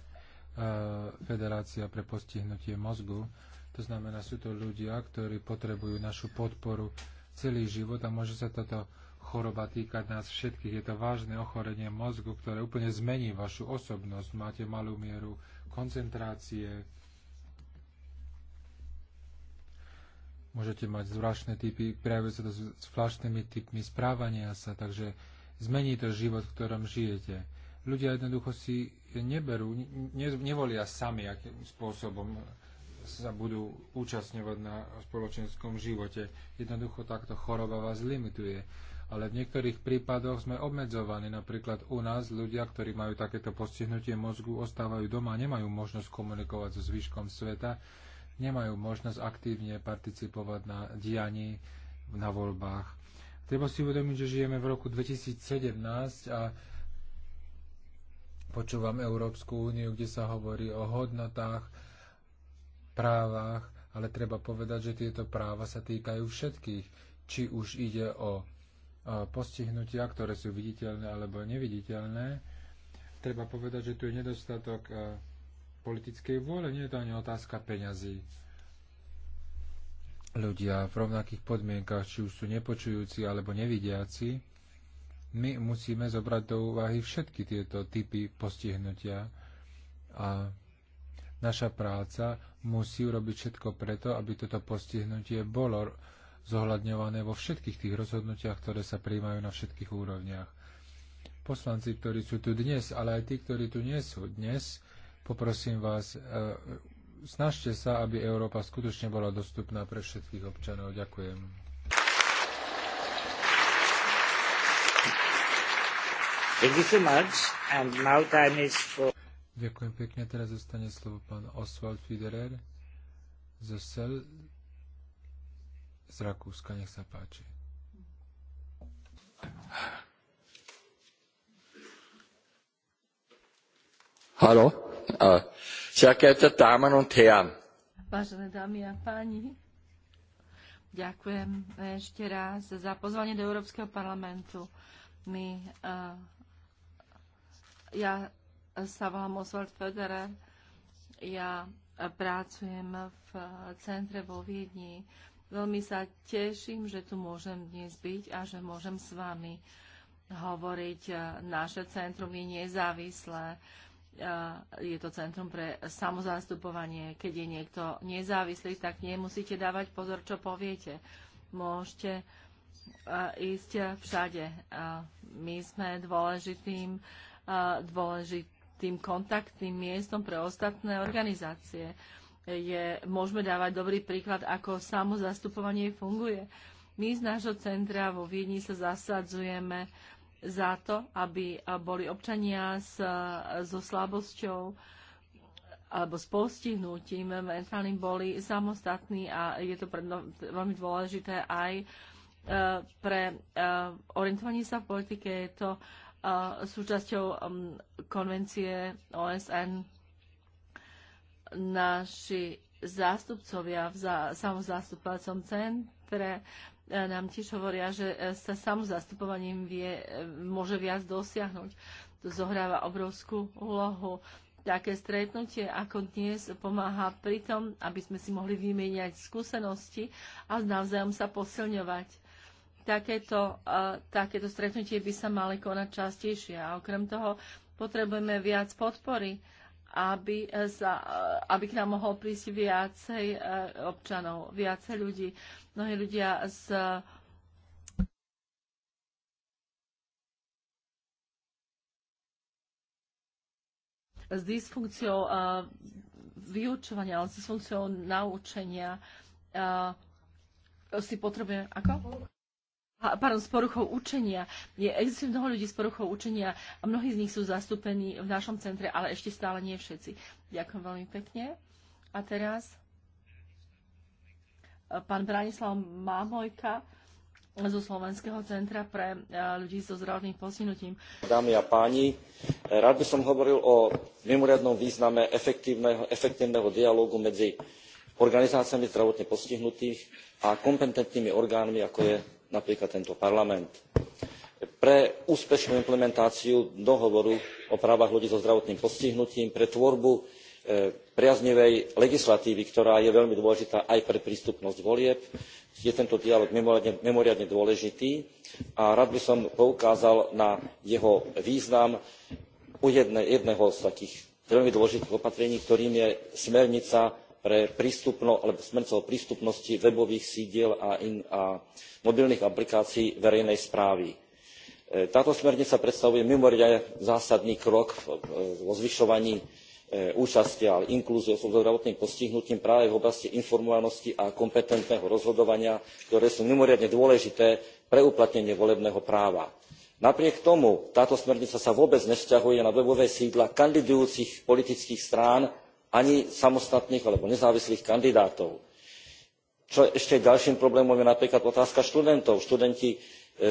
Federácia pre postihnutie mozgu. To znamená, sú to ľudia, ktorí potrebujú našu podporu celý život a môže sa toto choroba týkať nás všetkých. Je to vážne ochorenie mozgu, ktoré úplne zmení vašu osobnosť. Máte malú mieru koncentrácie. Môžete mať zvláštne typy, prejavuje sa to s zvláštnymi typmi správania sa, takže zmení to život, v ktorom žijete. Ľudia jednoducho si neberú, ne, nevolia sami, akým spôsobom sa budú účastňovať na spoločenskom živote. Jednoducho takto choroba vás limituje. Ale v niektorých prípadoch sme obmedzovaní. Napríklad u nás ľudia, ktorí majú takéto postihnutie mozgu, ostávajú doma a nemajú možnosť komunikovať so zvyškom sveta, nemajú možnosť aktívne participovať na dianí, na voľbách. Treba si uvedomiť, že žijeme v roku 2017 a počúvam Európsku úniu, kde sa hovorí o hodnotách, právach, ale treba povedať, že tieto práva sa týkajú všetkých, či už ide o postihnutia, ktoré sú viditeľné alebo neviditeľné. Treba povedať, že tu je nedostatok e, politickej vôle, nie je to ani otázka peňazí. Ľudia v rovnakých podmienkach, či už sú nepočujúci alebo nevidiaci, my musíme zobrať do úvahy všetky tieto typy postihnutia a Naša práca musí urobiť všetko preto, aby toto postihnutie bolo zohľadňované vo všetkých tých rozhodnutiach, ktoré sa prijímajú na všetkých úrovniach. Poslanci, ktorí sú tu dnes, ale aj tí, ktorí tu nie sú dnes, poprosím vás, e, snažte sa, aby Európa skutočne bola dostupná pre všetkých občanov. Ďakujem. Thank you so much. And now time is for... Ďakujem pekne. Teraz zostane slovo pán Oswald Fiderer zo Sel z Rakúska. Nech sa páči. Haló? Čakajte dáma non team. Vážené dámy a páni, ďakujem ešte raz za pozvanie do Európskeho parlamentu. My, uh, ja Savam Oswald Federer. Ja pracujem v centre vo Viedni. Veľmi sa teším, že tu môžem dnes byť a že môžem s vami hovoriť. Naše centrum je nezávislé. Je to centrum pre samozastupovanie. Keď je niekto nezávislý, tak nemusíte dávať pozor, čo poviete. Môžete ísť všade. My sme dôležitým, dôležitým tým kontaktným miestom pre ostatné organizácie. Je, môžeme dávať dobrý príklad, ako samozastupovanie funguje. My z nášho centra vo Viedni sa zasadzujeme za to, aby boli občania s, so slabosťou alebo s postihnutím mentálnym boli samostatní a je to predno, veľmi dôležité aj e, pre e, orientovanie sa v politike. Je to e, súčasťou um, konvencie OSN naši zástupcovia v za, samozástupovacom centre eh, nám tiež hovoria, že eh, sa samozastupovaním vie, eh, môže viac dosiahnuť. To zohráva obrovskú úlohu. Také stretnutie ako dnes pomáha pri tom, aby sme si mohli vymieňať skúsenosti a navzájom sa posilňovať takéto, uh, takéto stretnutie by sa mali konať častejšie. A okrem toho potrebujeme viac podpory, aby, sa, e, uh, e, aby k nám mohol prísť viacej uh, občanov, viacej ľudí. Mnohí ľudia z. s dysfunkciou uh, vyučovania, ale s dysfunkciou naučenia uh, si potrebujeme... Ako? pardon, s poruchou učenia. Je, existujú mnoho ľudí s poruchou učenia a mnohí z nich sú zastúpení v našom centre, ale ešte stále nie všetci. Ďakujem veľmi pekne. A teraz e, pán Branislav Mámojka zo Slovenského centra pre e, ľudí so zdravotným posunutím. Dámy a páni, e, rád by som hovoril o mimoriadnom význame efektívneho, efektívneho dialógu medzi organizáciami zdravotne postihnutých a kompetentnými orgánmi, ako je napríklad tento parlament. Pre úspešnú implementáciu dohovoru o právach ľudí so zdravotným postihnutím, pre tvorbu e, priaznevej legislatívy, ktorá je veľmi dôležitá aj pre prístupnosť volieb, je tento dialog mimoriadne, mimoriadne dôležitý a rád by som poukázal na jeho význam u jedne, jedného z takých veľmi dôležitých opatrení, ktorým je smernica smernicou o prístupnosti webových sídiel a mobilných aplikácií verejnej správy. E, táto smernica predstavuje mimoriadne zásadný krok e, vo zvyšovaní e, účasti a inklúzie osôb so zdravotným postihnutím práve v oblasti informovanosti a kompetentného rozhodovania, ktoré sú mimoriadne dôležité pre uplatnenie volebného práva. Napriek tomu táto smernica sa vôbec nevzťahuje na webové sídla kandidujúcich politických strán ani samostatných alebo nezávislých kandidátov. Čo ešte ďalším problémom je napríklad otázka študentov. Študenti e,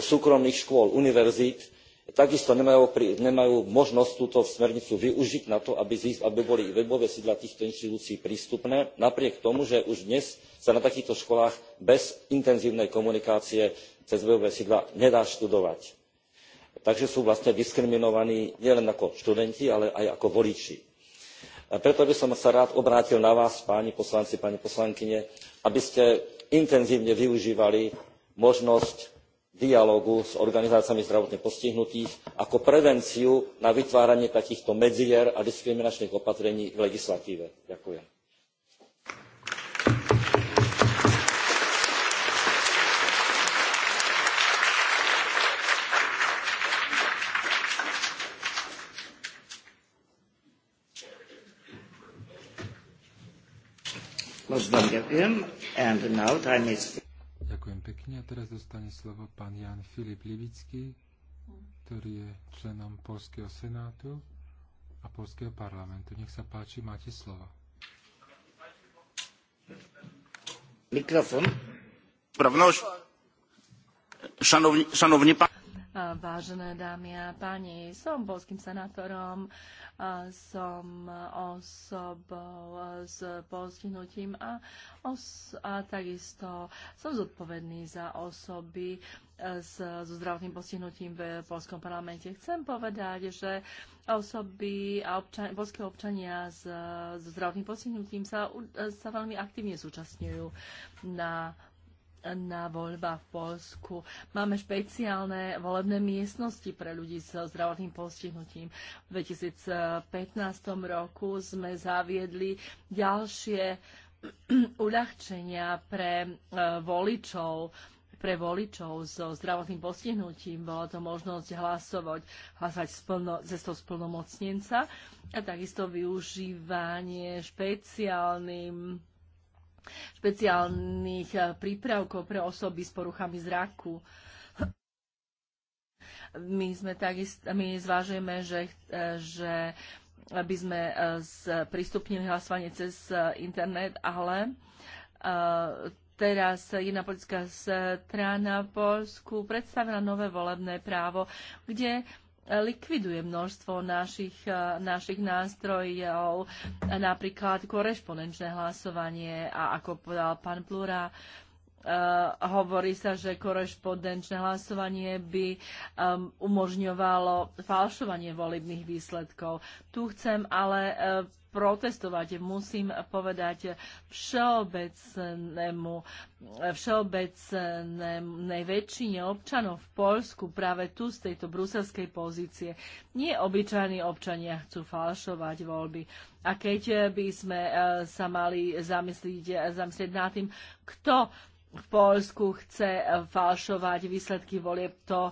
súkromných škôl, univerzít, takisto nemajú, nemajú možnosť túto smernicu využiť na to, aby, zís, aby boli webové sídla týchto inštitúcií prístupné, napriek tomu, že už dnes sa na takýchto školách bez intenzívnej komunikácie cez webové sídla nedá študovať. Takže sú vlastne diskriminovaní nielen ako študenti, ale aj ako voliči preto by som sa rád obrátil na vás páni poslanci páni poslankyne aby ste intenzívne využívali možnosť dialógu s organizáciami zdravotne postihnutých ako prevenciu na vytváranie takýchto medzier a diskriminačných opatrení v legislatíve. ďakujem. Pozdravljam and now time is... Ďakujem pekne. A teraz dostane slovo pán Jan Filip Levický, ktorý je členom Polského senátu a Polského parlamentu. Nech sa páči, máte slovo. Mikrofon. Pravnož. Šanovní, šanovní pán. Vážené dámy a páni, som polským senátorom, som osobou s postihnutím a, os- a takisto som zodpovedný za osoby e, s, so zdravotným postihnutím v Polskom parlamente. Chcem povedať, že osoby a občan- polské občania s, so zdravotným postihnutím sa, e, sa veľmi aktívne zúčastňujú na na voľba v Polsku. Máme špeciálne volebné miestnosti pre ľudí so zdravotným postihnutím. V 2015 roku sme zaviedli ďalšie (clears throat) uľahčenia pre e, voličov, pre voličov so zdravotným postihnutím. Bola to možnosť hlasovať, hlasovať splno, cestou splnomocnenca a takisto využívanie špeciálnym špeciálnych eh, prípravkov pre osoby s poruchami zraku. My, sme takist, my zvážujeme, že, eh, že by sme eh, pristupnili hlasovanie cez internet, ale teraz jedna politická strana Polsku predstavila nové volebné právo, kde likviduje množstvo našich, eh, našich nástrojov, napríklad korešponenčné hlasovanie a ako povedal pán Plura, Uh, hovorí sa, že korešpondenčné hlasovanie by um, umožňovalo falšovanie volebných výsledkov. Tu chcem ale uh, protestovať, musím povedať všeobecnému, všeobecnej väčšine občanov v Polsku práve tu z tejto bruselskej pozície. Nie obyčajní občania chcú falšovať voľby. A keď by sme e, sa mali zamyslieť, zamyslieť nad tým, kto v Polsku chce falšovať výsledky volieb, to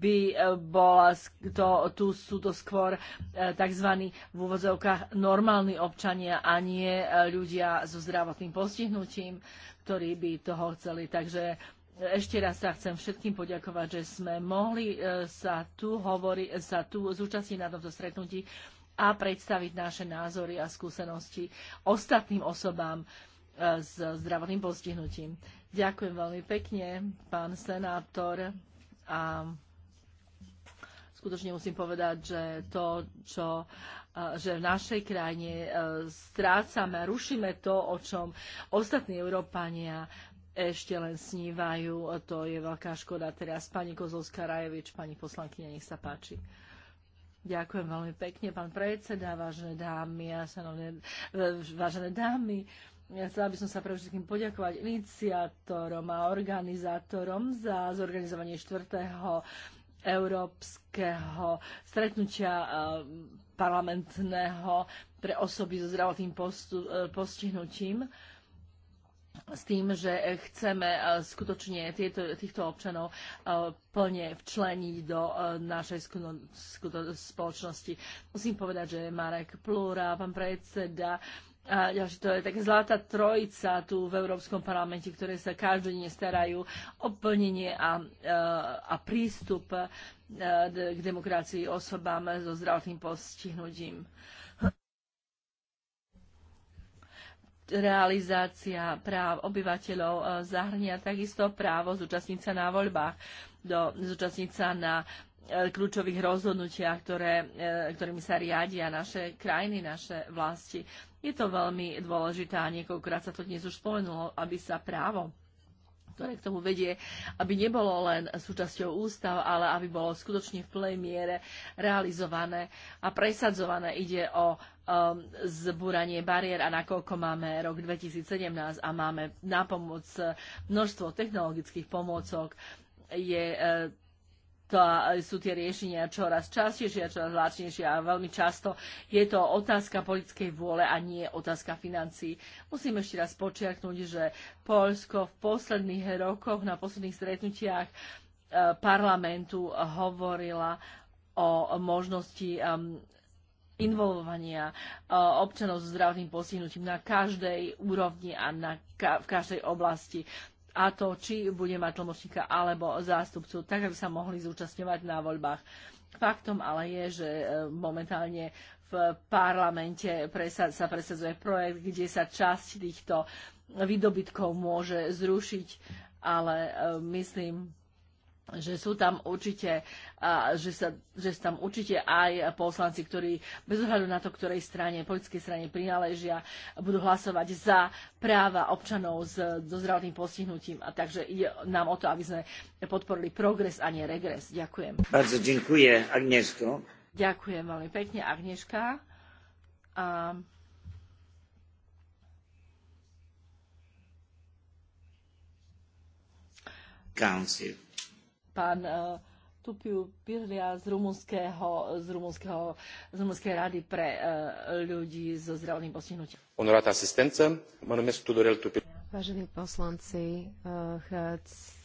by eh, bola to, tu, sú to skôr eh, tzv. v úvozovkách normálni občania a nie eh, ľudia so zdravotným postihnutím, ktorí by toho chceli. Takže ešte raz sa chcem všetkým poďakovať, že sme mohli sa tu, hovori, sa tu zúčastniť na tomto stretnutí a predstaviť naše názory a skúsenosti ostatným osobám s zdravotným postihnutím. Ďakujem veľmi pekne, pán senátor. A um skutočne musím povedať, že to, čo, že v našej krajine e, strácame, rušíme to, o čom ostatní Európania ešte len snívajú, to je veľká škoda. Teraz pani Kozlovská Rajevič, pani poslankyňa, nech sa páči. Ďakujem veľmi pekne, pán predseda, vážne dámy, ja šanovne, e, vážne dámy. Ja chcela by som sa pre všetkým poďakovať iniciátorom a organizátorom za zorganizovanie 4 európskeho stretnutia eh, parlamentného pre osoby so zdravotným eh, postihnutím s tým, že chceme eh, skutočne tieto, týchto občanov plne včleniť do našej skuno, skuto, spoločnosti. Musím povedať, že Marek Plúra, pán predseda, Ja, že to je taká zlatá trojica tu v Európskom parlamente, ktoré sa každý deň starajú o plnenie a, a prístup k demokracii osobám so zdravotným postihnutím. Realizácia práv obyvateľov zahrnia takisto právo zúčastniť sa na voľbách, do, zúčastniť sa na e, kľúčových rozhodnutiach, ktoré, e, ktorými sa riadia naše krajiny, naše vlasti. Je to veľmi dôležité a niekoľkokrát sa to dnes už spomenulo, aby sa právo ktoré k tomu vedie, aby nebolo len súčasťou ústav, ale aby bolo skutočne v plnej miere realizované a presadzované. Ide o um, zburanie bariér a nakoľko máme rok 2017 a máme na pomoc množstvo technologických pomôcok, je uh, to sú tie riešenia čoraz častejšie a čoraz vláčnejšie a veľmi často je to otázka politickej vôle a nie otázka financií. Musím ešte raz počiarknúť, že Polsko v posledných rokoch, na posledných stretnutiach e, parlamentu hovorila o možnosti involvovania e, občanov s zdravotným postihnutím na každej úrovni a na ka- v každej oblasti a to, či bude mať tlmočníka alebo zástupcu, tak aby sa mohli zúčastňovať na voľbách. Faktom ale je, že e, momentálne v parlamente sa presadzuje projekt, kde sa časť týchto vydobitkov môže zrušiť, ale e, myslím, že sú tam určite, že, sa, že sú tam určite aj poslanci, ktorí bez ohľadu na to, ktorej strane, politickej strane prináležia, budú hlasovať za práva občanov s so zdravotným postihnutím. A takže ide nám o to, aby sme podporili progres a nie regres. Ďakujem. Bardzo ďakujem, Agnieszko. Ďakujem veľmi pekne, Agnieszka. A... Council pán uh, eh, Tupiu Pirlia z rumunského, z rumunského, z rumunskej rady pre uh, ľudí so zdravotným postihnutím. Honorát asistencem, mám mesto do Vážení poslanci, uh, eh, chc-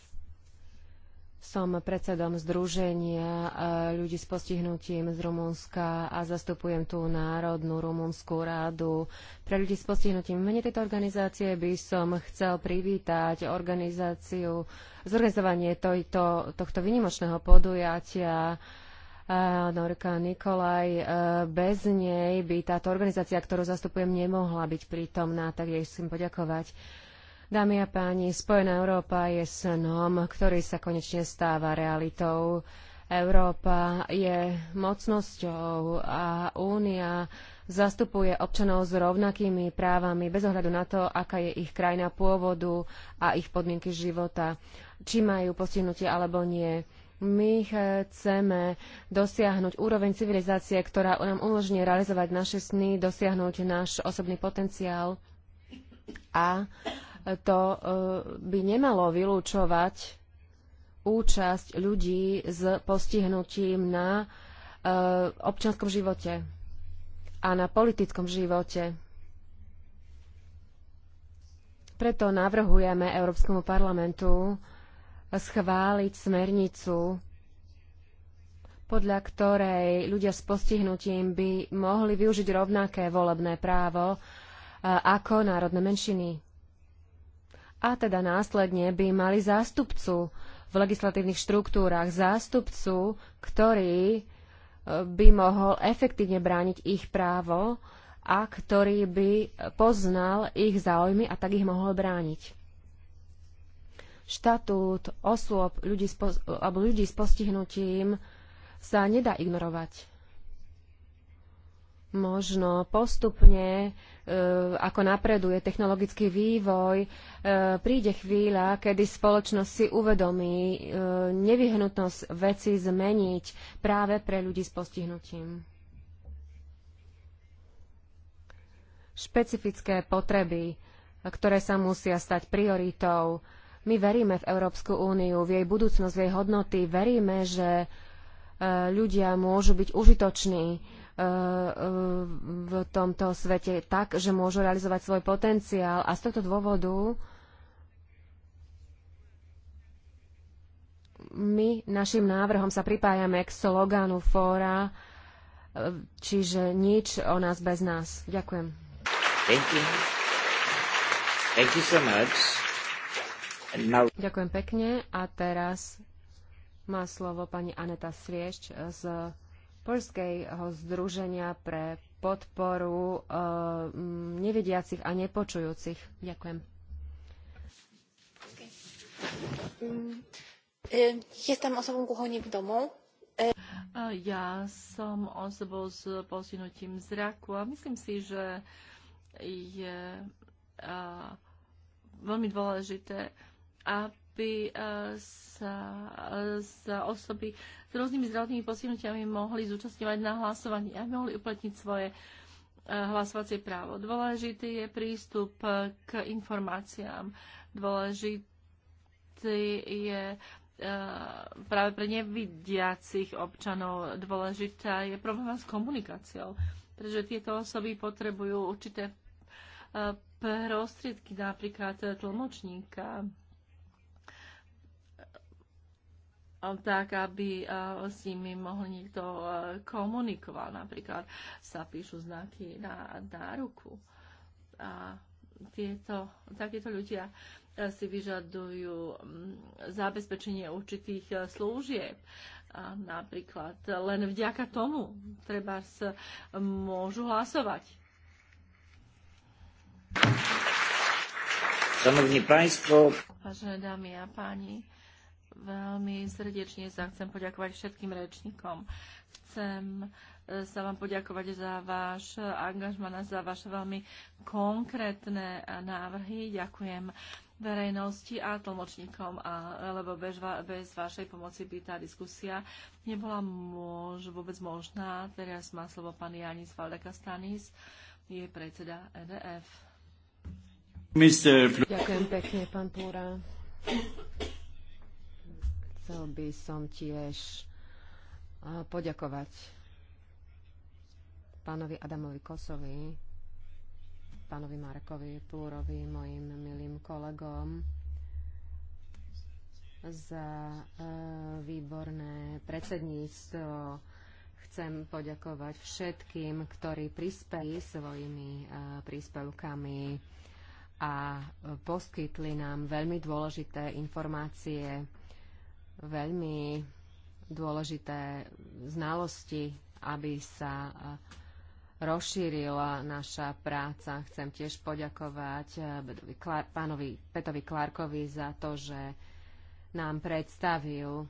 Som predsedom Združenia e, ľudí s postihnutím z Rumunska a zastupujem tú Národnú rumunskú rádu pre ľudí s postihnutím. Mene tejto organizácie by som chcel privítať organizáciu, zorganizovanie tojto, tohto vynimočného podujatia. E, Norka Nikolaj, e, bez nej by táto organizácia, ktorú zastupujem, nemohla byť prítomná, tak jej chcem poďakovať. Dámy a páni, Spojená Európa je snom, ktorý sa konečne stáva realitou. Európa je mocnosťou a únia zastupuje občanov s rovnakými právami bez ohľadu na to, aká je ich krajina pôvodu a ich podmienky života, či majú postihnutie alebo nie. My chceme dosiahnuť úroveň civilizácie, ktorá nám umožní realizovať naše sny, dosiahnuť náš osobný potenciál a uh, to eh, by nemalo vylúčovať účasť ľudí s postihnutím na eh, občanskom živote a na politickom živote. Preto navrhujeme Európskemu parlamentu schváliť smernicu, podľa ktorej ľudia s postihnutím by mohli využiť rovnaké volebné právo eh, ako národné menšiny a teda následne by mali zástupcu v legislatívnych štruktúrach, zástupcu, ktorý e, by mohol efektívne brániť ich právo a ktorý by poznal ich záujmy a tak ich mohol brániť. Štatút osôb ľudí s, pos- alebo ľudí s postihnutím sa nedá ignorovať. Možno postupne Eh, ako napreduje technologický vývoj, eh, príde chvíľa, kedy spoločnosť si uvedomí eh, nevyhnutnosť veci zmeniť práve pre ľudí s postihnutím. Špecifické potreby, ktoré sa musia stať prioritou. My veríme v Európsku úniu, v jej budúcnosť, v jej hodnoty. Veríme, že ľudia môžu byť užitoční v tomto svete tak, že môžu realizovať svoj potenciál. A z tohto dôvodu my našim návrhom sa pripájame k sloganu fóra, e, čiže nič o nás bez nás. Ďakujem. Thank you. Thank you so much. Now... Ďakujem pekne a teraz má slovo pani Aneta Svieš z Polskejho združenia pre podporu uh, nevidiacich a nepočujúcich. Ďakujem. Mm, eh, je ja tam osobou kuhoník domov? Eh, ja som osobou s posunutím zraku a myslím si, že je uh, veľmi dôležité a aby eh, sa, sa eh, osoby s rôznymi zdravotnými postihnutiami mohli zúčastňovať na hlasovaní a mohli uplatniť svoje eh, hlasovacie právo. Dôležitý je prístup k informáciám. Dôležitý je práve pre nevidiacich občanov dôležitá je problém s komunikáciou, pretože tieto osoby potrebujú určité prostriedky, napríklad tlmočníka, Um, tak aby uh, s nimi mohol niekto uh, komunikovať. Napríklad sa píšu znaky na, na ruku. A tieto, takéto ľudia uh, si vyžadujú um, zabezpečenie určitých služieb. A napríklad len vďaka tomu treba môžu hlasovať. Szanowni Państwo, Ważne damy a Pani, veľmi srdečne sa chcem poďakovať všetkým rečníkom. Chcem e, sa vám poďakovať za váš angažman a za vaše veľmi konkrétne návrhy. Ďakujem verejnosti a tlmočníkom, a, lebo bez, bez vašej pomoci by tá diskusia nebola môž, vôbec možná. Teraz má slovo pán Janis Valdekastanis, je predseda EDF. Mr. Ďakujem pekne, pán Púra chcel by som tiež poďakovať pánovi Adamovi Kosovi, pánovi Markovi Plúrovi, mojim milým kolegom za e, výborné predsedníctvo. Chcem poďakovať všetkým, ktorí prispeli svojimi e, príspevkami a e, poskytli nám veľmi dôležité informácie veľmi dôležité znalosti, aby sa e, rozšírila naša práca. Chcem tiež poďakovať e, pánovi Petovi Klarkovi za to, že nám predstavil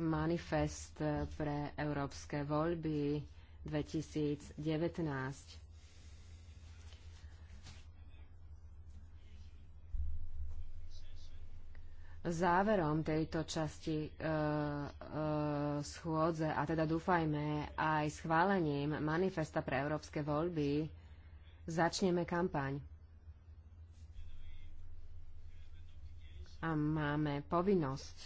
manifest e, pre európske voľby 2019. záverom tejto časti uh, uh, schôdze a teda dúfajme aj schválením manifesta pre európske voľby začneme kampaň. A máme povinnosť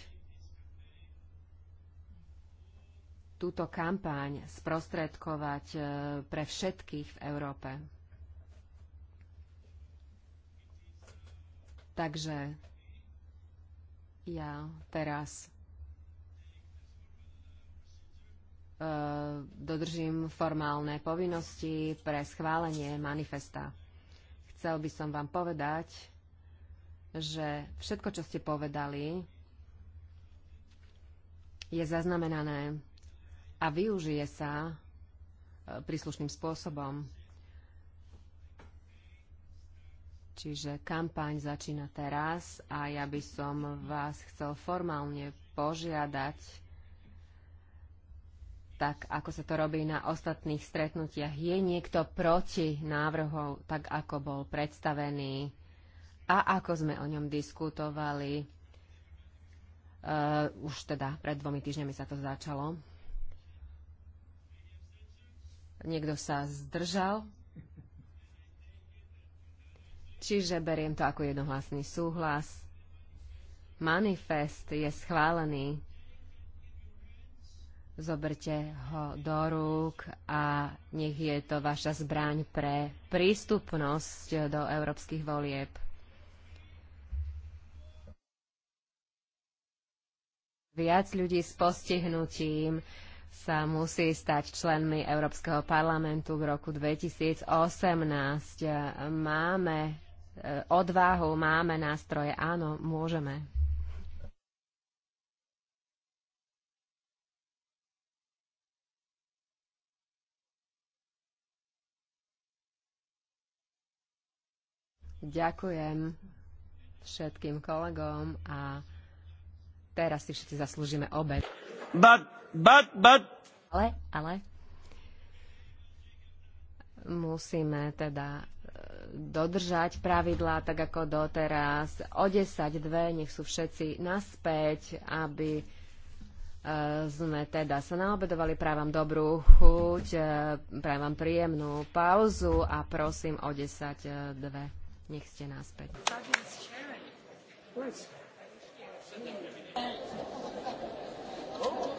túto kampaň sprostredkovať uh, pre všetkých v Európe. Takže Ja, teraz. Eh, dodržím formálne povinnosti pre schválenie manifesta. Chcel by som vám povedať, že všetko, čo ste povedali, je zaznamenané a využije sa eh, príslušným spôsobom. Čiže kampaň začína teraz a ja by som vás chcel formálne požiadať, tak ako sa to robí na ostatných stretnutiach, je niekto proti návrhu, tak ako bol predstavený a ako sme o ňom diskutovali. Uh, už teda pred dvomi týždňami sa to začalo. Niekto sa zdržal Čiže beriem to ako jednohlasný súhlas. Manifest je schválený. Zoberte ho do rúk a nech je to vaša zbraň pre prístupnosť do európskych volieb. Viac ľudí s postihnutím sa musí stať členmi Európskeho parlamentu v roku 2018. Máme Eh, odvahu, máme nástroje, áno, môžeme. Ďakujem všetkým kolegom a teraz si všetci zaslúžime obed. But, but, but. Ale, ale. Musíme teda dodržať pravidlá tak ako doteraz. O 10, 2, nech sú všetci naspäť, aby e, sme teda sa naobedovali. Prajem vám dobrú chuť, e, prajem vám príjemnú pauzu a prosím o 10, 2, nech ste naspäť. Thank you.